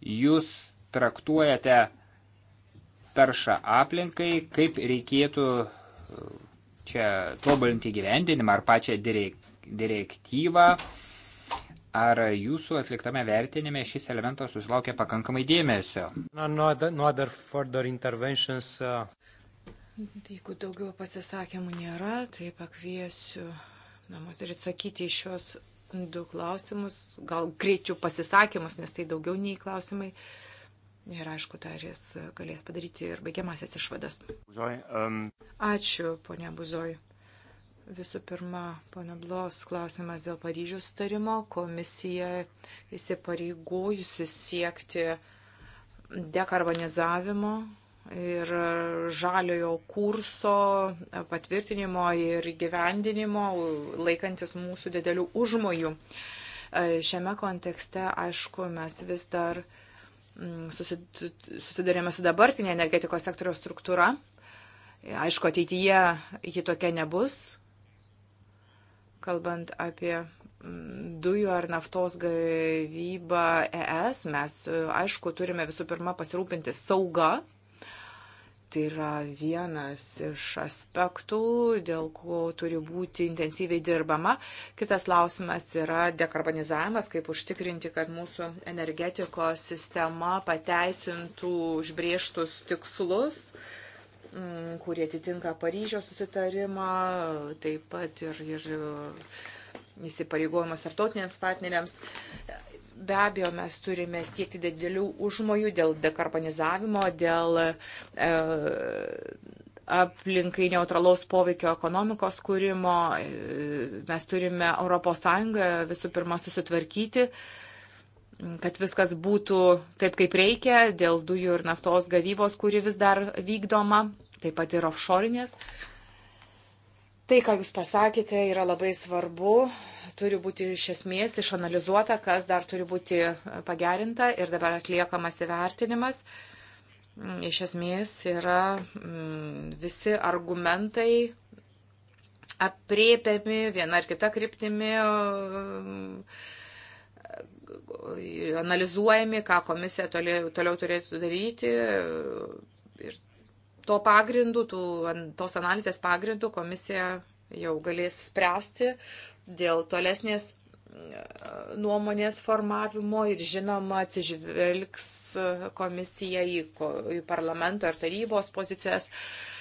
jūs traktuojate taršą aplinkai, kaip reikėtų uh, čia tobulinti gyvendinimą ar pačią direktyvą. Ar jūsų atliktame vertinime šis elementas susilaukė pakankamai dėmesio? No, no, no other further interventions. Uh, tai jeigu daugiau pasisakymų nėra, tai pakviesiu namus ir atsakyti į šios du klausimus, gal greičiau pasisakymus, nes tai daugiau nei klausimai. Ir aišku, dar jis galės padaryti ir baigiamasias išvadas. Buzoj, um... Ačiū, ponia Buzoj. Visų pirma, pana Blos, klausimas dėl Paryžiaus sutarimo. Komisija įsipareigojusi siekti dekarbonizavimo ir žaliojo kurso patvirtinimo ir gyvendinimo, laikantis mūsų didelių užmojų. E, šiame kontekste, aišku, mes vis dar mm, susidarėme su dabartinė energetikos sektoriaus struktūra. Aišku, ateityje ji tokia nebus, kalbant apie mm, dujų ar naftos gavybą ES, mes aišku turime visų pirma pasirūpinti sauga. Tai yra vienas iš aspektų, dėl ko turi būti intensyviai dirbama. Kitas klausimas yra dekarbonizavimas, kaip užtikrinti, kad mūsų energetikos sistema pateisintų užbrieštus tikslus. Uh, Mm, kurie atitinka Paryžiaus susitarimą, taip pat ir, ir e, įsipareigojimas tarptautiniams partneriams. Be abejo, mes turime siekti didelių užmojų dėl dekarbonizavimo, dėl e, aplinkai neutralaus poveikio ekonomikos kūrimo. E, mes turime ES visų pirma susitvarkyti. E, kad viskas būtų taip, kaip reikia dėl dujų ir naftos gavybos, kuri vis dar vykdoma, taip pat ir offshore'inės. Tai, ką Jūs pasakėte, yra labai svarbu, turi būti iš esmės išanalizuota, kas dar turi būti pagerinta ir dabar atliekamas įvertinimas. Iš esmės yra mm, visi argumentai apriepiami viena ar kita kryptimi mm, analizuojami, ką komisija toliau, toliau turėtų daryti. Ir to pagrindu, tų, tos analizės pagrindu komisija jau galės spręsti dėl tolesnės e, nuomonės formavimo ir žinoma atsižvelgs komisija į, į parlamento ir tarybos pozicijas. Uh,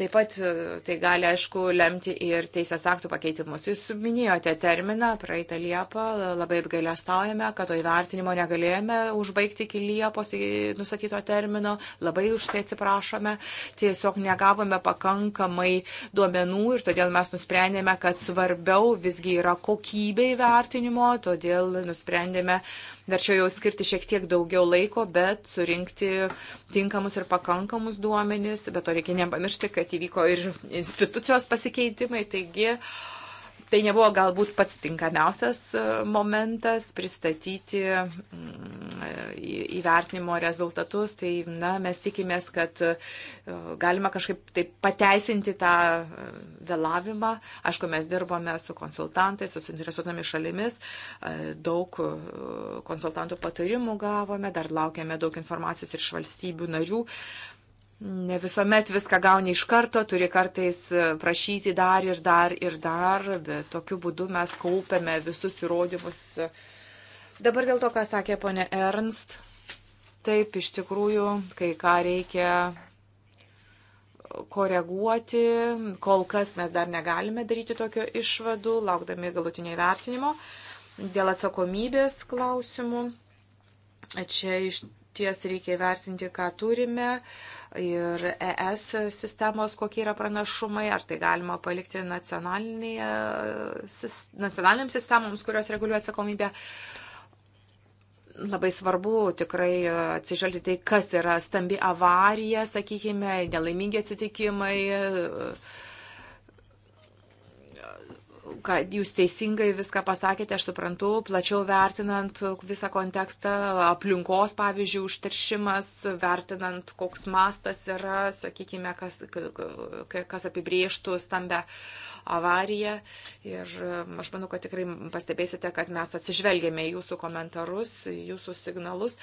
Taip pat e, tai gali, aišku, lemti ir teisės aktų pakeitimus. Jūs minėjote terminą praeitą Liepą, labai apgailestaujame, kad to įvertinimo negalėjome užbaigti iki Liepos nusakyto termino, labai už tai atsiprašome, tiesiog negavome pakankamai duomenų ir todėl mes nusprendėme, kad svarbiau visgi yra kokybė įvertinimo, todėl nusprendėme dar čia jau skirti šiek tiek daugiau laiko, bet surinkti tinkamus ir pakankamus duomenis, bet to reikia nepamiršti, kad bet įvyko ir institucijos pasikeitimai, taigi tai nebuvo galbūt pats tinkamiausias e, momentas pristatyti mm, įvertinimo rezultatus. Tai na, mes tikimės, kad e, galima kažkaip taip pateisinti tą e, vėlavimą. Aišku, mes dirbome su konsultantais, su suinteresuotomis šalimis, daug konsultantų patarimų gavome, dar laukiame daug informacijos iš valstybių narių. Ne visuomet viską gauni iš karto, turi kartais e, prašyti dar ir dar ir dar, bet tokiu būdu mes kaupiame visus įrodymus. Dabar dėl to, ką sakė ponė Ernst, taip iš tikrųjų, kai ką reikia koreguoti, kol kas mes dar negalime daryti tokio išvadų, laukdami galutinio įvertinimo. Dėl atsakomybės klausimų, čia iš ties reikia įvertinti, ką turime. Uh, ir ES sistemos, kokie yra pranašumai, ar tai galima palikti nacionaliniams sistemoms, kurios reguliuoja atsakomybę labai svarbu tikrai atsižvelgti tai, kas yra stambi avarija, sakykime, nelaimingi atsitikimai, kad jūs teisingai viską pasakėte, aš suprantu, plačiau vertinant visą kontekstą, aplinkos, pavyzdžiui, užteršimas, vertinant, koks mastas yra, sakykime, kas, kas apibrieštų stambę avariją. Ir aš manau, kad tikrai pastebėsite, kad mes atsižvelgėme į jūsų komentarus, jūsų signalus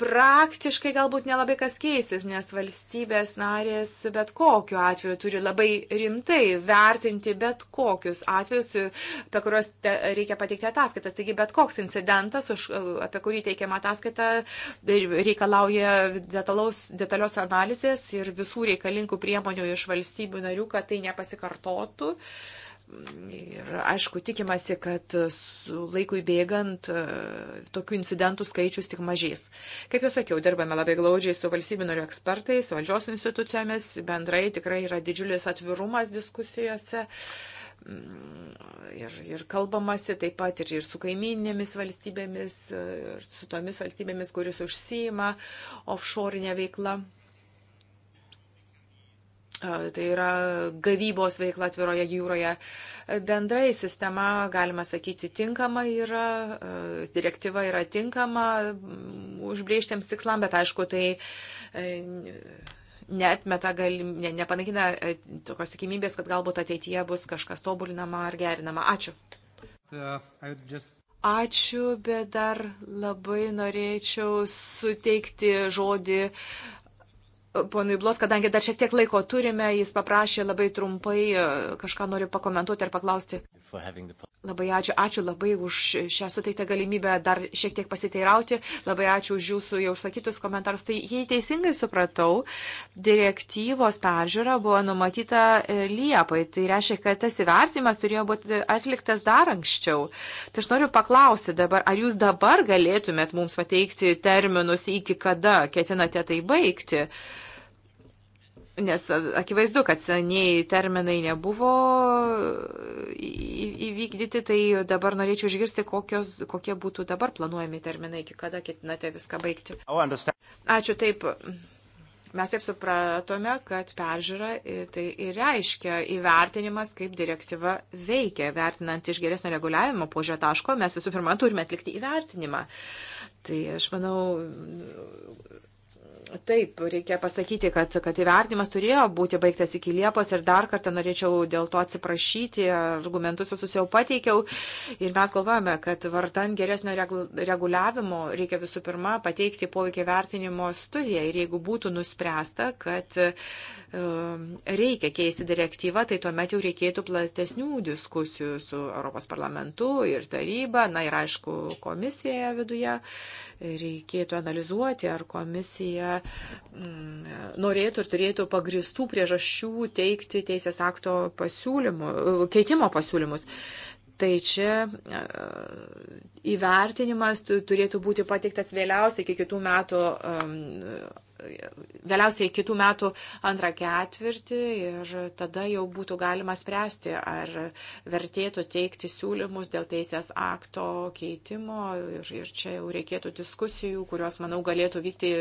praktiškai galbūt nelabai kas keisis, nes valstybės narės bet kokiu atveju turi labai rimtai vertinti bet kokius atvejus, apie kuriuos reikia pateikti ataskaitas. Taigi bet koks incidentas, už, apie kurį teikiama ataskaita, reikalauja detalaus, detalios analizės ir visų reikalingų priemonių iš valstybių narių, kad tai nepasikartotų. Uh, Ir aišku, tikimasi, kad su laikui bėgant e, tokių incidentų skaičius tik mažės. Kaip jau sakiau, dirbame labai glaudžiai su valstybinio ekspertais, valdžios institucijomis, bendrai tikrai yra didžiulis atvirumas diskusijose mm, ir, ir kalbamasi taip pat ir, ir su kaiminėmis valstybėmis, e, ir su tomis valstybėmis, kuris užsijima offshore veiklą tai yra gavybos veikla atviroje jūroje. Bendrai sistema, galima sakyti, tinkama yra, direktyva yra tinkama užbriežtiems tikslam, bet aišku, tai e, netmeta, galim, ne, nepanakina e, tokios tikimybės, kad galbūt ateityje bus kažkas tobulinama ar gerinama. Ačiū. Uh, Ačiū, bet dar labai norėčiau suteikti žodį Ponui Blos, kadangi dar šiek tiek laiko turime, jis paprašė labai trumpai e, kažką noriu pakomentuoti ar paklausti. Labai ačiū, ačiū labai už šią suteiktą galimybę dar šiek tiek pasiteirauti, labai ačiū už jūsų jau užsakytus komentarus. Tai jei teisingai supratau, direktyvos peržiūra buvo numatyta e, Liepai, tai reiškia, kad tas įvertimas turėjo būti atliktas dar anksčiau. Tai aš noriu paklausti dabar, ar jūs dabar galėtumėt mums pateikti terminus, iki kada ketinate tai baigti? Nes akivaizdu, kad seniai terminai nebuvo įvykdyti, tai dabar norėčiau išgirsti, kokios, kokie būtų dabar planuojami terminai, iki kada ketinate viską baigti. Oh, Ačiū taip. Mes taip supratome, kad peržiūra tai ir reiškia įvertinimas, kaip direktyva veikia. Vertinant iš geresnio reguliavimo požio taško, mes visų pirma turime atlikti įvertinimą. Tai aš manau, Taip, reikia pasakyti, kad, kad įvertimas turėjo būti baigtas iki Liepos ir dar kartą norėčiau dėl to atsiprašyti, argumentus visus jau pateikiau ir mes galvojame, kad vardan geresnio reguliavimo reikia visų pirma pateikti poveikį vertinimo studiją ir jeigu būtų nuspręsta, kad uh, reikia keisti direktyvą, tai tuomet jau reikėtų platesnių diskusijų su Europos parlamentu ir taryba, na ir aišku, komisija viduje. Reikėtų analizuoti, ar komisija mm, norėtų ir turėtų pagristų priežasčių teikti teisės akto pasiūlymų, keitimo pasiūlymus. Tai čia e, įvertinimas turėtų būti pateiktas vėliausiai iki kitų metų vėliausiai kitų metų antrą ketvirtį ir tada jau būtų galima spręsti, ar vertėtų teikti siūlymus dėl teisės akto keitimo ir, ir čia jau reikėtų diskusijų, kurios, manau, galėtų vykti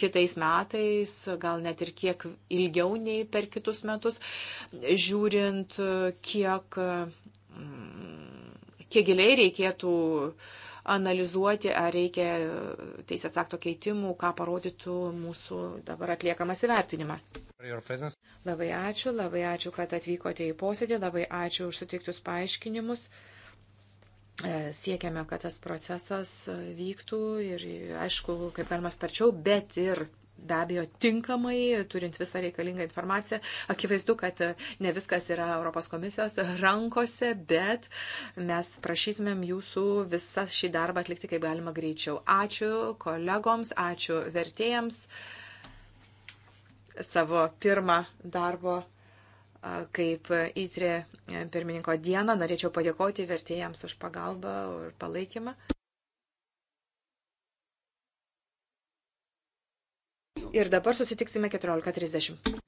kitais metais, gal net ir kiek ilgiau nei per kitus metus, žiūrint, kiek, mm, kiek giliai reikėtų uh, analizuoti, ar reikia e, teisės akto keitimų, ką parodytų mūsų dabar atliekamas įvertinimas. Labai ačiū, labai ačiū, kad atvykote į posėdį, labai ačiū už suteiktus paaiškinimus. E, siekiame, kad tas procesas e, vyktų ir, aišku, kaip galima sparčiau, bet ir be abejo tinkamai, turint visą reikalingą informaciją. Akivaizdu, kad ne viskas yra Europos komisijos rankose, bet mes prašytumėm jūsų visą šį darbą atlikti kaip galima greičiau. Ačiū kolegoms, ačiū vertėjams savo pirmą darbo kaip įtrė e pirmininko dieną. Norėčiau padėkoti vertėjams už pagalbą ir palaikymą. Ir dabar susitiksime 14.30.